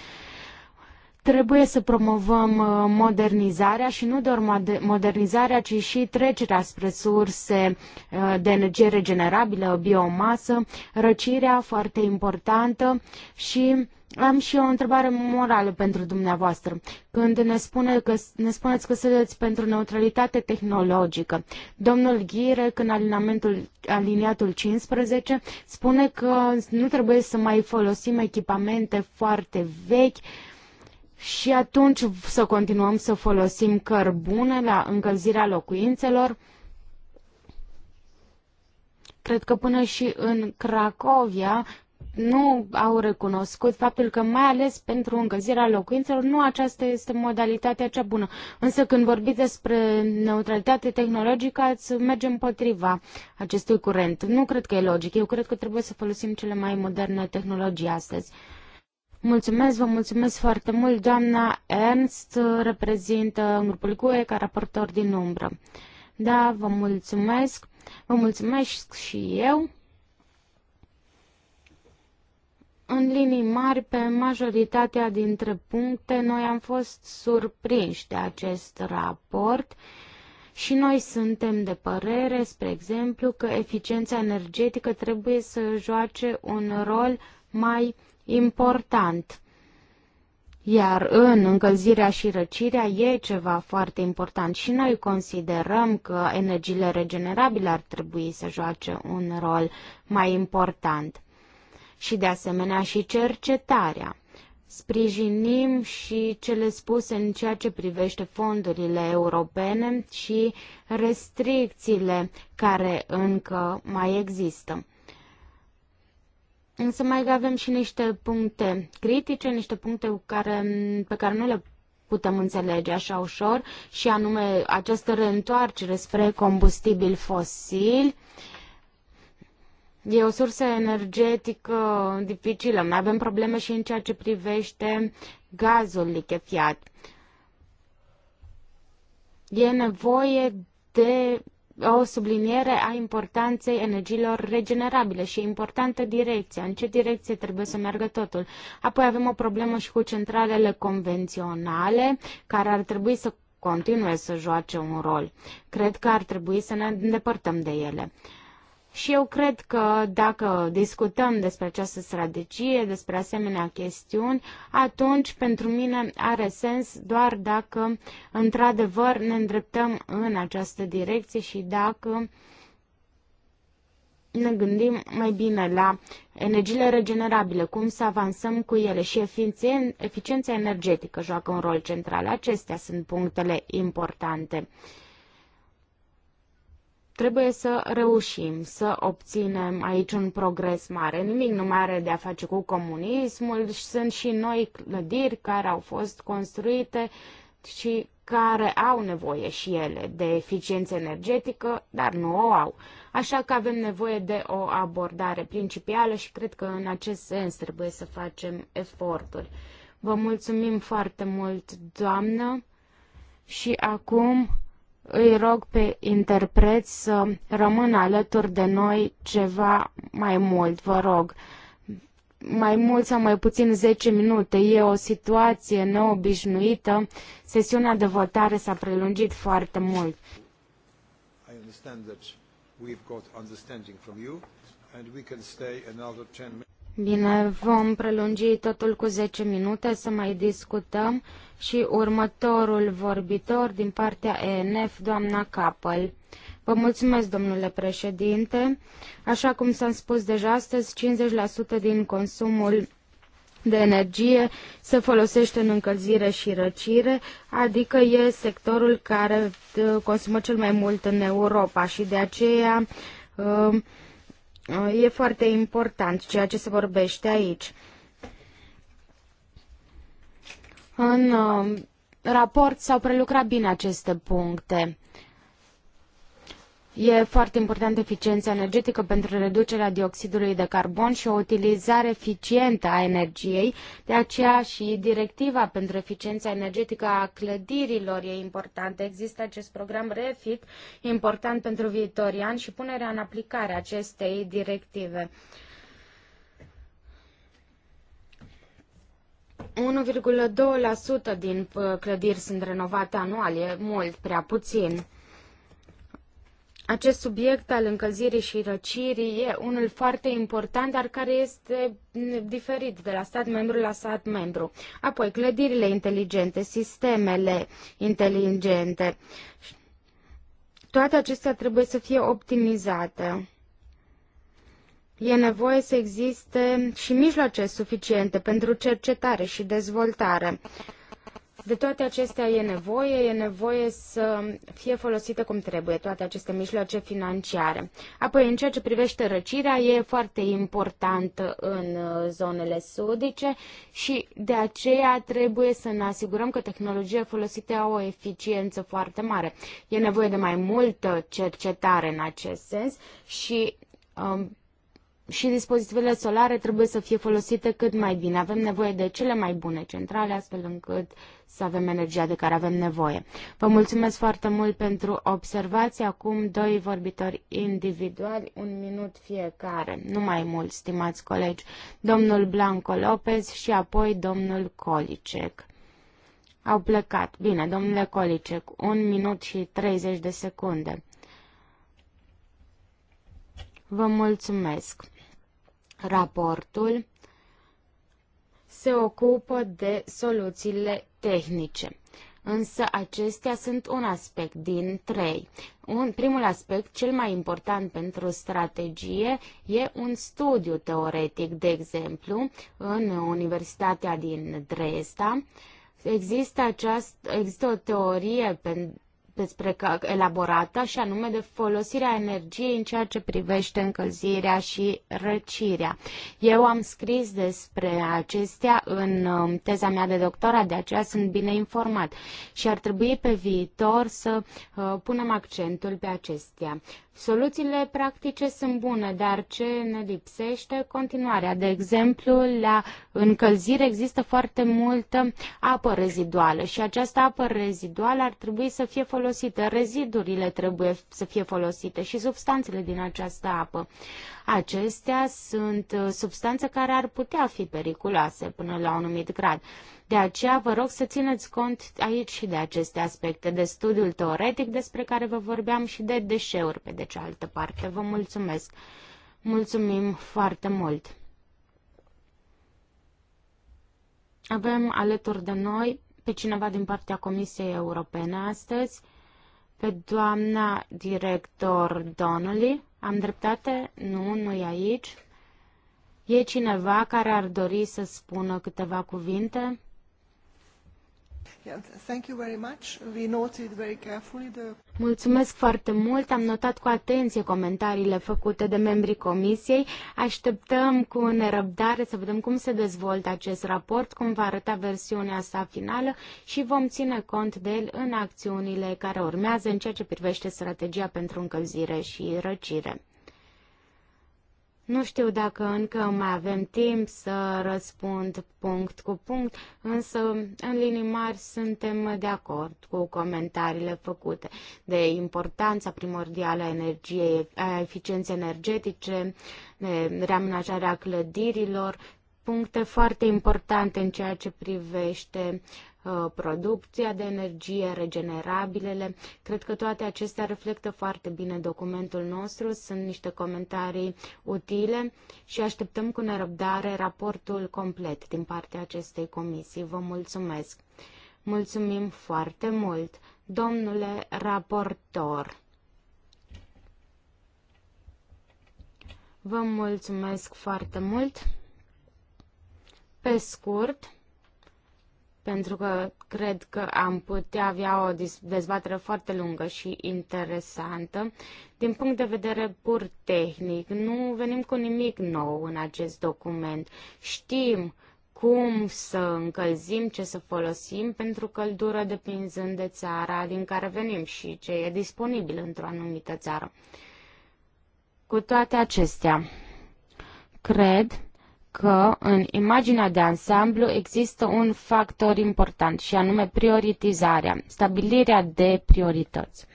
Trebuie să promovăm uh, modernizarea și nu doar modernizarea, ci și trecerea spre surse uh, de energie regenerabilă, biomasă, răcirea foarte importantă și am și o întrebare morală pentru dumneavoastră. Când ne, spune că, ne spuneți că sunteți pentru neutralitate tehnologică, domnul Ghire, când alinamentul, aliniatul 15, spune că nu trebuie să mai folosim echipamente foarte vechi, uh, și atunci să continuăm să folosim cărbune la încălzirea locuințelor. Cred că până și în Cracovia nu au recunoscut faptul că, mai ales pentru încălzirea locuințelor, nu aceasta este modalitatea cea bună. Însă când vorbiți despre neutralitate tehnologică, ați merge împotriva acestui curent. Nu cred că e logic. Eu cred că trebuie să folosim cele mai moderne tehnologii astăzi. Mulțumesc, vă mulțumesc foarte mult. Doamna Ernst reprezintă grupul GUE ca raportor din umbră. Da, vă mulțumesc. Vă mulțumesc și eu. În linii mari, pe majoritatea dintre puncte, noi am fost surprinși de acest raport și noi suntem de părere, spre exemplu, că eficiența energetică trebuie să joace un rol mai important important. Iar în încălzirea și răcirea e ceva foarte important și noi considerăm că energiile regenerabile ar trebui să joace un rol mai important. Și de asemenea și cercetarea. Sprijinim și cele spuse în ceea ce privește fondurile europene și restricțiile care încă mai există. Însă mai avem și niște puncte critice, niște puncte care, pe care nu le putem înțelege așa ușor, și anume această reîntoarcere spre combustibil fosil. E o sursă energetică dificilă. Mai avem probleme și în ceea ce privește gazul lichefiat. E nevoie de o subliniere a importanței energiilor regenerabile și importantă direcția, în ce direcție trebuie să meargă totul. Apoi avem o problemă și cu centralele convenționale, care ar trebui să continue să joace un rol. Cred că ar trebui să ne îndepărtăm de ele. Și eu cred că dacă discutăm despre această strategie, despre asemenea chestiuni, atunci pentru mine are sens doar dacă într-adevăr ne îndreptăm în această direcție și dacă ne gândim mai bine la energiile regenerabile, cum să avansăm cu ele și eficiența energetică joacă un rol central. Acestea sunt punctele importante. Trebuie să reușim să obținem aici un progres mare. Nimic nu mai are de a face cu comunismul. Sunt și noi clădiri care au fost construite și care au nevoie și ele de eficiență energetică, dar nu o au. Așa că avem nevoie de o abordare principială și cred că în acest sens trebuie să facem eforturi. Vă mulțumim foarte mult, doamnă, și acum îi rog pe interpreți să rămână alături de noi ceva mai mult, vă rog. Mai mult sau mai puțin 10 minute. E o situație neobișnuită. Sesiunea de votare s-a prelungit foarte mult. I understand that we've got understanding from you and we can stay another 10 minutes. Bine, vom prelungi totul cu 10 minute să mai discutăm și următorul vorbitor din partea ENF, doamna Capăl. Vă mulțumesc, domnule președinte. Așa cum s-a spus deja astăzi, 50% din consumul de energie se folosește în încălzire și răcire, adică e sectorul care uh, consumă cel mai mult în Europa și de aceea uh, E foarte important ceea ce se vorbește aici. În um, raport s-au prelucrat bine aceste puncte. E foarte importantă eficiența energetică pentru reducerea dioxidului de carbon și o utilizare eficientă a energiei. De aceea și directiva pentru eficiența energetică a clădirilor e importantă. Există acest program REFIT important pentru viitorii ani și punerea în aplicare acestei directive. 1,2% din uh, clădiri sunt renovate anual, e mult, prea puțin. Acest subiect al încălzirii și răcirii e unul foarte important, dar care este diferit de la stat membru la stat membru. Apoi, clădirile inteligente, sistemele inteligente. Toate acestea trebuie să fie optimizate. E nevoie să existe și mijloace suficiente pentru cercetare și dezvoltare. De toate acestea e nevoie, e nevoie să fie folosite cum trebuie toate aceste mijloace financiare. Apoi, în ceea ce privește răcirea, e foarte important în uh, zonele sudice și de aceea trebuie să ne asigurăm că tehnologia folosită au o eficiență foarte mare. E nevoie de mai multă cercetare în acest sens și um, și dispozitivele solare trebuie să fie folosite cât mai bine. Avem nevoie de cele mai bune centrale, astfel încât să avem energia de care avem nevoie. Vă mulțumesc foarte mult pentru observații. Acum doi vorbitori individuali, un minut fiecare, nu mai mult, stimați colegi, domnul Blanco Lopez și apoi domnul Kolicek. Au plecat. Bine, domnule Kolicek, un minut și 30 de secunde. Vă mulțumesc. Raportul se ocupă de soluțiile tehnice, însă acestea sunt un aspect din trei. Un, primul aspect, cel mai important pentru strategie, e un studiu teoretic, de exemplu, în Universitatea din Dresda, există, această, există o teorie pentru despre elaborată, și anume de folosirea energiei în ceea ce privește încălzirea și răcirea. Eu am scris despre acestea în um, teza mea de doctorat, de aceea sunt bine informat și ar trebui pe viitor să uh, punem accentul pe acestea. Soluțiile practice sunt bune, dar ce ne lipsește? Continuarea. De exemplu, la încălzire există foarte multă apă reziduală și această apă reziduală ar trebui să fie folosită folosite, rezidurile trebuie să fie folosite și substanțele din această apă. Acestea sunt uh, substanțe care ar putea fi periculoase până la un anumit grad. De aceea vă rog să țineți cont aici și de aceste aspecte, de studiul teoretic despre care vă vorbeam și de deșeuri pe de cealaltă parte. Vă mulțumesc! Mulțumim foarte mult! Avem alături de noi pe cineva din partea Comisiei Europene astăzi, pe doamna director Donnelly. Am dreptate? Nu, nu e aici. E cineva care ar dori să spună câteva cuvinte? Mulțumesc foarte mult. Am notat cu atenție comentariile făcute de membrii comisiei. Așteptăm cu nerăbdare să vedem cum se dezvoltă acest raport, cum va arăta versiunea sa finală și vom ține cont de el în acțiunile care urmează în ceea ce privește strategia pentru încălzire și răcire. Nu știu dacă încă mai avem timp să răspund punct cu punct, însă în linii mari suntem de acord cu comentariile făcute de importanța primordială a energiei, a eficienței energetice, de reamenajarea clădirilor, puncte foarte importante în ceea ce privește Uh, producția de energie, regenerabilele. Cred că toate acestea reflectă foarte bine documentul nostru, sunt niște comentarii utile și așteptăm cu nerăbdare raportul complet din partea acestei comisii. Vă mulțumesc! Mulțumim foarte mult, domnule raportor! Vă mulțumesc foarte mult! Pe scurt, pentru că cred că am putea avea o dezbatere foarte lungă și interesantă. Din punct de vedere pur tehnic, nu venim cu nimic nou în acest document. Știm cum să încălzim, ce să folosim pentru căldură depinzând de țara din care venim și ce e disponibil într-o anumită țară. Cu toate acestea, cred că în imaginea de ansamblu există un factor important și anume prioritizarea, stabilirea de priorități.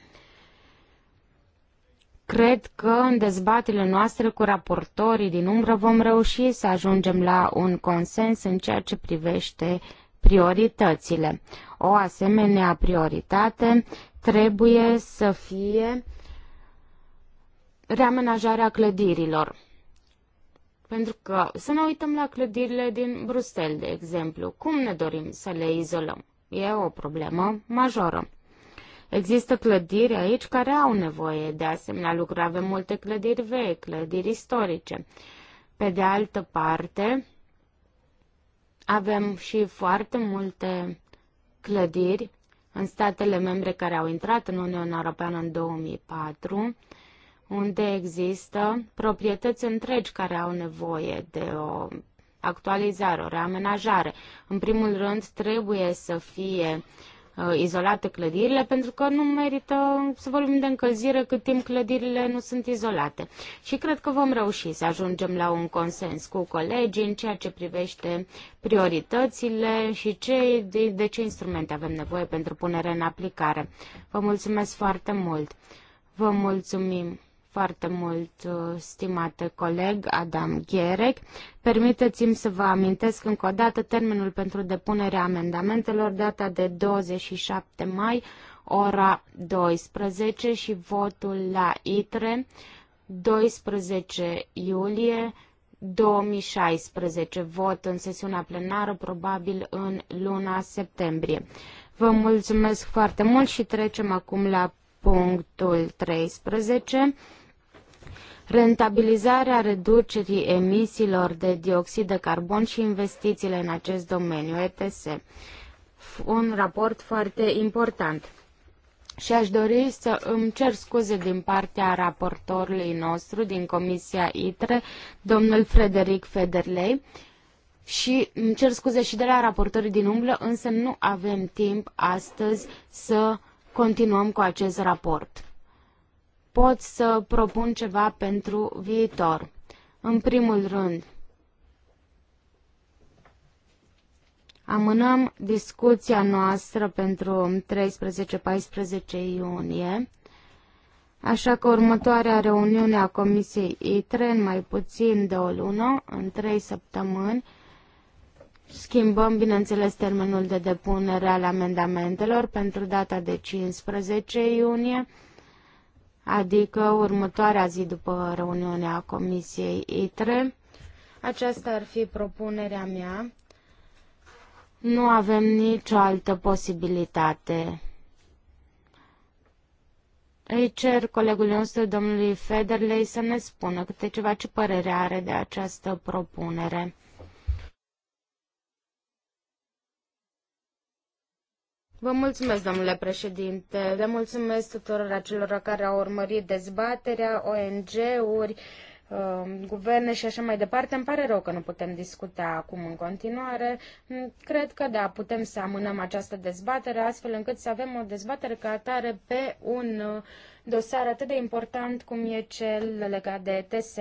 Cred că în dezbaterile noastre cu raportorii din umbră vom reuși să ajungem la un consens în ceea ce privește prioritățile. O asemenea prioritate trebuie să fie reamenajarea clădirilor pentru că să ne uităm la clădirile din Bruxelles, de exemplu, cum ne dorim să le izolăm? E o problemă majoră. Există clădiri aici care au nevoie de asemenea lucruri. Avem multe clădiri vechi, clădiri istorice. Pe de altă parte, avem și foarte multe clădiri în statele membre care au intrat în Uniunea Europeană în 2004 unde există proprietăți întregi care au nevoie de o actualizare, o reamenajare. În primul rând, trebuie să fie uh, izolate clădirile pentru că nu merită să vorbim de încălzire cât timp clădirile nu sunt izolate. Și cred că vom reuși să ajungem la un consens cu colegii în ceea ce privește prioritățile și ce, de, de ce instrumente avem nevoie pentru punere în aplicare. Vă mulțumesc foarte mult! Vă mulțumim! foarte mult, uh, stimate coleg Adam Gherec. Permiteți-mi să vă amintesc încă o dată termenul pentru depunerea amendamentelor, data de 27 mai, ora 12 și votul la ITRE, 12 iulie 2016, vot în sesiunea plenară, probabil în luna septembrie. Vă mulțumesc foarte mult și trecem acum la punctul 13 rentabilizarea reducerii emisiilor de dioxid de carbon și investițiile în acest domeniu, ETS. Un raport foarte important. Și aș dori să îmi cer scuze din partea raportorului nostru din Comisia ITRE, domnul Frederic Federley, și îmi cer scuze și de la raportorii din umblă, însă nu avem timp astăzi să continuăm cu acest raport pot să propun ceva pentru viitor. În primul rând, amânăm discuția noastră pentru 13-14 iunie, așa că următoarea reuniune a Comisiei ITRE, în mai puțin de o lună, în 3 săptămâni, Schimbăm, bineînțeles, termenul de depunere al amendamentelor pentru data de 15 iunie adică următoarea zi după reuniunea Comisiei ITRE. Aceasta ar fi propunerea mea. Nu avem nicio altă posibilitate. Îi cer colegului nostru, domnului Federley, să ne spună câte ceva ce părere are de această propunere. Vă mulțumesc, domnule președinte. Le mulțumesc tuturor acelor care au urmărit dezbaterea, ONG-uri, um, guverne și așa mai departe. Îmi pare rău că nu putem discuta acum în continuare. Mm, cred că da, putem să amânăm această dezbatere astfel încât să avem o dezbatere ca atare pe un uh, dosar atât de important cum e cel legat de ETS.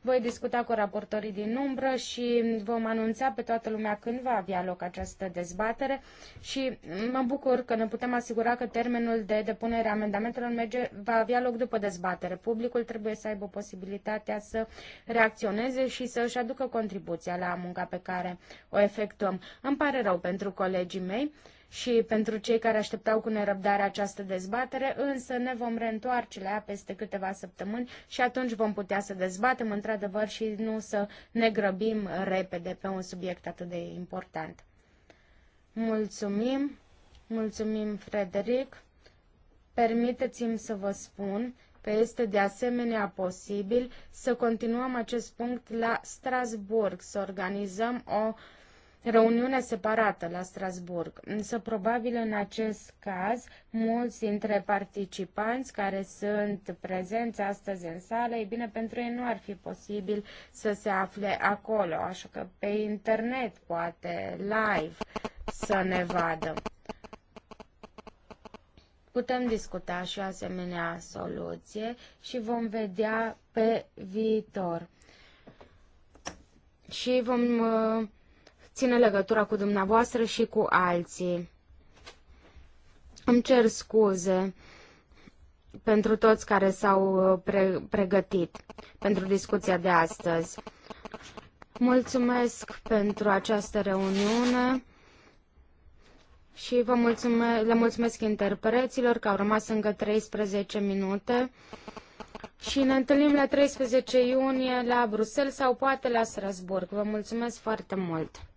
Voi discuta cu raportorii din umbră și vom anunța pe toată lumea când va avea loc această dezbatere și mă bucur că ne putem asigura că termenul de depunere a amendamentelor merge, va avea loc după dezbatere. Publicul trebuie să aibă posibilitatea să reacționeze și să-și aducă contribuția la munca pe care o efectuăm. Îmi pare rău pentru colegii mei și pentru cei care așteptau cu nerăbdare această dezbatere, însă ne vom reîntoarce la ea peste câteva săptămâni și atunci vom putea să dezbatem într-adevăr și nu să ne grăbim repede pe un subiect atât de important. Mulțumim, mulțumim Frederic. Permiteți-mi să vă spun că este de asemenea posibil să continuăm acest punct la Strasburg, să organizăm o reuniune separată la Strasburg. Însă, probabil în acest caz, mulți dintre participanți care sunt prezenți astăzi în sală, e bine, pentru ei nu ar fi posibil să se afle acolo, așa că pe internet, poate, live, să ne vadă. Putem discuta și o asemenea soluție și vom vedea pe viitor. Și vom uh, ține legătura cu dumneavoastră și cu alții. Îmi cer scuze pentru toți care s-au uh, pre- pregătit pentru discuția de astăzi. Mulțumesc pentru această reuniune și vă mulțume- le mulțumesc interpreților că au rămas încă 13 minute și ne întâlnim la 13 iunie la Bruxelles sau poate la Strasburg. Vă mulțumesc foarte mult!